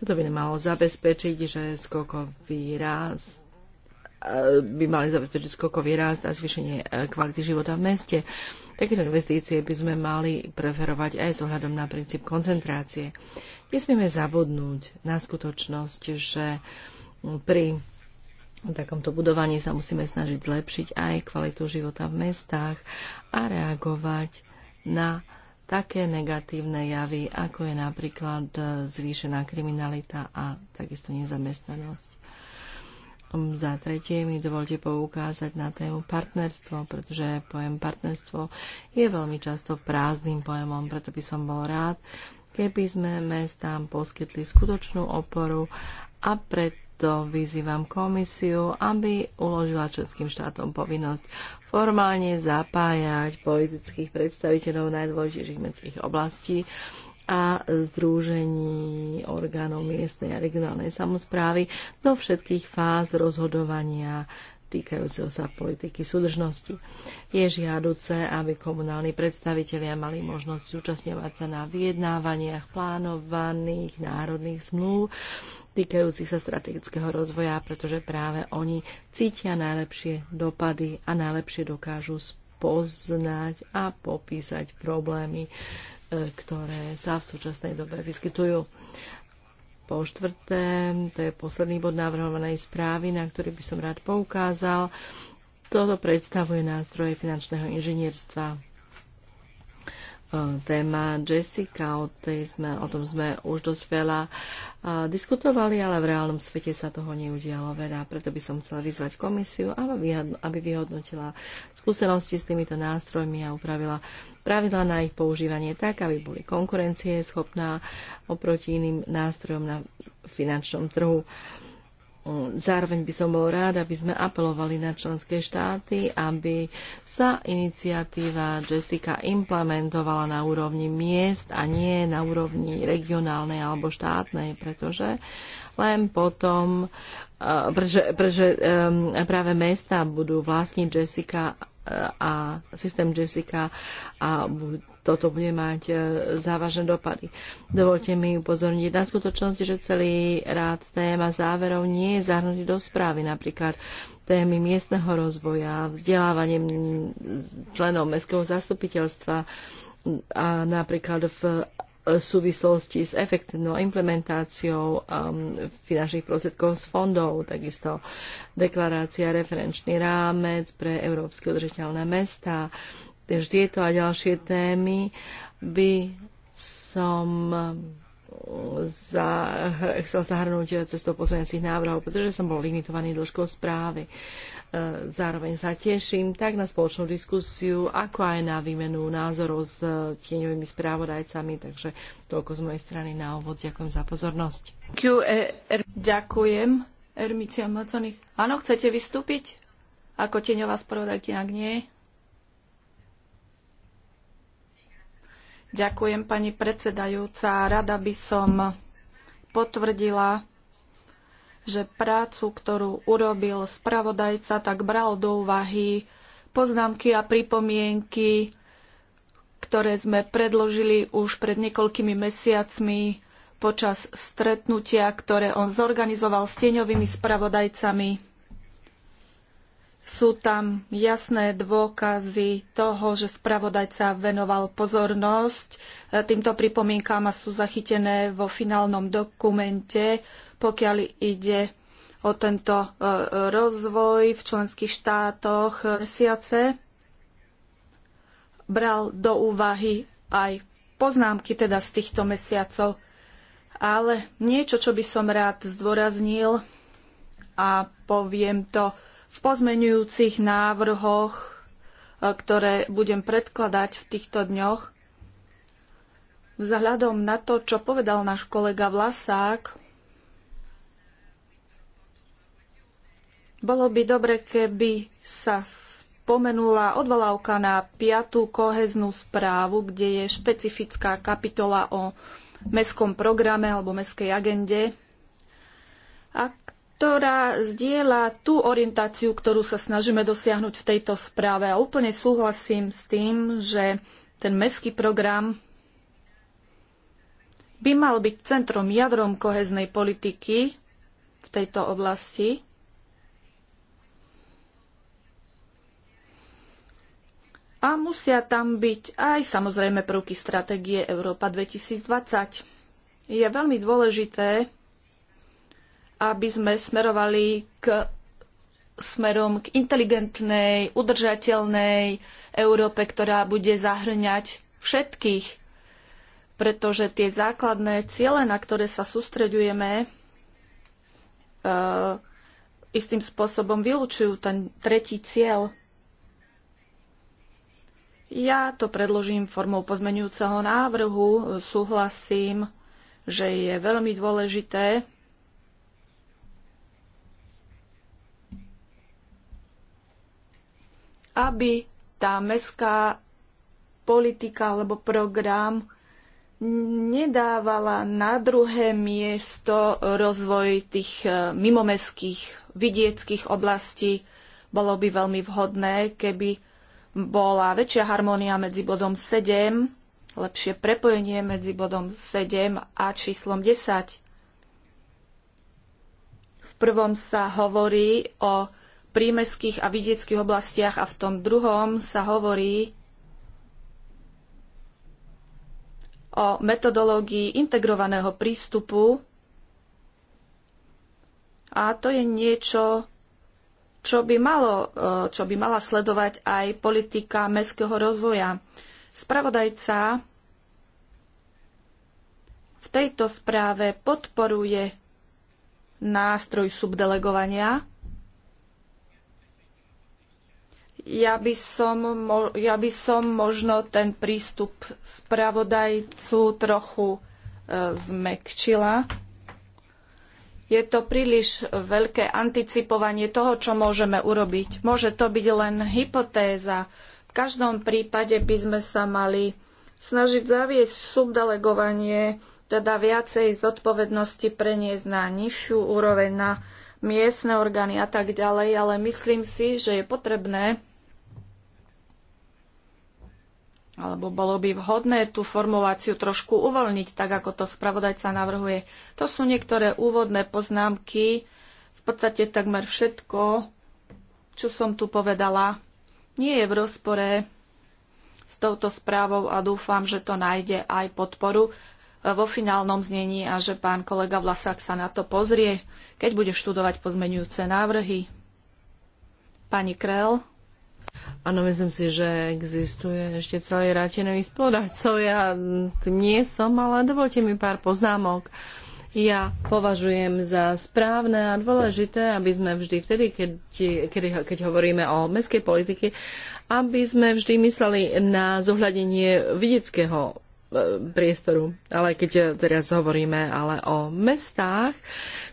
Toto by nemalo zabezpečiť, že skokový rast by mali zabezpečiť skokový rast a zvýšenie e, kvality života v meste. Takéto investície by sme mali preferovať aj s ohľadom na princíp koncentrácie. Nesmieme zabudnúť na skutočnosť, že pri takomto budovaní sa musíme snažiť zlepšiť aj kvalitu života v mestách a reagovať na také negatívne javy, ako je napríklad e, zvýšená kriminalita a takisto nezamestnanosť. Za tretie mi dovolte poukázať na tému partnerstvo, pretože pojem partnerstvo je veľmi často prázdnym pojemom, preto by som bol rád, keby sme mestám poskytli skutočnú oporu a preto vyzývam komisiu, aby uložila Českým štátom povinnosť formálne zapájať politických predstaviteľov najdôležitejších mestských oblastí a združení orgánov miestnej a regionálnej samozprávy do všetkých fáz rozhodovania týkajúceho sa politiky súdržnosti. Je žiaduce, aby komunálni predstavitelia mali možnosť zúčastňovať sa na vyjednávaniach plánovaných národných zmluv týkajúcich sa strategického rozvoja, pretože práve oni cítia najlepšie dopady a najlepšie dokážu spoznať a popísať problémy, ktoré sa v súčasnej dobe vyskytujú. Po štvrté, to je posledný bod navrhovanej správy, na ktorý by som rád poukázal. Toto predstavuje nástroje finančného inžinierstva. E, téma Jessica, o, tej sme, o tom sme už dosť veľa e, diskutovali, ale v reálnom svete sa toho neudialo veľa. Preto by som chcela vyzvať komisiu, aby vyhodnotila skúsenosti s týmito nástrojmi a upravila pravidla na ich používanie tak, aby boli konkurencie schopná oproti iným nástrojom na finančnom trhu. Uh, Zároveň by som bol rád, aby sme apelovali na členské štáty, aby sa iniciatíva Jessica implementovala na úrovni miest a nie na úrovni regionálnej alebo štátnej, pretože len potom, e, pretože, pretože práve mesta budú vlastniť Jessica e, a systém Jessica a toto bude mať e, závažné dopady. Dovolte mi upozorniť na skutočnosť, že celý rád téma záverov nie je zahrnutý do správy. Napríklad témy miestneho rozvoja, vzdelávanie členov mestského zastupiteľstva a napríklad v súvislosti s efektívnou implementáciou um, finančných prostriedkov z fondov, takisto deklarácia referenčný rámec pre európske udržiteľné mesta, Tež tieto a ďalšie témy by som eh, za, eh, chcel zahrnúť eh, cestou pozmeňacích návrhov, pretože som bol limitovaný dĺžkou správy. Zároveň sa teším tak na spoločnú diskusiu, ako aj na výmenu názorov s tieňovými správodajcami. Takže toľko z mojej strany na úvod. Ďakujem za pozornosť. Er- Ďakujem. Ermicia Macony. Áno, chcete vystúpiť? Ako tieňová spravodajky, ak nie? Ďakujem, pani predsedajúca. Rada by som potvrdila, že prácu, ktorú urobil spravodajca, tak bral do úvahy poznámky a pripomienky, ktoré sme predložili už pred niekoľkými mesiacmi počas stretnutia, ktoré on zorganizoval s tieňovými spravodajcami. Sú tam jasné dôkazy toho, že spravodajca venoval pozornosť e, týmto pripomienkám a sú zachytené vo finálnom dokumente, pokiaľ ide o tento e, rozvoj v členských štátoch e, mesiace. Bral do úvahy aj poznámky teda z týchto mesiacov, ale niečo, čo by som rád zdôraznil a poviem to v pozmenujúcich návrhoch, e, ktoré budem predkladať v týchto dňoch. Vzhľadom na to, čo povedal náš kolega Vlasák, bolo by dobre, keby sa spomenula odvolávka na piatú koheznú správu, kde je špecifická kapitola o mestskom programe alebo mestskej agende, a ktorá zdieľa tú orientáciu, ktorú sa snažíme dosiahnuť v tejto správe. A úplne súhlasím s tým, že ten mestský program by mal byť centrom, jadrom koheznej politiky v tejto oblasti. A musia tam byť aj samozrejme prvky stratégie Európa 2020. Je veľmi dôležité, aby sme smerovali k smerom k inteligentnej, udržateľnej Európe, ktorá bude zahrňať všetkých. Pretože tie základné ciele, na ktoré sa sústreďujeme, e, istým spôsobom vylúčujú ten tretí cieľ. Ja to predložím formou pozmenujúceho návrhu. Súhlasím, že je veľmi dôležité aby tá mestská politika alebo program nedávala na druhé miesto rozvoj tých e, mimomestských vidieckých oblastí. Bolo by veľmi vhodné, keby bola väčšia harmónia medzi bodom 7, lepšie prepojenie medzi bodom 7 a číslom 10. V prvom sa hovorí o prímeských a vidieckých oblastiach a v tom druhom sa hovorí o metodológii integrovaného prístupu a to je niečo, čo by, malo, e, čo by mala sledovať aj politika mestského rozvoja. Spravodajca v tejto správe podporuje nástroj subdelegovania ja by, som, ja by som možno ten prístup spravodajcu trochu e, zmekčila. Je to príliš veľké anticipovanie toho, čo môžeme urobiť. Môže to byť len hypotéza. V každom prípade by sme sa mali snažiť zaviesť subdelegovanie, teda viacej zodpovednosti preniesť na nižšiu úroveň, na miestne orgány a tak ďalej, ale myslím si, že je potrebné alebo bolo by vhodné tú formuláciu trošku uvoľniť, tak ako to spravodajca navrhuje. To sú niektoré úvodné poznámky, v podstate takmer všetko, čo som tu povedala, nie je v rozpore s touto správou a dúfam, že to nájde aj podporu vo finálnom znení a že pán kolega Vlasák sa na to pozrie, keď bude študovať pozmenujúce návrhy. Pani Krell. Áno, myslím si, že existuje ešte celý rátenový nových co Ja tým nie som, ale dovolte mi pár poznámok. Ja považujem za správne a dôležité, aby sme vždy vtedy, keď, keď, keď hovoríme o mestskej politike, aby sme vždy mysleli na zohľadenie vidieckého E, priestoru. Ale keď e, teraz hovoríme ale o mestách,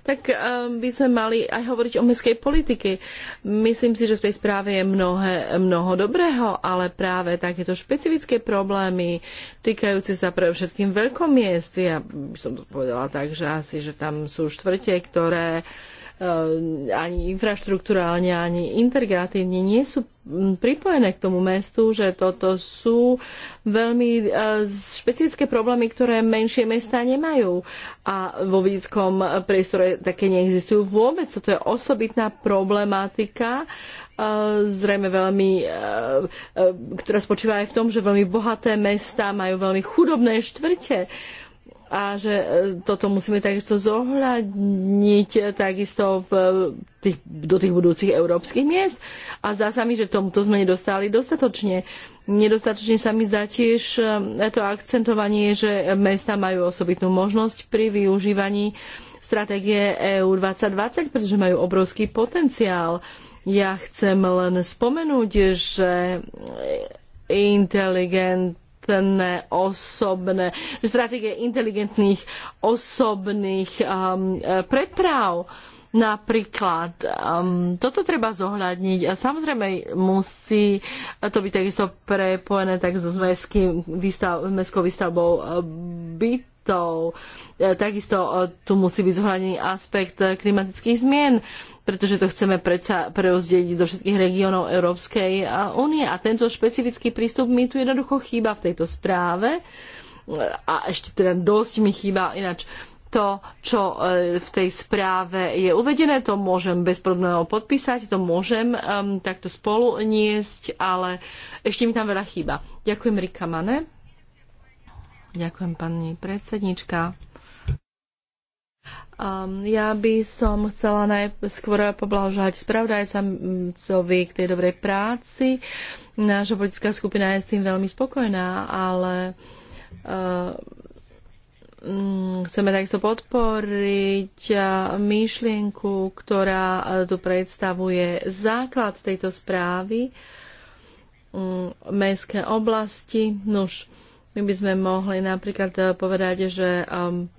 tak e, by sme mali aj hovoriť o mestskej politike. Myslím si, že v tej správe je mnohé, mnoho dobrého, ale práve takéto špecifické problémy týkajúce sa pre všetkým veľkomiest, ja by som to povedala tak, že asi, že tam sú štvrte, ktoré uh, Eh, ani infraštruktúrálne, ani integratívne nie sú mm, pripojené k tomu mestu, že toto sú veľmi eh, špecifické problémy, ktoré menšie mesta nemajú. A vo vidickom priestore také neexistujú vôbec. Toto je osobitná problematika, eh, zrejme veľmi, ktorá spočíva aj v tom, že veľmi bohaté mesta majú veľmi chudobné štvrte a že e, toto musíme takisto zohľadniť e, takisto v e, tých, do tých budúcich európskych miest. A zdá sa mi, že tomuto sme nedostali dostatočne. Nedostatočne sa mi zdá tiež to akcentovanie, že mesta majú osobitnú možnosť pri využívaní stratégie EU 2020, pretože majú obrovský potenciál. Ja chcem len spomenúť, že inteligent inteligentné osobné, stratégie inteligentných osobných um, e, preprav. Napríklad, um, toto treba zohľadniť a samozrejme musí to byť takisto prepojené tak so mestskou výstavbou e, byt štátov. E, takisto e, tu musí byť zohľadený aspekt e, klimatických zmien, pretože to chceme predsa preozdeliť do všetkých regiónov Európskej únie a tento špecifický prístup mi tu jednoducho chýba v tejto správe a ešte teda dosť mi chýba ináč to, čo v tej správe je uvedené, to môžem bez problémov podpísať, to môžem um, takto spolu niesť, ale ešte mi tam veľa chýba. Ďakujem Rika Mane. Ďakujem, pani predsednička. Um, ja by som chcela najskôr poblážať spravodajcovi k tej dobrej práci. Naša politická skupina je s tým veľmi spokojná, ale uh, mm, chceme takisto podporiť uh, myšlienku, ktorá uh, tu predstavuje základ tejto správy um, mestské oblasti. Nuž, my by sme mohli napríklad eh, povedať, že um,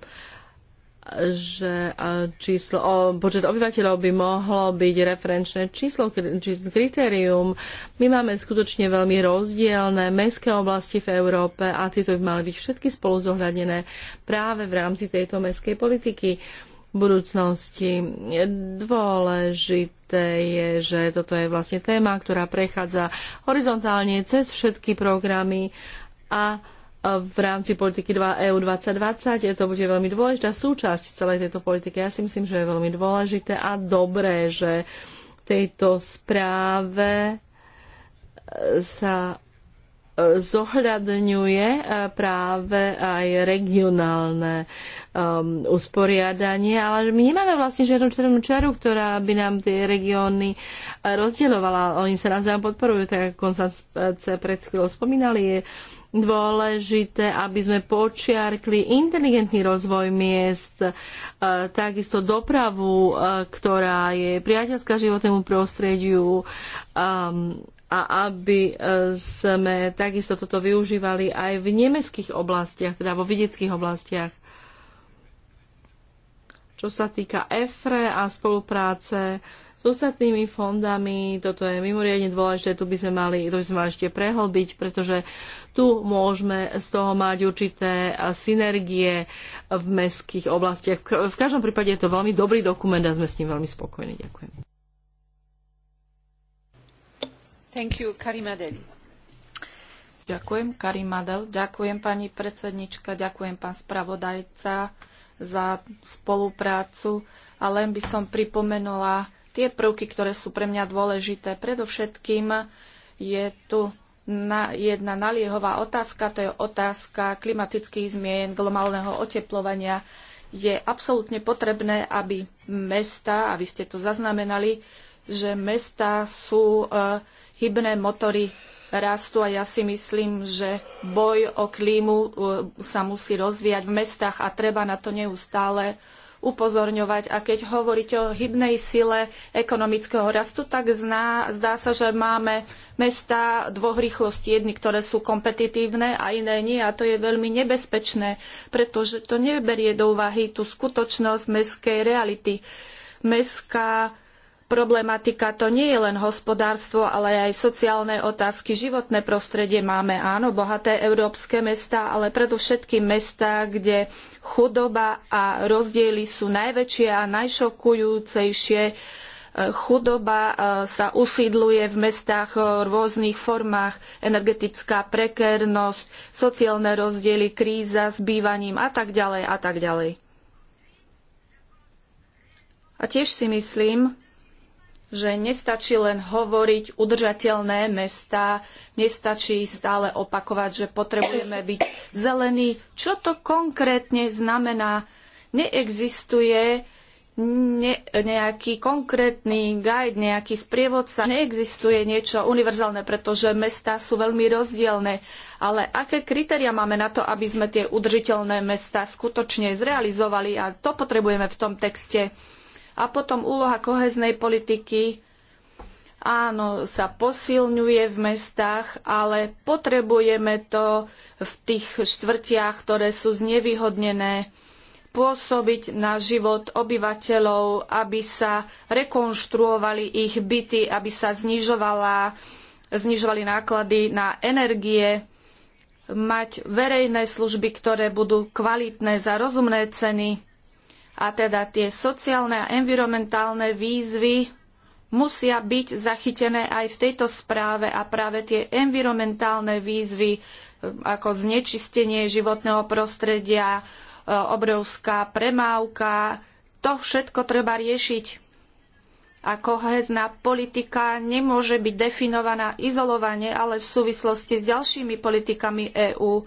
že eh, číslo, o, počet obyvateľov by mohlo byť referenčné číslo, číslo, kritérium. My máme skutočne veľmi rozdielne mestské oblasti v Európe a tieto by mali byť všetky spolu zohľadnené práve v rámci tejto mestskej politiky v budúcnosti. Dôležité je, že toto je vlastne téma, ktorá prechádza horizontálne cez všetky programy a v rámci politiky 2 EU 2020. je To bude veľmi dôležitá súčasť celej tejto politiky. Ja si myslím, že je veľmi dôležité a dobré, že v tejto správe e, sa e, zohľadňuje e, práve aj regionálne um, usporiadanie, ale my nemáme vlastne žiadnu červenú čaru, ktorá by nám tie regióny rozdielovala. Oni sa navzájom podporujú, tak ako sa pred chvíľou spomínali, je dôležité, aby sme počiarkli inteligentný rozvoj miest, e, takisto dopravu, e, ktorá je priateľská životnému prostrediu um, a aby e, sme takisto toto využívali aj v nemeckých oblastiach, teda vo vidieckých oblastiach. Čo sa týka EFRE a spolupráce, s ostatnými fondami. Toto je mimoriadne dôležité, tu by sme mali, to by sme mali ešte prehlbiť, pretože tu môžeme z toho mať určité synergie v mestských oblastiach. V každom prípade je to veľmi dobrý dokument a sme s ním veľmi spokojní. Ďakujem. Thank you, Karima Deli. Ďakujem, Karim Adel. Ďakujem, pani predsednička, ďakujem, pán spravodajca za spoluprácu a len by som pripomenula tie prvky, ktoré sú pre mňa dôležité. Predovšetkým je tu na jedna naliehová otázka, to je otázka klimatických zmien, globálneho oteplovania. Je absolútne potrebné, aby mesta, a vy ste to zaznamenali, že mesta sú e, hybné motory rastu a ja si myslím, že boj o klímu e, sa musí rozvíjať v mestách a treba na to neustále upozorňovať. A keď hovoríte o hybnej sile ekonomického rastu, tak zná, zdá sa, že máme mesta dvoch rýchlostí, jedny, ktoré sú kompetitívne a iné nie. A to je veľmi nebezpečné, pretože to neberie do úvahy tú skutočnosť mestskej reality. Mestská problematika to nie je len hospodárstvo, ale aj sociálne otázky, životné prostredie máme, áno, bohaté európske mestá, ale predovšetkým mestá, kde chudoba a rozdiely sú najväčšie a najšokujúcejšie. E, chudoba e, sa usídluje v mestách e, v rôznych formách, energetická prekernosť, sociálne rozdiely, kríza s bývaním a tak ďalej a tak ďalej. A tiež si myslím, že nestačí len hovoriť udržateľné mesta, nestačí stále opakovať, že potrebujeme byť zelení. Čo to konkrétne znamená? Neexistuje ne, nejaký konkrétny guide, nejaký sprievodca. Neexistuje niečo univerzálne, pretože mestá sú veľmi rozdielne. Ale aké kritéria máme na to, aby sme tie udržiteľné mesta skutočne zrealizovali? A to potrebujeme v tom texte. A potom úloha koheznej politiky áno, sa posilňuje v mestách, ale potrebujeme to v tých štvrtiach, ktoré sú znevýhodnené, pôsobiť na život obyvateľov, aby sa rekonštruovali ich byty, aby sa znižovala, znižovali náklady na energie, mať verejné služby, ktoré budú kvalitné za rozumné ceny a teda tie sociálne a environmentálne výzvy musia byť zachytené aj v tejto správe a práve tie environmentálne výzvy e, ako znečistenie životného prostredia, e, obrovská premávka, to všetko treba riešiť. A kohezná politika nemôže byť definovaná izolovane, ale v súvislosti s ďalšími politikami EÚ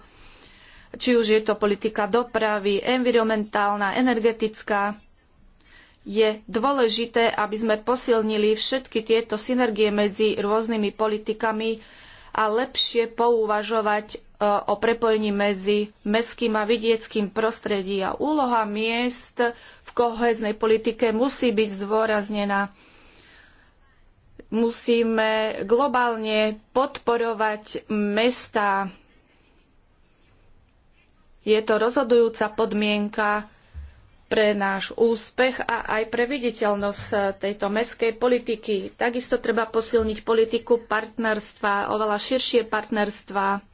či už je to politika dopravy, environmentálna, energetická. Je dôležité, aby sme posilnili všetky tieto synergie medzi rôznymi politikami a lepšie pouvažovať e, o prepojení medzi mestským a vidieckým prostredí. A úloha miest v kohéznej politike musí byť zdôraznená musíme globálne podporovať mestá je to rozhodujúca podmienka pre náš úspech a aj pre viditeľnosť eh, tejto mestskej politiky. Takisto treba posilniť politiku partnerstva, oveľa širšie partnerstva.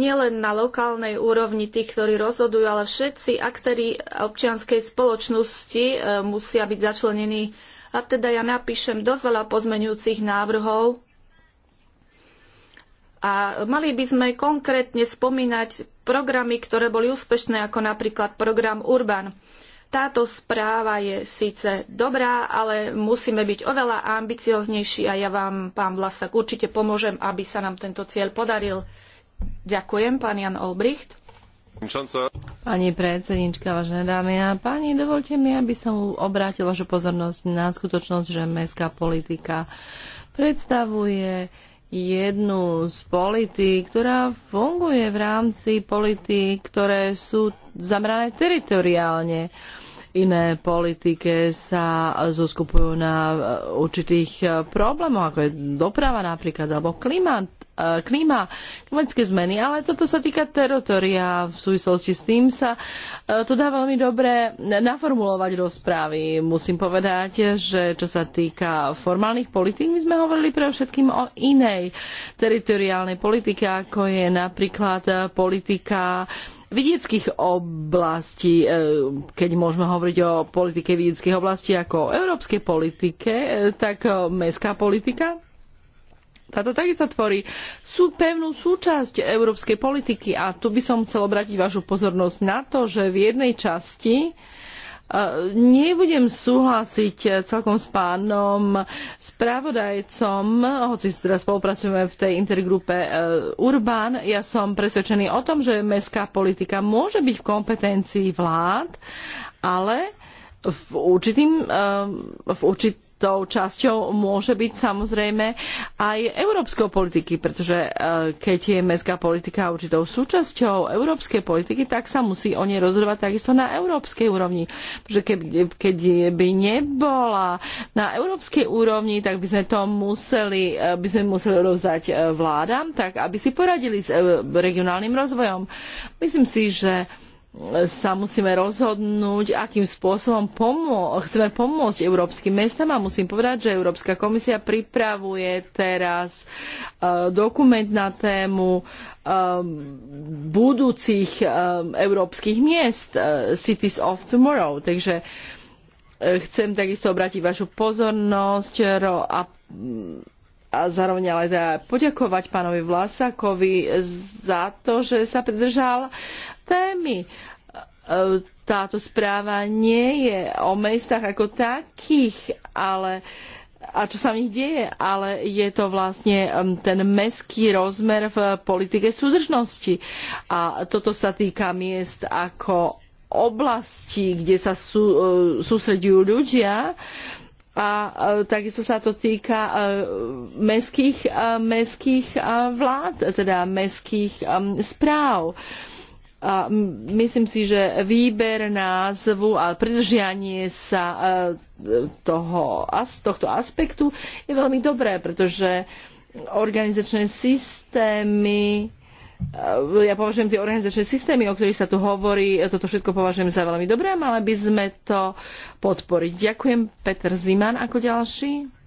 Nielen na lokálnej úrovni tých, ktorí rozhodujú, ale všetci aktéri občianskej spoločnosti eh, musia byť začlenení. A teda ja napíšem dosť veľa pozmenujúcich návrhov, a mali by sme konkrétne spomínať programy, ktoré boli úspešné, ako napríklad program Urban. Táto správa je síce dobrá, ale musíme byť oveľa ambicioznejší a ja vám, pán Vlasak, určite pomôžem, aby sa nám tento cieľ podaril. Ďakujem, pán Jan Olbricht. Pani predsednička, vážené dámy a páni, dovolte mi, aby som obrátil vašu pozornosť na skutočnosť, že mestská politika predstavuje jednu z politík, ktorá funguje v rámci politík, ktoré sú zamrané teritoriálne. Iné politike sa zoskupujú na e, určitých e, problémoch, ako je doprava napríklad, alebo klimat, E, klíma, klimatické zmeny, ale toto sa týka teritoria. V súvislosti s tým sa e, to dá veľmi dobre naformulovať do správy. Musím povedať, že čo sa týka formálnych politík, my sme hovorili pre všetkým o inej teritoriálnej politike, ako je napríklad politika vidieckých oblastí, e, keď môžeme hovoriť o politike vidieckých oblastí ako o európskej politike, tak mestská politika táto takisto tvorí sú pevnú súčasť európskej politiky a tu by som chcel obrátiť vašu pozornosť na to, že v jednej časti e, Nebudem súhlasiť e, celkom s pánom spravodajcom, hoci teraz spolupracujeme v tej intergrupe e, Urban. Ja som presvedčený o tom, že mestská politika môže byť v kompetencii vlád, ale v, určitým, v určit, tou časťou môže byť samozrejme aj európskou politiky, pretože e, keď je mestská politika určitou súčasťou európskej politiky, tak sa musí o nej rozhodovať takisto na európskej úrovni. Pretože keď, keď by nebola na európskej úrovni, tak by sme to museli, e, by sme museli rozdať e, vládam, tak aby si poradili s regionálnym rozvojom. Myslím si, že sa musíme rozhodnúť, akým spôsobom pomô- chceme pomôcť európskym mestám a musím povedať, že Európska komisia pripravuje teraz uh, dokument na tému um, budúcich um, európskych miest Cities of Tomorrow. Takže chcem takisto obrátiť vašu pozornosť a a zároveň ale teda poďakovať pánovi Vlasakovi za to, že sa pridržal témy. Táto správa nie je o mestách ako takých, ale a čo sa v nich deje, ale je to vlastne um, ten meský rozmer v politike súdržnosti. A toto sa týka miest ako oblasti, kde sa sú, uh, sústredujú ľudia, a uh, takisto sa to týka uh, mestských, mestských vlád, teda mestských um, správ. A myslím si, že výber názvu a pridržianie sa e, toho, tohto aspektu je veľmi dobré, pretože organizačné systémy e, ja považujem tie organizačné systémy, o ktorých sa tu hovorí, e, toto všetko považujem za veľmi dobré mali by sme to podporiť. Ďakujem Peter Ziman ako ďalší.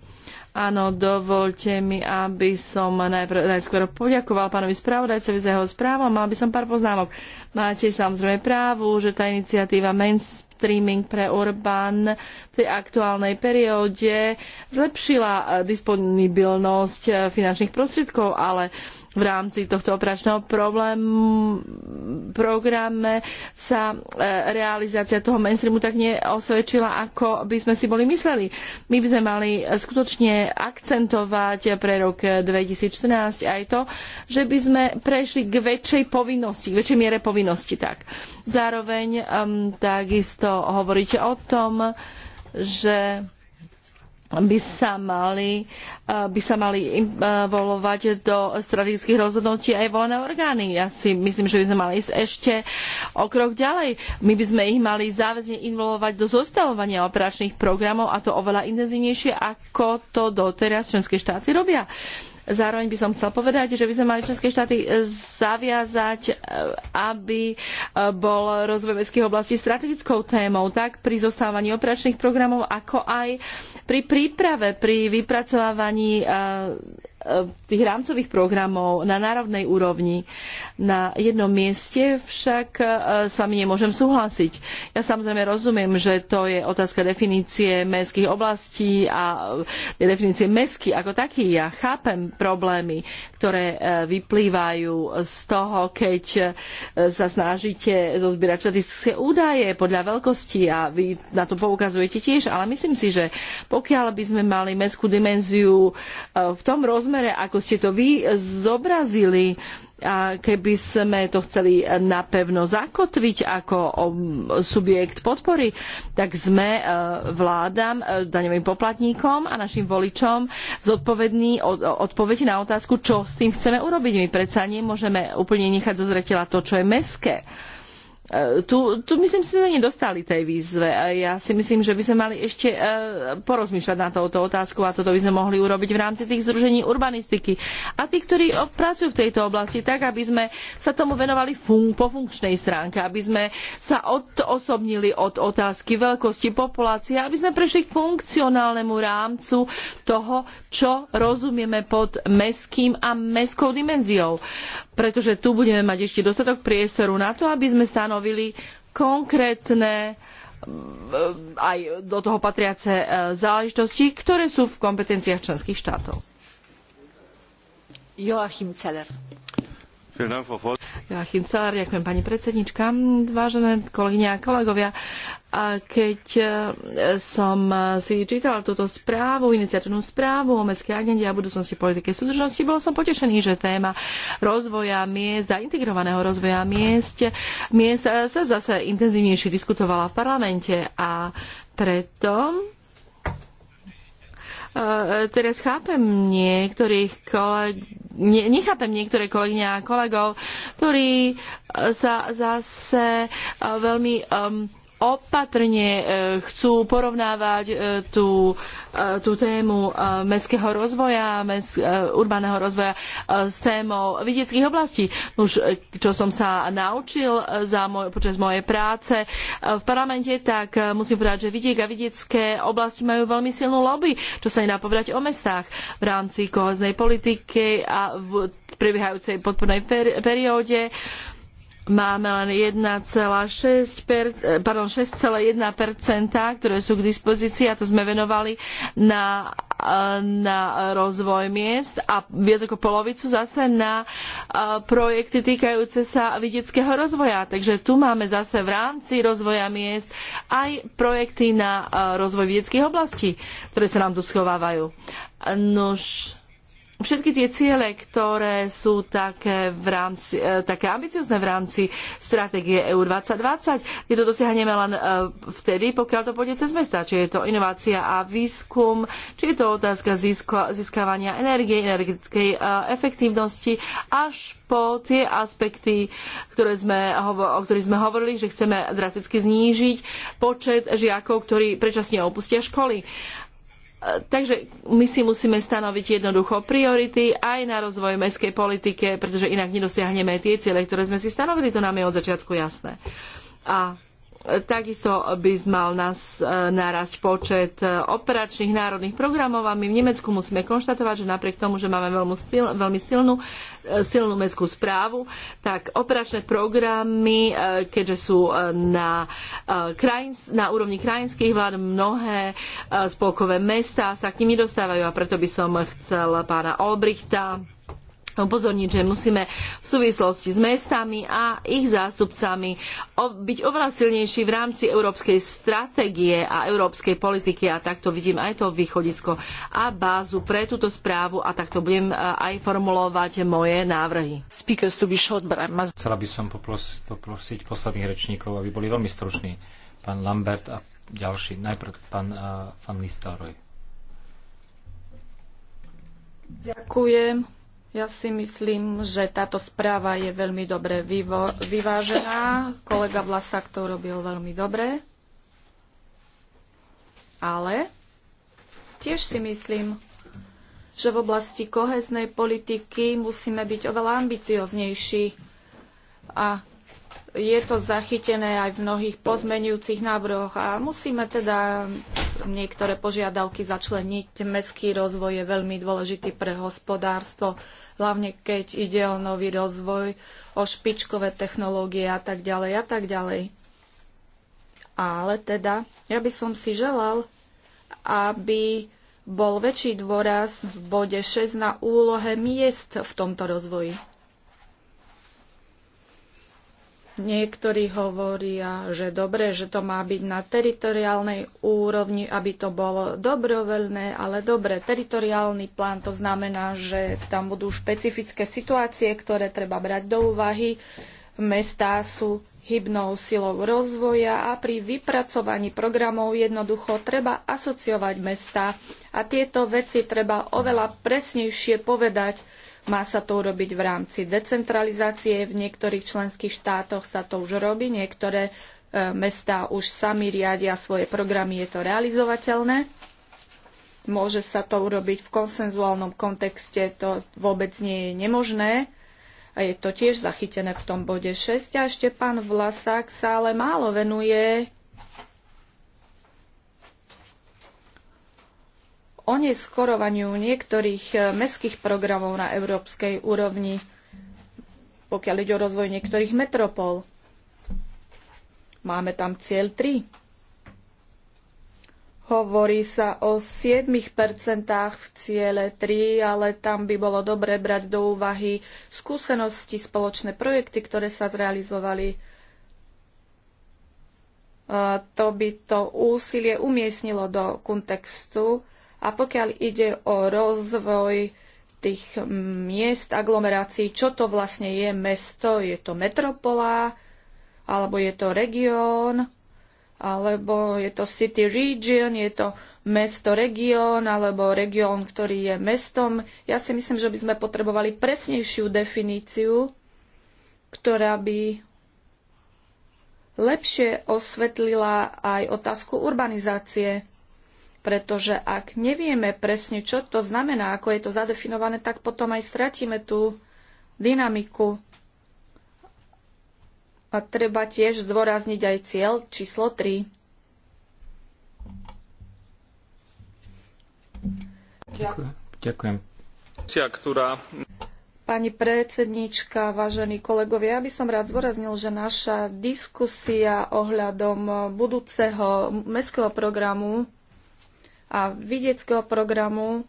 Áno, dovolte mi, aby som najprv, najskôr poďakoval pánovi spravodajcovi za jeho správu. Mal by som pár poznámok. Máte samozrejme právu, že tá iniciatíva mainstreaming pre urban v tej aktuálnej perióde zlepšila disponibilnosť eh, finančných prostriedkov, ale v rámci tohto operačného problém, programe sa e, realizácia toho mainstreamu tak neosvedčila, ako by sme si boli mysleli. My by sme mali skutočne akcentovať pre rok 2014 aj to, že by sme prešli k väčšej povinnosti, k väčšej miere povinnosti. Tak. Zároveň um, takisto hovoríte o tom, že by sa mali, eh, by sa mali eh, volovať do strategických rozhodnutí aj volené orgány. Ja si myslím, že by sme mali ísť ešte o krok ďalej. My by sme ich mali záväzne involovať do zostavovania operačných programov a to oveľa intenzívnejšie, ako to doteraz členské štáty robia. Zároveň by som chcel povedať, že by sme mali členské štáty e, zaviazať, e, aby e, bol rozvoj vedských oblastí strategickou témou, tak pri zostávaní operačných programov, ako aj pri príprave, pri vypracovávaní E, tých rámcových programov na národnej úrovni. Na jednom mieste však e, s vami nemôžem súhlasiť. Ja samozrejme rozumiem, že to je otázka definície mestských oblastí a e, definície mesky ako taký. Ja chápem problémy, ktoré vyplývajú z toho, keď sa snažíte zozbierať štatistické údaje podľa veľkosti a vy na to poukazujete tiež, ale myslím si, že pokiaľ by sme mali mestskú dimenziu v tom rozmeru, rozmere, ako ste to vy zobrazili, a keby sme to chceli napevno zakotviť ako um, subjekt podpory, tak sme e, vládam, e, daňovým poplatníkom a našim voličom zodpovední od, odpoveď na otázku, čo s tým chceme urobiť. My predsa nemôžeme úplne nechať zo zretela to, čo je meské. E, tu, tu myslím si, sme nedostali tej výzve. E, ja si myslím, že by sme mali ešte e, porozmýšľať na touto otázku a toto by sme mohli urobiť v rámci tých združení urbanistiky a tí, ktorí pracujú v tejto oblasti, tak aby sme sa tomu venovali fun- po funkčnej stránke, aby sme sa odosobnili od otázky veľkosti populácie, aby sme prešli k funkcionálnemu rámcu toho, čo rozumieme pod meským a mestskou dimenziou pretože tu budeme mať ešte dostatok priestoru na to, aby sme stanovili konkrétne eh, aj do toho patriace eh, záležitosti, ktoré sú v kompetenciách členských štátov. Joachim Zeller. Joachim Celer, ďakujem pani predsednička. Vážené kolegyne a kolegovia, a keď e, som e, si čítala túto správu, iniciatívnu správu o mestskej agende a budúcnosti politiky súdržnosti, bol som potešený, že téma rozvoja miest a integrovaného rozvoja miest, miest e, sa zase intenzívnejšie diskutovala v parlamente a preto teraz chápem niektorých kolegov, ne, nechápem niektoré kolegyne a kolegov, ktorí sa zase eh, veľmi um, opatrne e, chcú porovnávať e, tú, e, tú tému mestského rozvoja, mes, urbaného rozvoja s témou vidieckých oblastí. Už čo som sa naučil za moj, počas mojej práce v parlamente, tak musím povedať, že vidiek a vidiecké oblasti majú veľmi silnú lobby, čo sa nedá povedať o mestách v rámci kohoznej politiky a v prebiehajúcej podpornej peri perióde máme len 1,6%, pardon, 6,1%, ktoré sú k dispozícii a to sme venovali na, e, na rozvoj miest a viac ako polovicu zase na e, projekty týkajúce sa vidieckého rozvoja. Takže tu máme zase v rámci rozvoja miest aj projekty na e, rozvoj vidieckých oblastí, ktoré sa nám tu schovávajú. Nož, všetky tie ciele, ktoré sú také, v rámci, e, také ambiciozne v rámci stratégie EU 2020, tieto dosiahneme len e, vtedy, pokiaľ to pôjde cez mesta, či je to inovácia a výskum, či je to otázka získavania energie, energetickej e, efektívnosti, až po tie aspekty, ktoré sme, o ktorých sme hovorili, že chceme drasticky znížiť počet žiakov, ktorí predčasne opustia školy. Takže my si musíme stanoviť jednoducho priority aj na rozvoj mestskej politike, pretože inak nedosiahneme tie ciele, ktoré sme si stanovili, to nám je od začiatku jasné. A Takisto by mal nás e, narásť počet e, operačných národných programov a my v Nemecku musíme konštatovať, že napriek tomu, že máme veľmi, veľmi silnú, e, silnú mestskú správu, tak operačné programy, keďže sú na, na úrovni krajinských vlád, mnohé spolkové mesta sa k nim nedostávajú a preto by som chcel pána Olbrichta upozorniť, že musíme v súvislosti s mestami a ich zástupcami byť oveľa silnejší v rámci európskej stratégie a európskej politiky a takto vidím aj to východisko a bázu pre túto správu a takto budem e, aj formulovať moje návrhy. Chcela by som poprosiť posledných rečníkov, aby boli veľmi struční. Pán Lambert a ďalší. Najprv pán Van e, Ďakujem. Ja si myslím, že táto správa je veľmi dobre vyvážená. Kolega Vlasák to robil veľmi dobre. Ale tiež si myslím, že v oblasti koheznej politiky musíme byť oveľa ambicioznejší. A je to zachytené aj v mnohých pozmenujúcich návrhoch a musíme teda niektoré požiadavky začleniť. Mestský rozvoj je veľmi dôležitý pre hospodárstvo, hlavne keď ide o nový rozvoj, o špičkové technológie a tak ďalej a tak ďalej. Ale teda, ja by som si želal, aby bol väčší dôraz v bode 6 na úlohe miest v tomto rozvoji. Niektorí hovoria, že dobre, že to má byť na teritoriálnej úrovni, aby to bolo dobrovoľné, ale dobre, teritoriálny plán to znamená, že tam budú špecifické situácie, ktoré treba brať do úvahy. Mestá sú hybnou silou rozvoja a pri vypracovaní programov jednoducho treba asociovať mesta a tieto veci treba oveľa presnejšie povedať má sa to urobiť v rámci decentralizácie. V niektorých členských štátoch sa to už robí, niektoré e, mesta už sami riadia svoje programy, je to realizovateľné. Môže sa to urobiť v konsenzuálnom kontexte, to vôbec nie je nemožné. A je to tiež zachytené v tom bode 6. A ešte pán Vlasák sa ale málo venuje oneskorovaniu niektorých eh, mestských programov na európskej úrovni, pokiaľ ide o rozvoj niektorých metropol. Máme tam cieľ 3. Hovorí sa o 7% v ciele 3, ale tam by bolo dobre brať do úvahy skúsenosti, spoločné projekty, ktoré sa zrealizovali. Eh, to by to úsilie umiestnilo do kontextu a pokiaľ ide o rozvoj tých miest, aglomerácií, čo to vlastne je mesto? Je to metropola? Alebo je to región? Alebo je to city region? Je to mesto región? Alebo región, ktorý je mestom? Ja si myslím, že by sme potrebovali presnejšiu definíciu, ktorá by lepšie osvetlila aj otázku urbanizácie pretože ak nevieme presne, čo to znamená, ako je to zadefinované, tak potom aj stratíme tú dynamiku. A treba tiež zdôrazniť aj cieľ číslo 3. Ďakujem. Ďakujem. Pani predsedníčka, vážení kolegovia, ja by som rád zdôraznil, že naša diskusia ohľadom budúceho mestského programu a vidieckého programu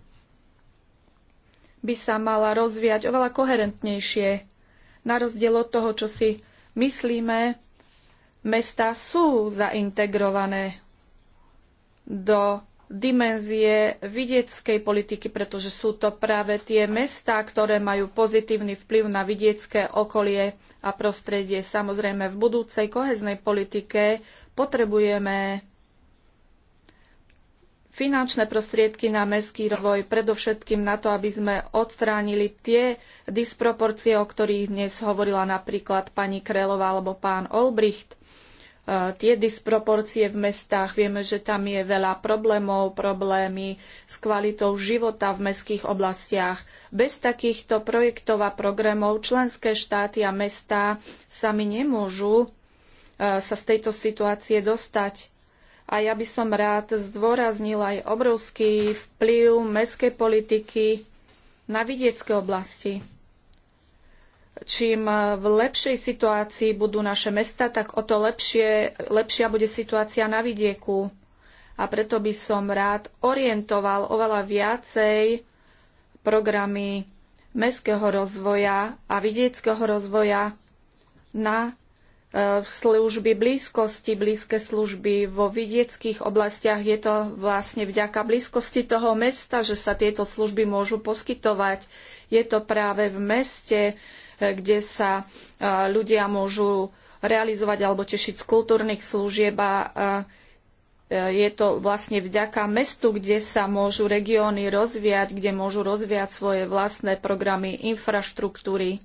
by sa mala rozvíjať oveľa koherentnejšie. Na rozdiel od toho, čo si myslíme, mesta sú zaintegrované do dimenzie vidieckej politiky, pretože sú to práve tie mestá, ktoré majú pozitívny vplyv na vidiecké okolie a prostredie. Samozrejme, v budúcej koheznej politike potrebujeme finančné prostriedky na mestský rozvoj, predovšetkým na to, aby sme odstránili tie disproporcie, o ktorých dnes hovorila napríklad pani Krelová alebo pán Olbricht. E, tie disproporcie v mestách, vieme, že tam je veľa problémov, problémy s kvalitou života v mestských oblastiach. Bez takýchto projektov a programov členské štáty a mestá sami nemôžu e, sa z tejto situácie dostať a ja by som rád zdôraznil aj obrovský vplyv mestskej politiky na vidiecké oblasti. Čím v lepšej situácii budú naše mesta, tak o to lepšie, lepšia bude situácia na vidieku. A preto by som rád orientoval oveľa viacej programy mestského rozvoja a vidieckého rozvoja na E, služby blízkosti, blízke služby vo vidieckých oblastiach. Je to vlastne vďaka blízkosti toho mesta, že sa tieto služby môžu poskytovať. Je to práve v meste, e, kde sa e, ľudia môžu realizovať alebo tešiť z kultúrnych služieb a je to vlastne vďaka mestu, kde sa môžu regióny rozvíjať, kde môžu rozvíjať svoje vlastné programy infraštruktúry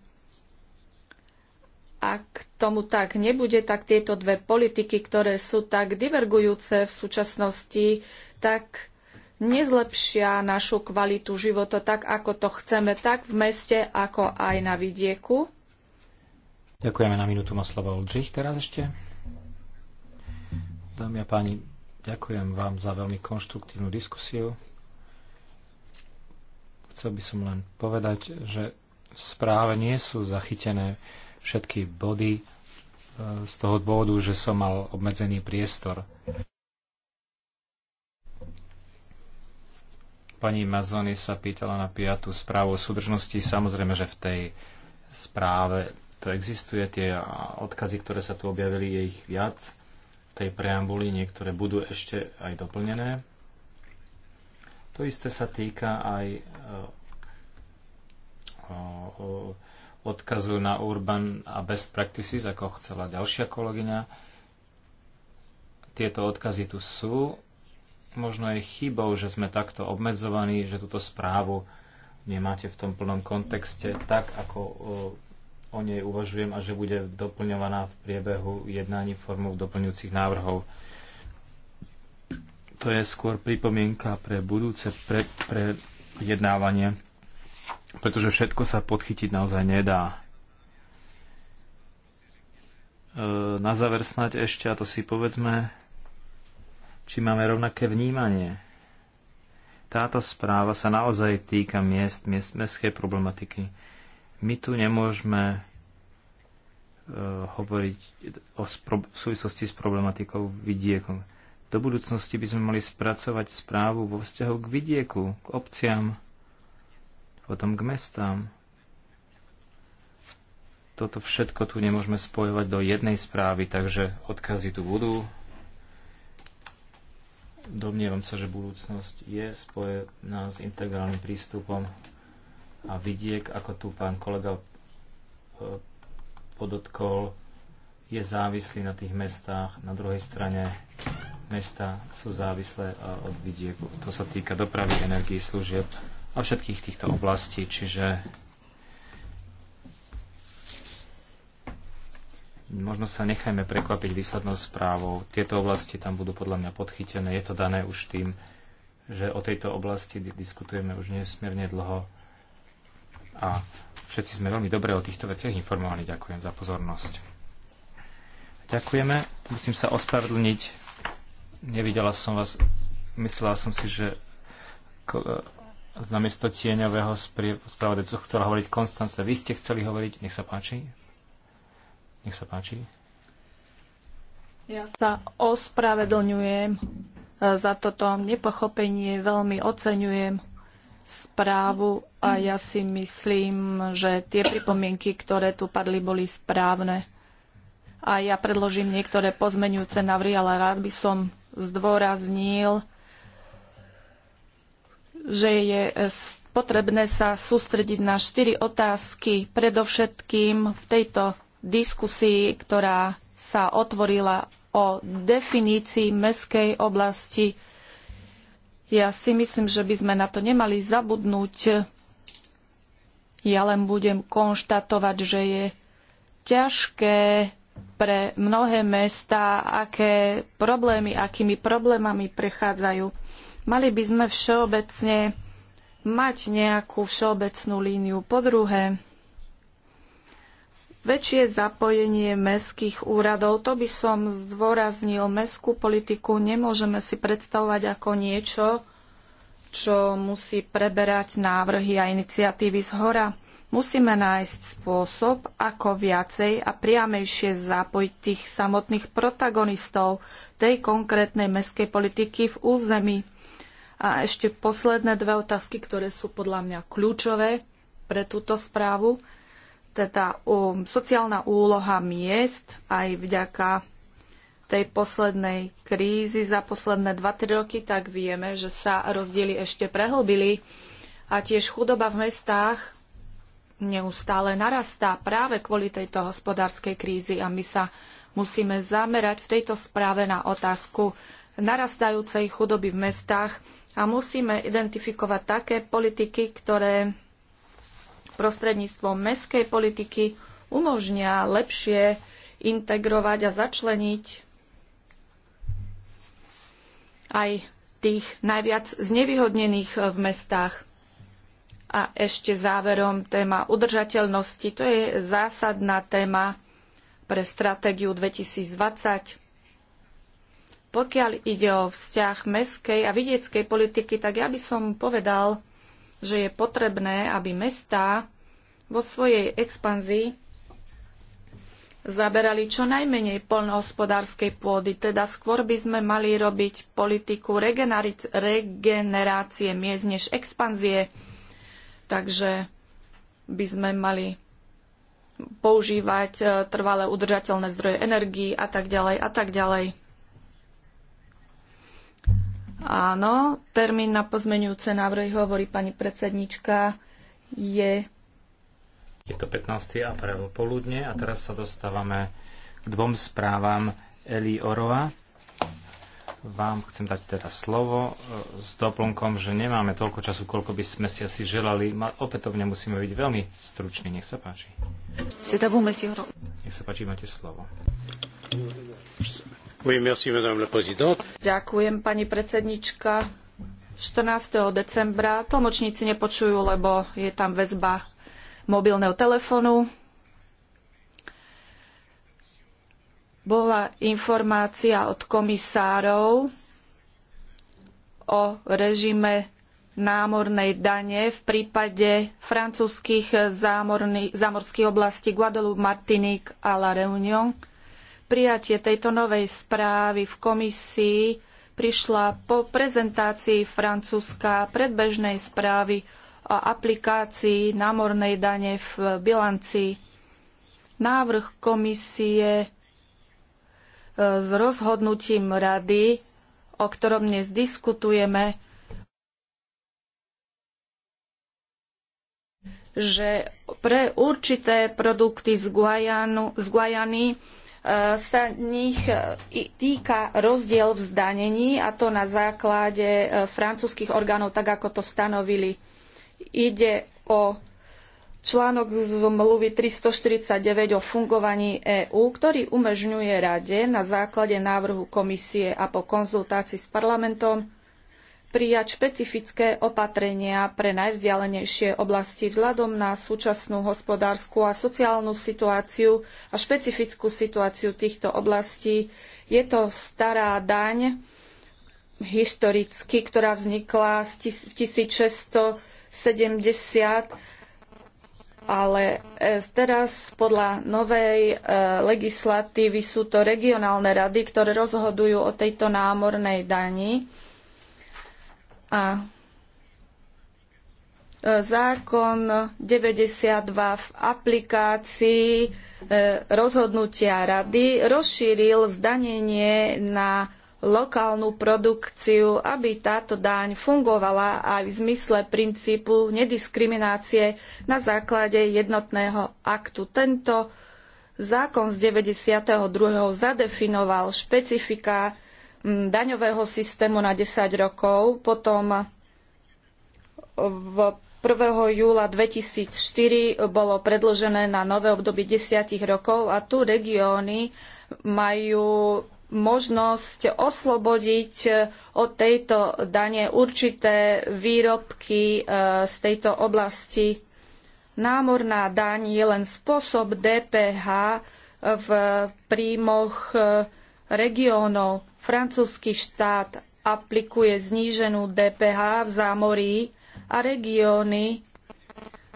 ak tomu tak nebude, tak tieto dve politiky, ktoré sú tak divergujúce v súčasnosti, tak nezlepšia našu kvalitu života tak, ako to chceme, tak v meste, ako aj na vidieku. Ďakujeme na minútu Maslava Oldřich teraz ešte. Dámy a páni, ďakujem vám za veľmi konštruktívnu diskusiu. Chcel by som len povedať, že v správe nie sú zachytené všetky body e, z toho dôvodu, že som mal obmedzený priestor. Pani Mazony sa pýtala na piatú správu o súdržnosti. Samozrejme, že v tej správe to existuje. Tie odkazy, ktoré sa tu objavili, je ich viac. V tej preambuli niektoré budú ešte aj doplnené. To isté sa týka aj e, o, o, odkazujú na urban a best practices, ako chcela ďalšia kolegyňa. Tieto odkazy tu sú. Možno je chybou, že sme takto obmedzovaní, že túto správu nemáte v tom plnom kontexte, tak ako o, nej uvažujem a že bude doplňovaná v priebehu jednání formou doplňujúcich návrhov. To je skôr pripomienka pre budúce pre, pre jednávanie pretože všetko sa podchytiť naozaj nedá. E, na záver snáď ešte, a to si povedzme, či máme rovnaké vnímanie. Táto správa sa naozaj týka miest, miest mestskej problematiky. My tu nemôžeme e, hovoriť o spro- v súvislosti s problematikou vidiekom. Do budúcnosti by sme mali spracovať správu vo vzťahu k vidieku, k obciam, potom k mestám. Toto všetko tu nemôžeme spojovať do jednej správy, takže odkazy tu budú. Domnievam sa, že budúcnosť je spojená s integrálnym prístupom a vidiek, ako tu pán kolega e, podotkol, je závislý na tých mestách. Na druhej strane mesta sú závislé e, od vidieku. To sa týka dopravy, energii, služieb a všetkých týchto oblastí. Čiže možno sa nechajme prekvapiť výslednou správou. Tieto oblasti tam budú podľa mňa podchytené. Je to dané už tým, že o tejto oblasti diskutujeme už nesmierne dlho a všetci sme veľmi dobre o týchto veciach informovaní. Ďakujem za pozornosť. Ďakujeme. Musím sa ospravedlniť. Nevidela som vás. Myslela som si, že namiesto tieňového spravodajcu chcela hovoriť Konstance. Vy ste chceli hovoriť, nech sa páči. Nech sa páči. Ja sa ospravedlňujem e, za toto nepochopenie, veľmi oceňujem správu a ja si myslím, že tie pripomienky, ktoré tu padli, boli správne. A ja predložím niektoré pozmenujúce navry, ale rád by som zdôraznil, že je e, potrebné sa sústrediť na štyri otázky, predovšetkým v tejto diskusii, ktorá sa otvorila o definícii meskej oblasti. Ja si myslím, že by sme na to nemali zabudnúť. Ja len budem konštatovať, že je ťažké pre mnohé mestá, aké problémy, akými problémami prechádzajú. Mali by sme všeobecne mať nejakú všeobecnú líniu. Po druhé, väčšie zapojenie mestských úradov. To by som zdôraznil. Mestskú politiku nemôžeme si predstavovať ako niečo, čo musí preberať návrhy a iniciatívy z hora. Musíme nájsť spôsob, ako viacej a priamejšie zapojiť tých samotných protagonistov tej konkrétnej mestskej politiky v území. A ešte posledné dve otázky, ktoré sú podľa mňa kľúčové pre túto správu. Teda um, sociálna úloha miest aj vďaka tej poslednej krízy za posledné 2-3 roky, tak vieme, že sa rozdiely ešte prehlbili a tiež chudoba v mestách neustále narastá práve kvôli tejto hospodárskej krízy a my sa musíme zamerať v tejto správe na otázku narastajúcej chudoby v mestách a musíme identifikovať také politiky, ktoré prostredníctvom mestskej politiky umožnia lepšie integrovať a začleniť aj tých najviac znevýhodnených v mestách. A ešte záverom téma udržateľnosti. To je zásadná téma pre stratégiu 2020. Pokiaľ ide o vzťah meskej a vidieckej politiky, tak ja by som povedal, že je potrebné, aby mestá vo svojej expanzii zaberali čo najmenej poľnohospodárskej pôdy, teda skôr by sme mali robiť politiku regenerácie miest než expanzie. Takže by sme mali používať e, trvalé udržateľné zdroje energií a tak ďalej a tak ďalej. Áno, termín na pozmeňujúce návrhy, hovorí pani predsednička, je... Je to 15. apríl poludne a teraz sa dostávame k dvom správam Eli Orova. Vám chcem dať teda slovo e, s doplnkom, že nemáme toľko času, koľko by sme si asi želali. Opätovne musíme byť veľmi struční. Nech sa páči. Nech sa páči, máte slovo. Oui, merci, Ďakujem, pani predsednička. 14. decembra tlmočníci nepočujú, lebo je tam väzba mobilného telefónu. Bola informácia od komisárov o režime námornej dane v prípade francúzskych zámorských oblastí Guadeloupe, Martinique a La Réunion prijatie tejto novej správy v komisii prišla po prezentácii francúzska predbežnej správy o aplikácii námornej dane v bilancii. Návrh komisie e, s rozhodnutím rady, o ktorom dnes diskutujeme, že pre určité produkty z Guajany Eh, sa nich eh, týka rozdiel v zdanení a to na základe eh, francúzskych orgánov, tak ako to stanovili. Ide o článok zmluvy 349 o fungovaní EÚ, ktorý umožňuje Rade na základe návrhu komisie a po konzultácii s parlamentom prijať špecifické opatrenia pre najvzdialenejšie oblasti vzhľadom na súčasnú hospodárskú a sociálnu situáciu a špecifickú situáciu týchto oblastí. Je to stará daň historicky, ktorá vznikla v 1670 ale e, teraz podľa novej e, legislatívy sú to regionálne rady, ktoré rozhodujú o tejto námornej dani a e, zákon 92 v aplikácii e, rozhodnutia rady rozšíril zdanenie na lokálnu produkciu, aby táto daň fungovala aj v zmysle princípu nediskriminácie na základe jednotného aktu. Tento zákon z 92. zadefinoval špecifika Mm, daňového systému na 10 rokov, potom v 1. júla 2004 bolo predložené na nové obdobie 10 rokov a tu regióny majú možnosť oslobodiť od tejto dane určité výrobky e, z tejto oblasti. Námorná daň je len spôsob DPH v príjmoch e, regiónov. Francúzsky štát aplikuje zníženú DPH v zámorí a regióny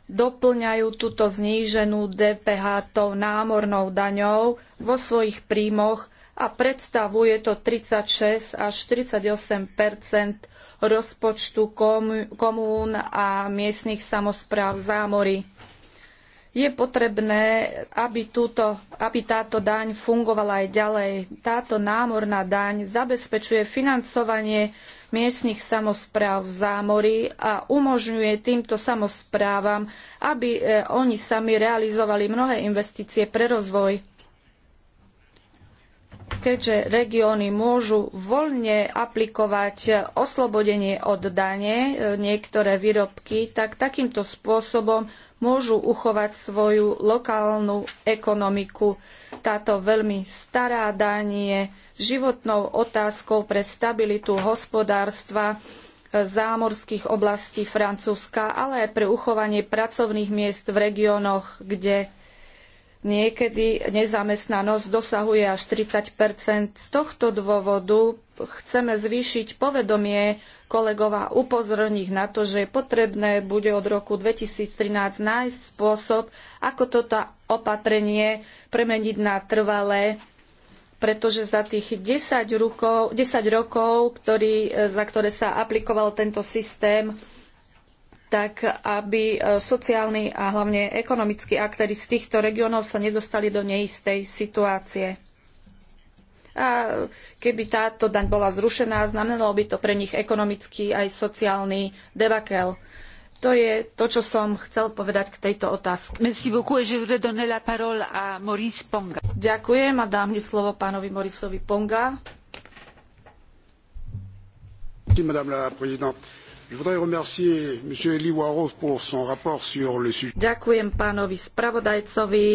doplňajú túto zníženú DPH tou námornou daňou vo svojich príjmoch a predstavuje to 36 až 48 rozpočtu komún a miestnych samozpráv zámorí je potrebné, aby, túto, aby táto daň fungovala aj ďalej. Táto námorná daň zabezpečuje financovanie miestnych samospráv v zámori a umožňuje týmto samosprávam, aby e, oni sami realizovali mnohé investície pre rozvoj. Keďže regióny môžu voľne aplikovať oslobodenie od dane e, niektoré výrobky, tak takýmto spôsobom môžu uchovať svoju lokálnu ekonomiku. Táto veľmi stará daň je životnou otázkou pre stabilitu hospodárstva e, zámorských oblastí Francúzska, ale aj pre uchovanie pracovných miest v regiónoch, kde niekedy nezamestnanosť dosahuje až 30 Z tohto dôvodu chceme zvýšiť povedomie kolegov a upozorniť na to, že je potrebné bude od roku 2013 nájsť spôsob, ako toto opatrenie premeniť na trvalé, pretože za tých 10 rokov, 10 rokov ktorý, za ktoré sa aplikoval tento systém, tak aby e, sociálni a hlavne ekonomickí aktéry z týchto regiónov sa nedostali do neistej situácie. A keby táto daň bola zrušená, znamenalo by to pre nich ekonomický aj sociálny debakel. To je to, čo som chcel povedať k tejto otázke. Ďakujem a dám slovo pánovi Morisovi Ponga. Ďakujem pánovi spravodajcovi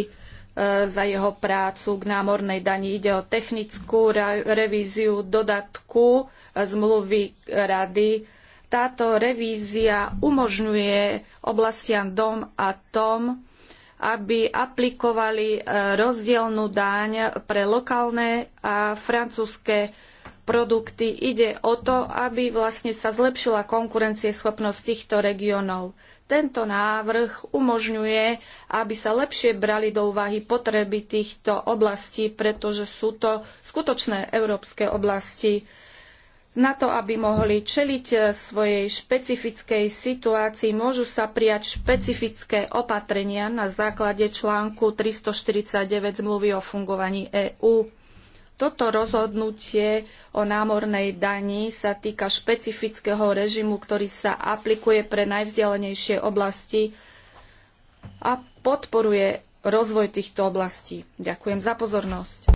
E, za jeho prácu k námornej dani. Ide o technickú revíziu dodatku e, zmluvy rady. Táto revízia umožňuje oblastiam dom a tom, aby aplikovali e, rozdielnú daň pre lokálne a francúzske produkty. Ide o to, aby vlastne sa zlepšila konkurencieschopnosť týchto regiónov tento návrh umožňuje, aby sa lepšie brali do úvahy potreby týchto oblastí, pretože sú to skutočné európske oblasti na to, aby mohli čeliť e, svojej špecifickej situácii, môžu sa prijať špecifické opatrenia na základe článku 349 zmluvy o fungovaní EÚ. Toto rozhodnutie o námornej dani sa týka špecifického režimu, ktorý sa aplikuje pre najvzdialenejšie oblasti a podporuje rozvoj týchto oblastí. Ďakujem za pozornosť.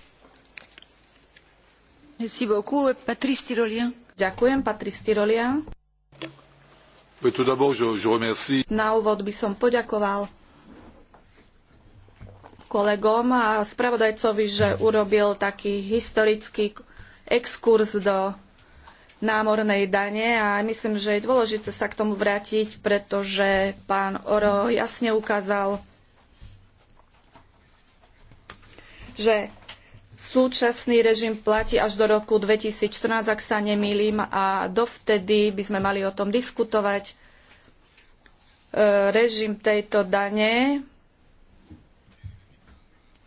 Ďakujem, Patrice Na úvod by som poďakoval kolegom a spravodajcovi, že urobil taký historický exkurs do námornej dane a myslím, že je dôležité sa k tomu vrátiť, pretože pán Oro jasne ukázal, že súčasný režim platí až do roku 2014, ak sa nemýlim, a dovtedy by sme mali o tom diskutovať. E, režim tejto dane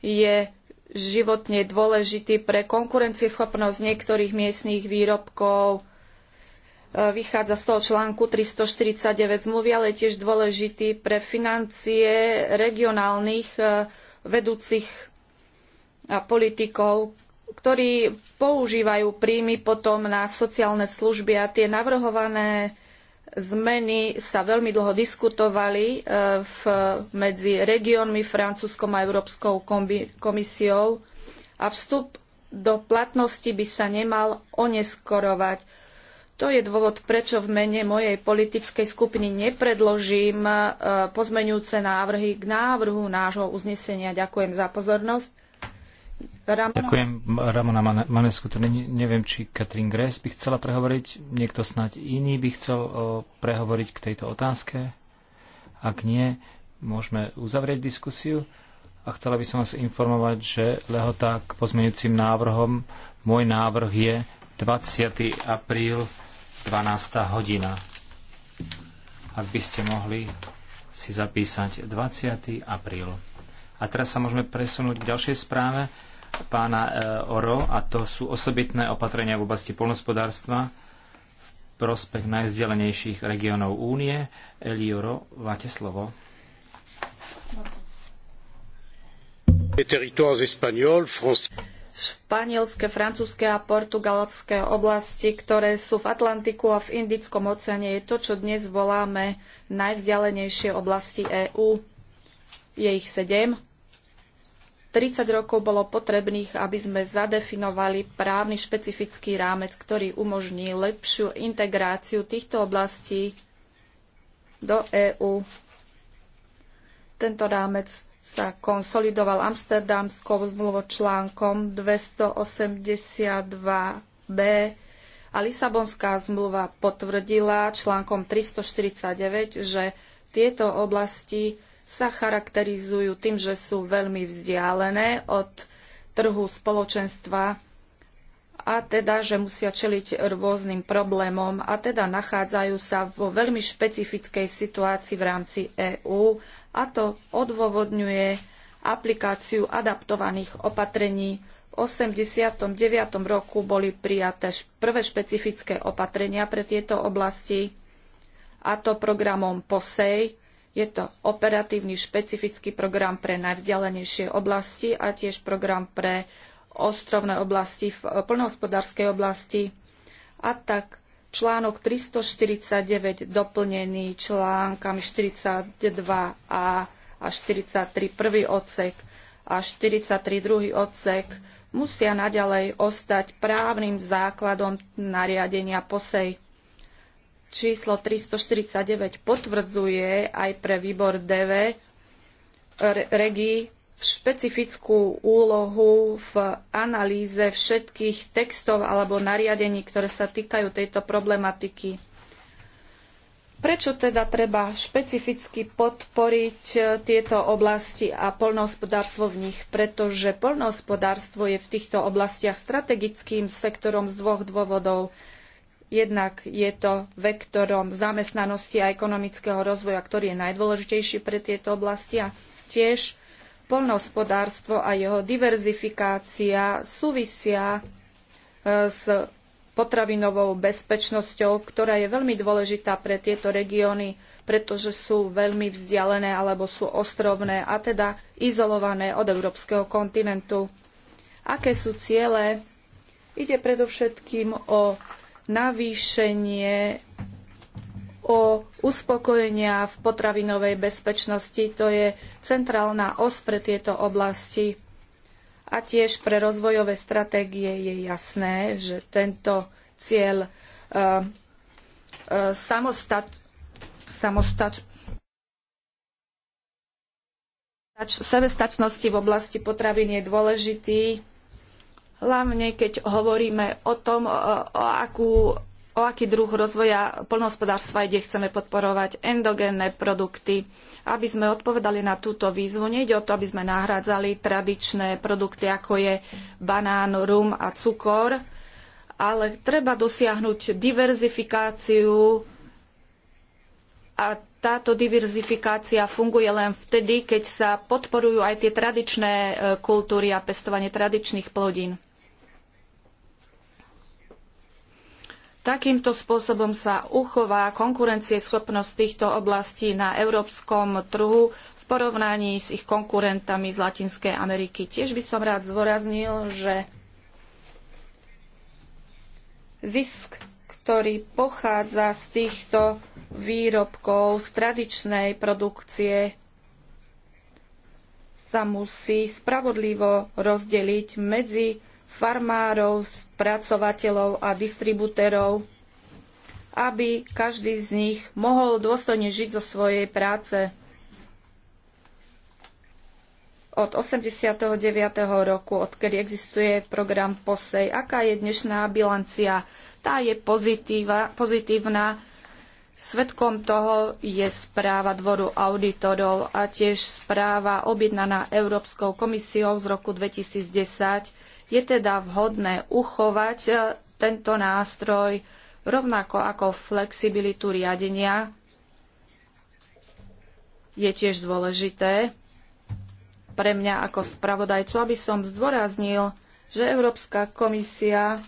je životne dôležitý pre konkurencieschopnosť niektorých miestných výrobkov. E, vychádza z toho článku 349 zmluvy, ale je tiež dôležitý pre financie regionálnych e, vedúcich a politikov, ktorí používajú príjmy potom na sociálne služby a tie navrhované zmeny sa veľmi dlho diskutovali e, v, medzi regiónmi, Francúzskom a Európskou komisiou a vstup do platnosti by sa nemal oneskorovať. To je dôvod, prečo v mene mojej politickej skupiny nepredložím e, pozmeňujúce návrhy k návrhu nášho uznesenia. Ďakujem za pozornosť Ramona... Ďakujem, Ramona Manesku. To ne, neviem, či Katrin Gress by chcela prehovoriť, niekto snáď iný by chcel prehovoriť k tejto otázke. Ak nie, môžeme uzavrieť diskusiu. A chcela by som vás informovať, že lehota k pozmeňujúcim návrhom, môj návrh je 20. apríl 12. hodina. Ak by ste mohli si zapísať 20. apríl. A teraz sa môžeme presunúť k ďalšej správe pána e, Oro a to sú osobitné opatrenia v oblasti polnospodárstva v prospech najzdelenejších regiónov únie. Elioro, máte slovo. Španielske, francúzske a portugalské oblasti, ktoré sú v Atlantiku a v Indickom oceáne, je to, čo dnes voláme najvzdialenejšie oblasti EÚ. Je ich sedem 30 rokov bolo potrebných, aby sme zadefinovali právny špecifický rámec, ktorý umožní lepšiu integráciu týchto oblastí do EÚ. Tento rámec sa konsolidoval Amsterdamskou zmluvou článkom 282b a Lisabonská zmluva potvrdila článkom 349, že tieto oblasti sa charakterizujú tým, že sú veľmi vzdialené od trhu spoločenstva a teda, že musia čeliť rôznym problémom a teda nachádzajú sa vo veľmi špecifickej situácii v rámci EÚ a to odôvodňuje aplikáciu adaptovaných opatrení 89. roku boli prijaté prvé špecifické opatrenia pre tieto oblasti, a to programom POSEJ, je to operatívny špecifický program pre najvzdialenejšie oblasti a tiež program pre ostrovné oblasti v plnohospodárskej oblasti. A tak článok 349 doplnený článkami 42a a 43 prvý odsek a 43 druhý odsek musia naďalej ostať právnym základom nariadenia POSEJ číslo 349 potvrdzuje aj pre výbor DV regi špecifickú úlohu v analýze všetkých textov alebo nariadení, ktoré sa týkajú tejto problematiky. Prečo teda treba špecificky podporiť e, tieto oblasti a poľnohospodárstvo v nich? Pretože poľnohospodárstvo je v týchto oblastiach strategickým sektorom z dvoch dôvodov. Jednak je to vektorom zamestnanosti a ekonomického rozvoja, ktorý je najdôležitejší pre tieto oblasti a tiež poľnohospodárstvo a jeho diverzifikácia súvisia e, s potravinovou bezpečnosťou, ktorá je veľmi dôležitá pre tieto regióny, pretože sú veľmi vzdialené alebo sú ostrovné a teda izolované od európskeho kontinentu. Aké sú ciele? Ide predovšetkým o navýšenie o uspokojenia v potravinovej bezpečnosti. To je centrálna os pre tieto oblasti. A tiež pre rozvojové stratégie je jasné, že tento cieľ e, samostat, samostat, sebestačnosti v oblasti potravín je dôležitý hlavne keď hovoríme o tom, o, akú, o aký druh rozvoja poľnohospodárstva ide, chceme podporovať endogénne produkty. Aby sme odpovedali na túto výzvu, nejde o to, aby sme nahrádzali tradičné produkty, ako je banán, rum a cukor, ale treba dosiahnuť diverzifikáciu a táto diverzifikácia funguje len vtedy, keď sa podporujú aj tie tradičné e, kultúry a pestovanie tradičných plodín. Takýmto spôsobom sa uchová konkurencieschopnosť týchto oblastí na európskom trhu v porovnaní s ich konkurentami z Latinskej Ameriky. Tiež by som rád zdôraznil, že zisk, ktorý pochádza z týchto výrobkov z tradičnej produkcie, sa musí spravodlivo rozdeliť medzi farmárov, spracovateľov a distribútorov, aby každý z nich mohol dôstojne žiť zo svojej práce. Od 89. roku, odkedy existuje program POSEJ, aká je dnešná bilancia? Tá je pozitíva, pozitívna. Svedkom toho je správa Dvoru auditorov a tiež správa objednaná Európskou komisiou z roku 2010 je teda vhodné uchovať e, tento nástroj rovnako ako flexibilitu riadenia. Je tiež dôležité pre mňa ako spravodajcu, aby som zdôraznil, že Európska komisia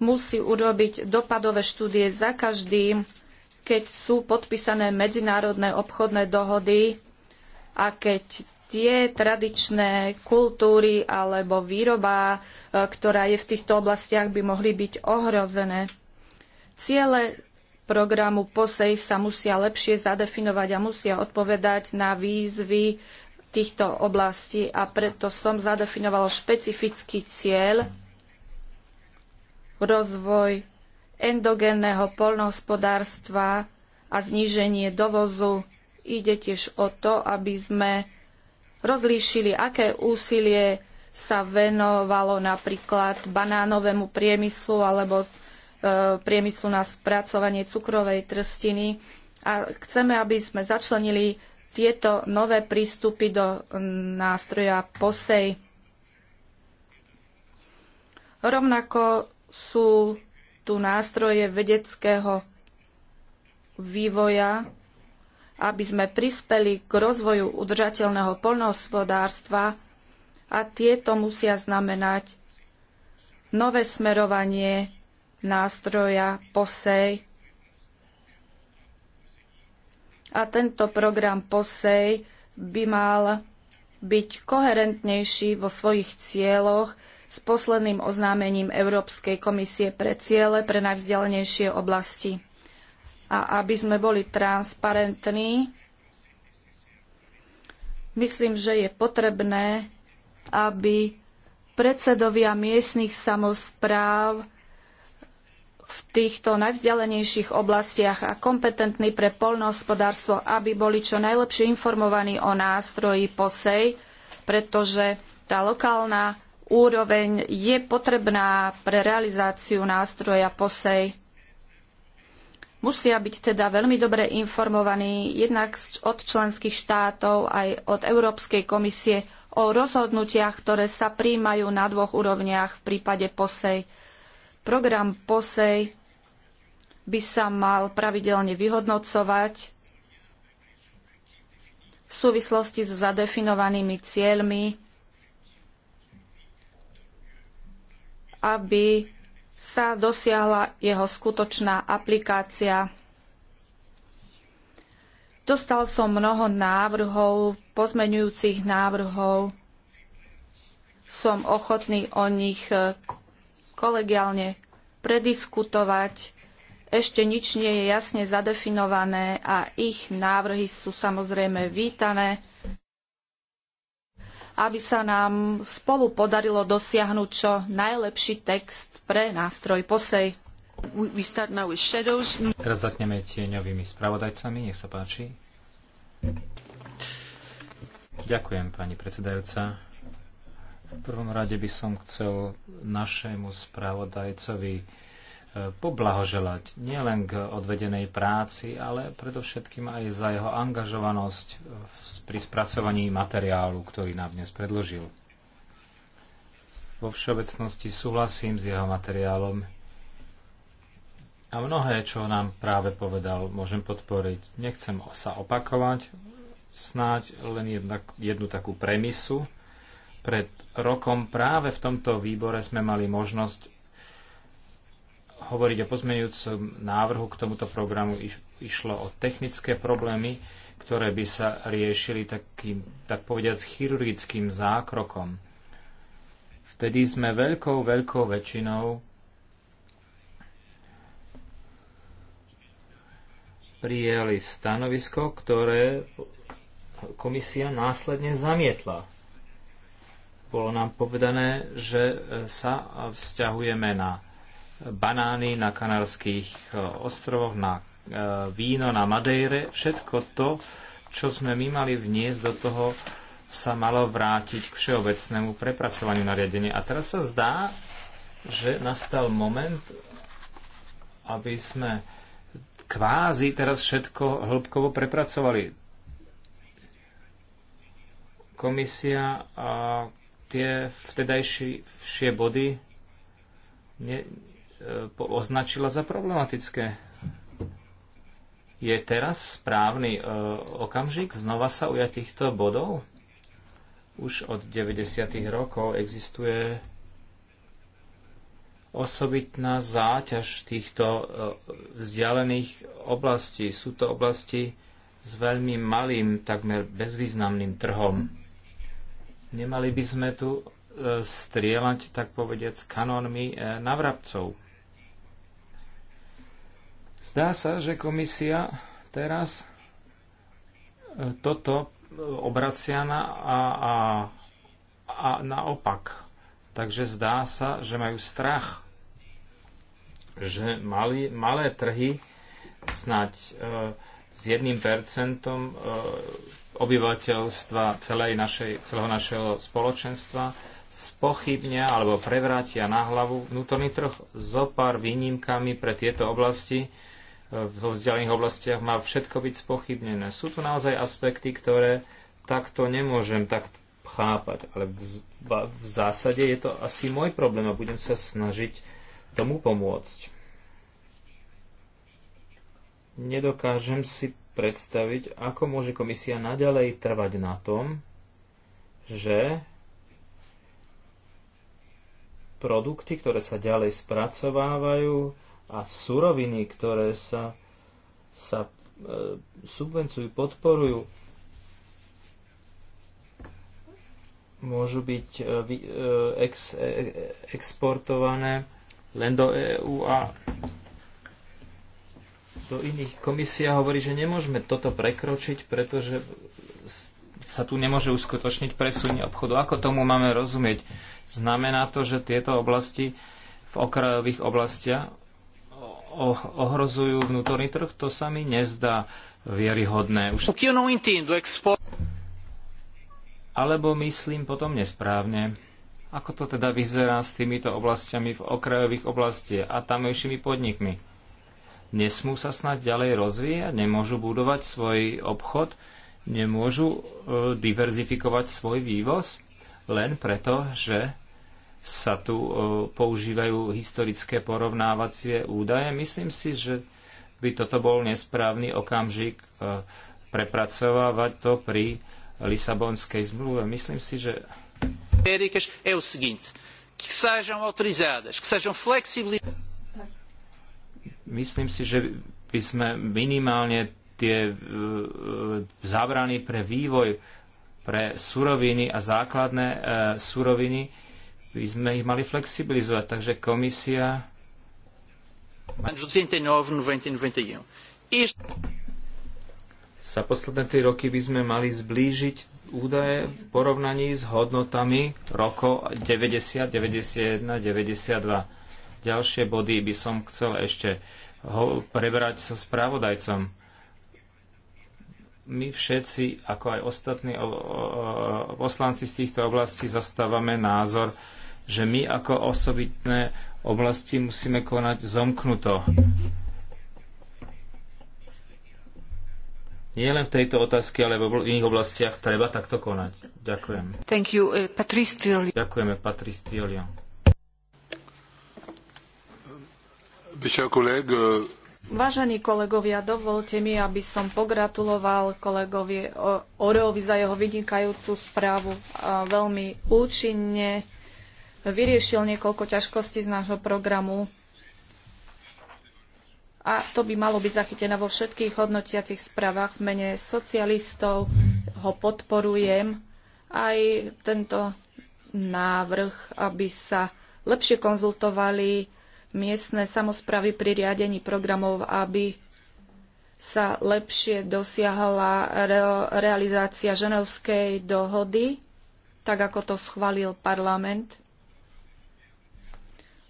musí urobiť dopadové štúdie za každým, keď sú podpísané medzinárodné obchodné dohody a keď tie tradičné kultúry alebo výroba, e, ktorá je v týchto oblastiach, by mohli byť ohrozené. Ciele programu POSEJ sa musia lepšie zadefinovať a musia odpovedať na výzvy týchto oblastí a preto som zadefinoval špecifický cieľ rozvoj endogénneho poľnohospodárstva a zníženie dovozu. Ide tiež o to, aby sme rozlíšili, aké úsilie sa venovalo napríklad banánovému priemyslu alebo e, priemyslu na spracovanie cukrovej trstiny. A chceme, aby sme začlenili tieto nové prístupy do nástroja POSEJ. Rovnako sú tu nástroje vedeckého vývoja, aby sme prispeli k rozvoju udržateľného poľnohospodárstva a tieto musia znamenať nové smerovanie nástroja POSEJ a tento program POSEJ by mal byť koherentnejší vo svojich cieľoch s posledným oznámením Európskej komisie pre ciele pre najvzdialenejšie oblasti a aby sme boli transparentní, myslím, že je potrebné, aby predsedovia miestnych samozpráv v týchto najvzdialenejších oblastiach a kompetentní pre poľnohospodárstvo, aby boli čo najlepšie informovaní o nástroji POSEJ, pretože tá lokálna úroveň je potrebná pre realizáciu nástroja POSEJ musia byť teda veľmi dobre informovaní jednak od členských štátov aj od Európskej komisie o rozhodnutiach, ktoré sa príjmajú na dvoch úrovniach v prípade POSEJ. Program POSEJ by sa mal pravidelne vyhodnocovať v súvislosti so zadefinovanými cieľmi, aby sa dosiahla jeho skutočná aplikácia. Dostal som mnoho návrhov, pozmeňujúcich návrhov. Som ochotný o nich e, kolegiálne prediskutovať. Ešte nič nie je jasne zadefinované a ich návrhy sú samozrejme vítané aby sa nám spolu podarilo dosiahnuť čo najlepší text pre nástroj POSEJ. Teraz začneme tieňovými spravodajcami, nech sa páči. Ďakujem, pani predsedajúca. V prvom rade by som chcel našemu spravodajcovi poblahoželať nielen k odvedenej práci, ale predovšetkým aj za jeho angažovanosť pri spracovaní materiálu, ktorý nám dnes predložil. Vo všeobecnosti súhlasím s jeho materiálom a mnohé, čo nám práve povedal, môžem podporiť. Nechcem sa opakovať, snáď len jedna, jednu takú premisu. Pred rokom práve v tomto výbore sme mali možnosť hovoriť o pozmeňujúcom návrhu k tomuto programu. Išlo o technické problémy, ktoré by sa riešili takým, tak povediať, chirurgickým zákrokom. Vtedy sme veľkou, veľkou väčšinou prijali stanovisko, ktoré komisia následne zamietla. Bolo nám povedané, že sa vzťahujeme na banány na Kanárskych e, ostrovoch, na e, víno na Madejre, všetko to, čo sme my mali vniesť do toho, sa malo vrátiť k všeobecnému prepracovaniu nariadenia. A teraz sa zdá, že nastal moment, aby sme kvázi teraz všetko hĺbkovo prepracovali. Komisia a tie vtedajšie body ne, E, označila za problematické. Je teraz správny e, okamžik znova sa ujať týchto bodov? Už od 90. rokov existuje osobitná záťaž týchto e, vzdialených oblastí. Sú to oblasti s veľmi malým, takmer bezvýznamným trhom. Nemali by sme tu strieľať, tak povediať, s kanónmi e, vrabcov. Zdá sa, že komisia teraz e, toto e, obracia na, a, a, a naopak. Takže zdá sa, že majú strach, že mali, malé trhy snať e, s jedným percentom e, obyvateľstva celej našej, celého našeho spoločenstva spochybnia alebo prevrátia na hlavu vnútorný trh so pár výnimkami pre tieto oblasti. E, v vzdialených oblastiach má všetko byť spochybnené. Sú tu naozaj aspekty, ktoré takto nemôžem tak chápať, ale v, v, v zásade je to asi môj problém a budem sa snažiť tomu pomôcť. Nedokážem si predstaviť, ako môže komisia naďalej trvať na tom, že produkty, ktoré sa ďalej spracovávajú a suroviny, ktoré sa, sa e, subvencujú, podporujú, môžu byť e, e ex, e, exportované len do EÚ a do iných. Komisia hovorí, že nemôžeme toto prekročiť, pretože sa tu nemôže uskutočniť presun obchodu. Ako tomu máme rozumieť? Znamená to, že tieto oblasti v okrajových oblastiach ohrozujú vnútorný trh? To sa mi nezdá vieryhodné. Už... No Alebo myslím potom nesprávne. Ako to teda vyzerá s týmito oblastiami v okrajových oblastiach a tamejšími podnikmi? Nesmú sa snať ďalej rozvíjať? Nemôžu budovať svoj obchod? nemôžu e, diverzifikovať svoj vývoz len preto, že sa tu e, používajú historické porovnávacie údaje. Myslím si, že by toto bol nesprávny okamžik e, prepracovávať to pri Lisabonskej zmluve. Myslím si, že... Myslím si, že by sme minimálne tie e, e, zábrany pre vývoj, pre suroviny a základné e, suroviny, by sme ich mali flexibilizovať. Takže komisia... Za posledné tri roky by sme mali zblížiť údaje v porovnaní s hodnotami rokov 90, 91, 92. Ďalšie body by som chcel ešte prebrať so správodajcom my všetci, ako aj ostatní poslanci z týchto oblastí, zastávame názor, že my ako osobitné oblasti musíme konať zomknuto. Nie len v tejto otázke, ale v iných oblastiach treba takto konať. Ďakujem. Thank you, uh, Ďakujeme, Patrice Tiolio. Mes Vážení kolegovia, dovolte mi, aby som pogratuloval kolegovi Orovi za jeho vynikajúcu správu. A veľmi účinne vyriešil niekoľko ťažkostí z nášho programu a to by malo byť zachytené vo všetkých hodnotiacich správach. V mene socialistov ho podporujem aj tento návrh, aby sa lepšie konzultovali miestne samozpravy pri riadení programov, aby sa lepšie dosiahla realizácia ženevskej dohody, tak ako to schválil parlament.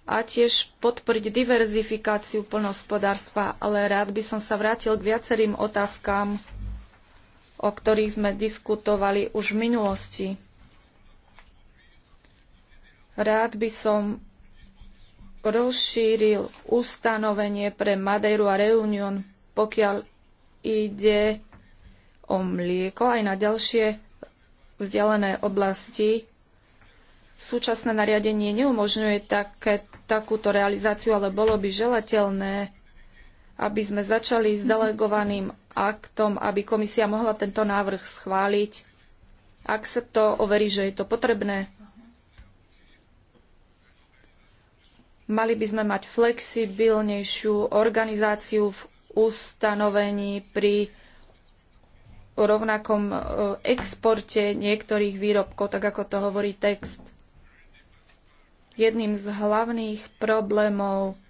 A tiež podporiť diverzifikáciu plnohospodárstva, ale rád by som sa vrátil k viacerým otázkam, o ktorých sme diskutovali už v minulosti. Rád by som rozšíril ustanovenie pre Madeiru a Reunion, pokiaľ ide o mlieko aj na ďalšie vzdialené oblasti. Súčasné nariadenie neumožňuje také, takúto realizáciu, ale bolo by želateľné, aby sme začali s delegovaným aktom, aby komisia mohla tento návrh schváliť, ak sa to overí, že je to potrebné. Mali by sme mať flexibilnejšiu organizáciu v ustanovení pri rovnakom e, exporte niektorých výrobkov, tak ako to hovorí text. Jedným z hlavných problémov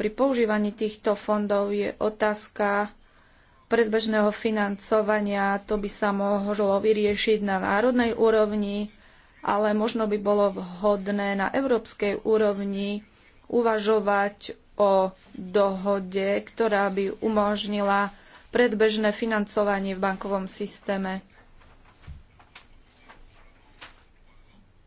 pri používaní týchto fondov je otázka predbežného financovania. To by sa mohlo vyriešiť na národnej úrovni, ale možno by bolo vhodné na európskej úrovni uvažovať o dohode, ktorá by umožnila predbežné financovanie v bankovom systéme.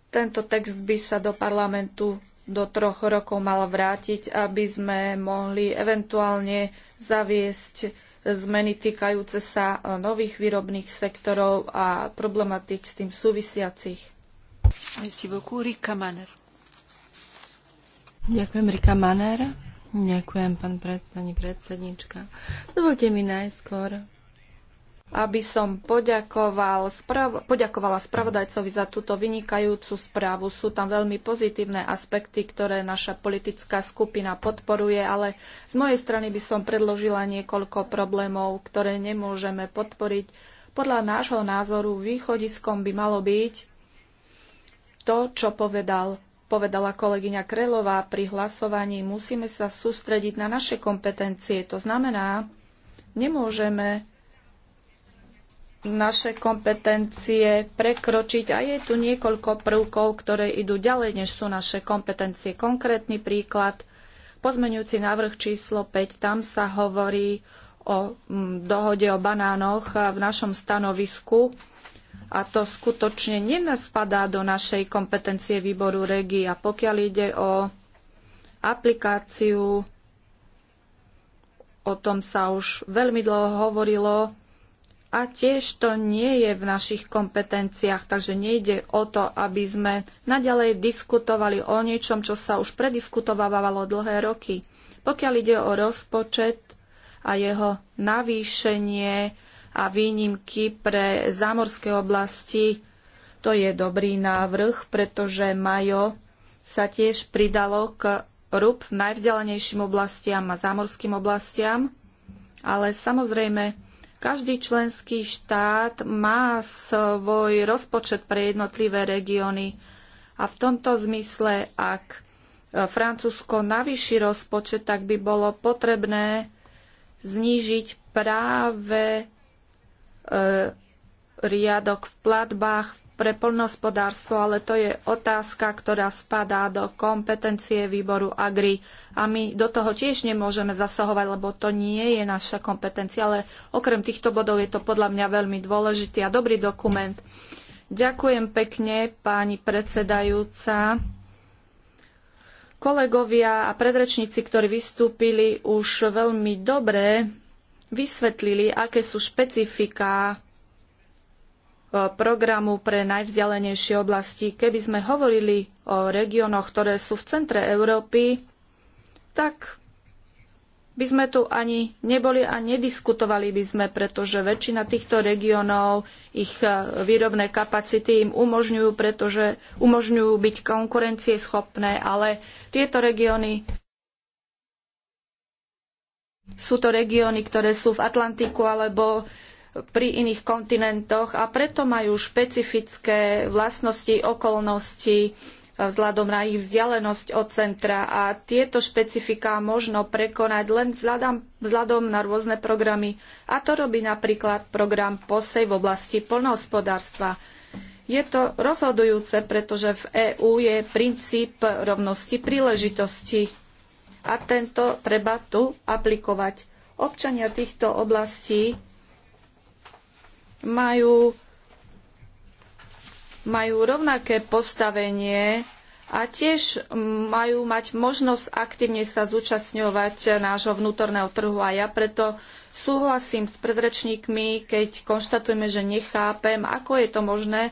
Tento text by sa do parlamentu do troch rokov mal vrátiť, aby sme mohli eventuálne zaviesť zmeny týkajúce sa nových výrobných sektorov a problematík s tým súvisiacich. Merci beaucoup, Rika Manner. Ďakujem, Rika Maner. Ďakujem, pán pred, pani predsednička. Dovolte mi najskôr, aby som poďakoval, sprav, poďakovala spravodajcovi za túto vynikajúcu správu. Sú tam veľmi pozitívne aspekty, ktoré naša politická skupina podporuje, ale z mojej strany by som predložila niekoľko problémov, ktoré nemôžeme podporiť. Podľa nášho názoru východiskom by malo byť to, čo povedal povedala kolegyňa Krelová pri hlasovaní, musíme sa sústrediť na naše kompetencie. To znamená, nemôžeme naše kompetencie prekročiť a je tu niekoľko prvkov, ktoré idú ďalej, než sú naše kompetencie. Konkrétny príklad, pozmeňujúci návrh číslo 5, tam sa hovorí o mm, dohode o banánoch v našom stanovisku a to skutočne nespadá do našej kompetencie výboru regí. A pokiaľ ide o aplikáciu, o tom sa už veľmi dlho hovorilo a tiež to nie je v našich kompetenciách, takže nejde o to, aby sme naďalej diskutovali o niečom, čo sa už prediskutovávalo dlhé roky. Pokiaľ ide o rozpočet a jeho navýšenie, a výnimky pre zámorské oblasti. To je dobrý návrh, pretože Majo sa tiež pridalo k RUP najvzdialenejším oblastiam a zámorským oblastiam, ale samozrejme každý členský štát má svoj rozpočet pre jednotlivé regióny a v tomto zmysle, ak Francúzsko navýši rozpočet, tak by bolo potrebné znížiť práve E, riadok v platbách pre plnospodárstvo, ale to je otázka, ktorá spadá do kompetencie výboru AGRI. A my do toho tiež nemôžeme zasahovať, lebo to nie je naša kompetencia, ale okrem týchto bodov je to podľa mňa veľmi dôležitý a dobrý dokument. Ďakujem pekne, pani predsedajúca. Kolegovia a predrečníci, ktorí vystúpili, už veľmi dobre vysvetlili, aké sú špecifiká e, programu pre najvzdialenejšie oblasti. Keby sme hovorili o regiónoch, ktoré sú v centre Európy, tak by sme tu ani neboli a nediskutovali by sme, pretože väčšina týchto regiónov, ich e, výrobné kapacity im umožňujú, pretože umožňujú byť konkurencieschopné, ale tieto regióny sú to regióny, ktoré sú v Atlantiku alebo pri iných kontinentoch a preto majú špecifické vlastnosti, okolnosti e, vzhľadom na ich vzdialenosť od centra a tieto špecifiká možno prekonať len vzhľadom, vzhľadom na rôzne programy a to robí napríklad program POSEJ v oblasti poľnohospodárstva. Je to rozhodujúce, pretože v EÚ je princíp rovnosti príležitosti a tento treba tu aplikovať. Občania týchto oblastí majú, majú rovnaké postavenie a tiež majú mať možnosť aktívne sa zúčastňovať nášho vnútorného trhu a ja preto súhlasím s predrečníkmi, keď konštatujeme, že nechápem, ako je to možné,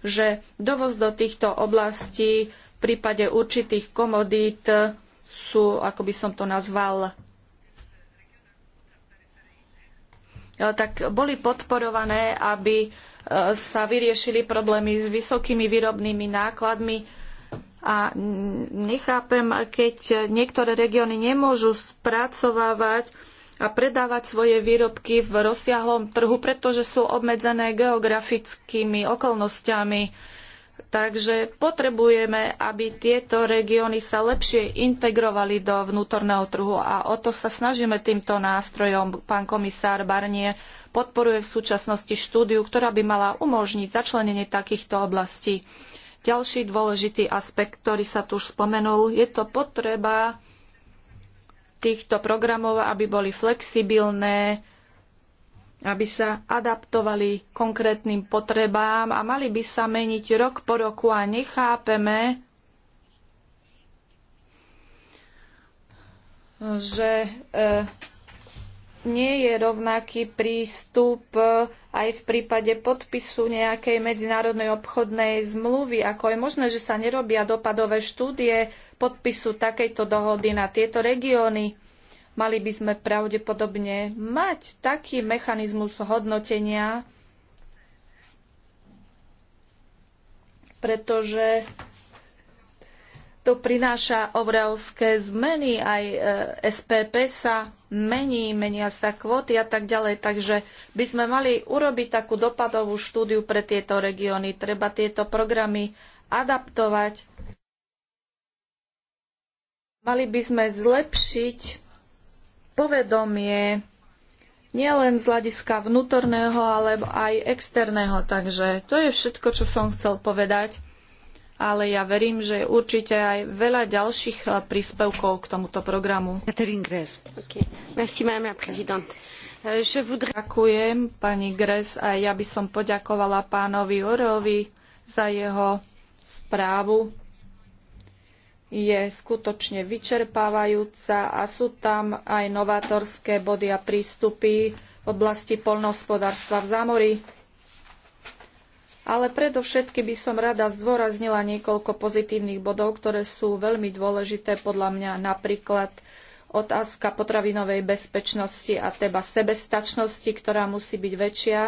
že dovoz do týchto oblastí v prípade určitých komodít sú, ako by som to nazval, e, tak boli podporované, aby e, sa vyriešili problémy s vysokými výrobnými nákladmi. A nechápem, keď niektoré regióny nemôžu spracovávať a predávať svoje výrobky v rozsiahlom trhu, pretože sú obmedzené geografickými okolnostiami Takže potrebujeme, aby tieto regióny sa lepšie integrovali do vnútorného trhu a o to sa snažíme týmto nástrojom. Pán komisár Barnier podporuje v súčasnosti štúdiu, ktorá by mala umožniť začlenenie takýchto oblastí. Ďalší dôležitý aspekt, ktorý sa tu už spomenul, je to potreba týchto programov, aby boli flexibilné, aby sa adaptovali konkrétnym potrebám a mali by sa meniť rok po roku a nechápeme, že e, nie je rovnaký prístup e, aj v prípade podpisu nejakej medzinárodnej obchodnej zmluvy, ako je možné, že sa nerobia dopadové štúdie podpisu takejto dohody na tieto regióny. Mali by sme pravdepodobne mať taký mechanizmus hodnotenia, pretože to prináša obrovské zmeny, aj e, SPP sa mení, menia sa kvóty a tak ďalej. Takže by sme mali urobiť takú dopadovú štúdiu pre tieto regióny. Treba tieto programy adaptovať. Mali by sme zlepšiť povedomie nielen z hľadiska vnútorného, ale aj externého. Takže to je všetko, čo som chcel povedať. Ale ja verím, že je určite aj veľa ďalších eh, príspevkov k tomuto programu. Merci, euh, Ďakujem, pani Gres, a ja by som poďakovala pánovi Orovi za jeho správu je skutočne vyčerpávajúca a sú tam aj novátorské body a prístupy v oblasti poľnohospodárstva v zámorí. Ale predovšetky by som rada zdôraznila niekoľko pozitívnych bodov, ktoré sú veľmi dôležité podľa mňa, napríklad otázka potravinovej bezpečnosti a teda sebestačnosti, ktorá musí byť väčšia,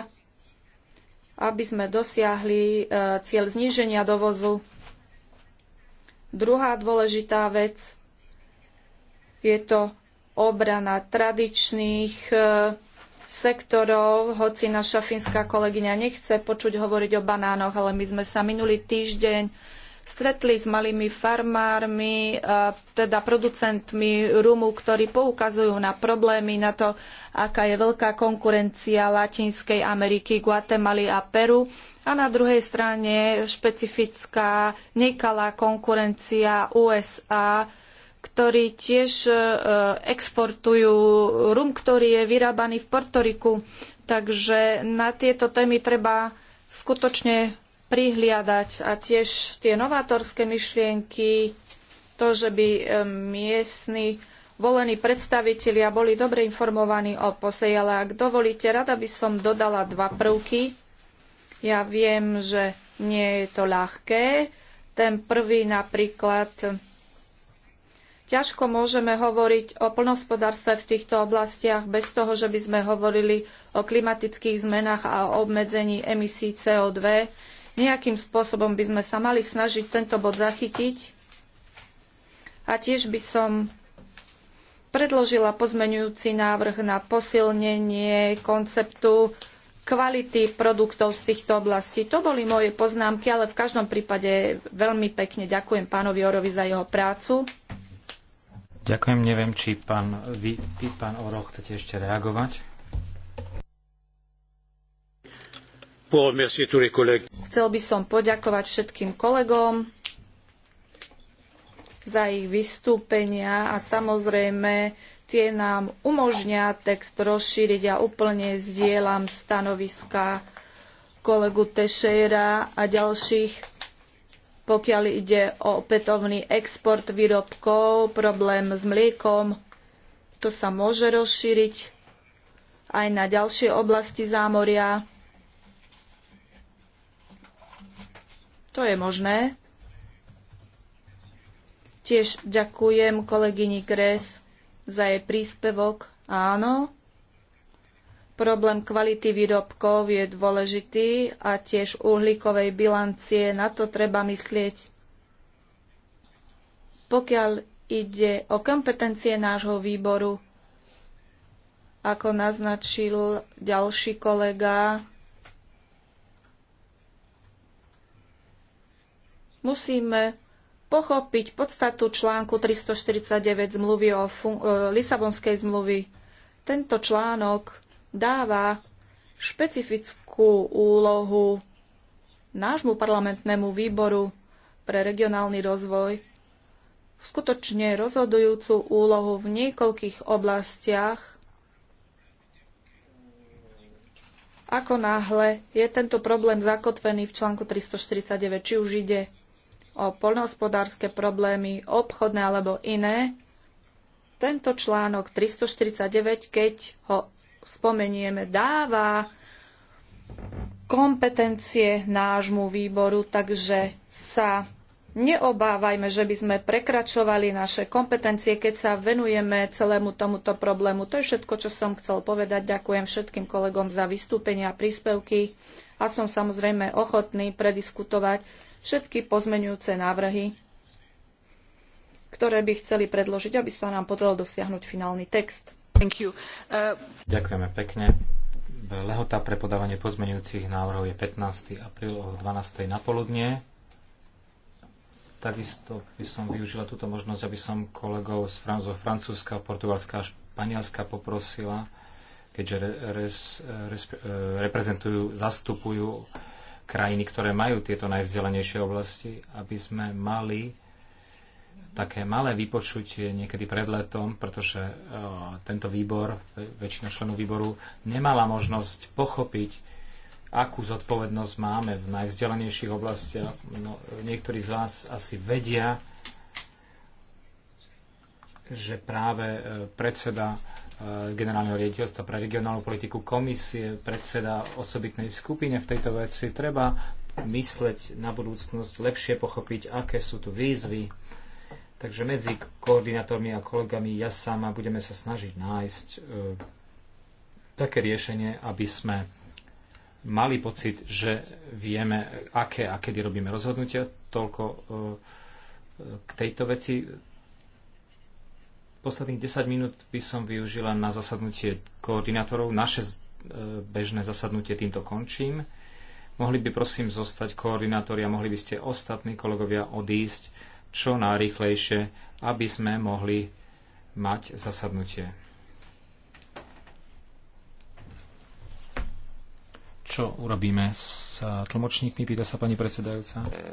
aby sme dosiahli e, cieľ zníženia dovozu Druhá dôležitá vec je to obrana tradičných e, sektorov, hoci naša fínska kolegyňa nechce počuť hovoriť o banánoch, ale my sme sa minulý týždeň stretli s malými farmármi, e, teda producentmi rumu, ktorí poukazujú na problémy, na to, aká je veľká konkurencia Latinskej Ameriky, Guatemaly a Peru a na druhej strane špecifická nekalá konkurencia USA, ktorí tiež e, exportujú rum, ktorý je vyrábaný v Portoriku. Takže na tieto témy treba skutočne prihliadať a tiež tie novátorské myšlienky, to, že by e, miestni volení predstavitelia boli dobre informovaní o poseji, ale ak dovolíte, rada by som dodala dva prvky ja viem, že nie je to ľahké. Ten prvý napríklad. Ťažko môžeme hovoriť o plnohospodárstve v týchto oblastiach bez toho, že by sme hovorili o klimatických zmenách a o obmedzení emisí CO2. Nejakým spôsobom by sme sa mali snažiť tento bod zachytiť. A tiež by som predložila pozmenujúci návrh na posilnenie konceptu kvality produktov z týchto oblastí. To boli moje poznámky, ale v každom prípade veľmi pekne ďakujem pánovi Orovi za jeho prácu. Ďakujem, neviem, či pán, vy, vy pán Oro, chcete ešte reagovať. Chcel by som poďakovať všetkým kolegom za ich vystúpenia a samozrejme tie nám umožňa text rozšíriť. Ja úplne zdieľam stanoviska kolegu Tešera a ďalších, pokiaľ ide o opätovný export výrobkov, problém s mliekom. To sa môže rozšíriť aj na ďalšie oblasti zámoria. To je možné. Tiež ďakujem kolegyni Kres za jej príspevok. Áno, problém kvality výrobkov je dôležitý a tiež uhlíkovej bilancie. Na to treba myslieť. Pokiaľ ide o kompetencie nášho výboru, ako naznačil ďalší kolega, musíme pochopiť podstatu článku 349 zmluvy o e, Lisabonskej zmluvy. Tento článok dáva špecifickú úlohu nášmu parlamentnému výboru pre regionálny rozvoj skutočne rozhodujúcu úlohu v niekoľkých oblastiach. Ako náhle je tento problém zakotvený v článku 349, či už ide o poľnohospodárske problémy, obchodné alebo iné, tento článok 349, keď ho spomenieme, dáva kompetencie nášmu výboru, takže sa neobávajme, že by sme prekračovali naše kompetencie, keď sa venujeme celému tomuto problému. To je všetko, čo som chcel povedať. Ďakujem všetkým kolegom za vystúpenia a príspevky a som samozrejme ochotný prediskutovať všetky pozmenujúce návrhy, ktoré by chceli predložiť, aby sa nám podarilo dosiahnuť finálny text. Uh... Ďakujeme pekne. Lehota pre podávanie pozmenujúcich návrhov je 15. apríl o 12. na poludnie. Takisto by som využila túto možnosť, aby som kolegov z Fran- Francúzska, Portugalska a Španielska poprosila, keďže res, res, eh, reprezentujú, zastupujú krajiny, ktoré majú tieto najvzdelenejšie oblasti, aby sme mali také malé vypočutie niekedy pred letom, pretože e, tento výbor, väčšina členov výboru, nemala možnosť pochopiť, akú zodpovednosť máme v najvzdelenejších oblastiach. No, niektorí z vás asi vedia, že práve e, predseda E, generálneho riaditeľstva pre regionálnu politiku komisie, predseda osobitnej skupine v tejto veci. Treba mysleť na budúcnosť, lepšie pochopiť, aké sú tu výzvy. Takže medzi koordinátormi a kolegami ja sama budeme sa snažiť nájsť e, také riešenie, aby sme mali pocit, že vieme, aké a kedy robíme rozhodnutia. Toľko e, k tejto veci Posledných 10 minút by som využila na zasadnutie koordinátorov. Naše e, bežné zasadnutie týmto končím. Mohli by prosím zostať koordinátori a mohli by ste ostatní kolegovia odísť čo najrýchlejšie, aby sme mohli mať zasadnutie. Čo urobíme s tlmočníkmi, pýta sa pani predsedajúca.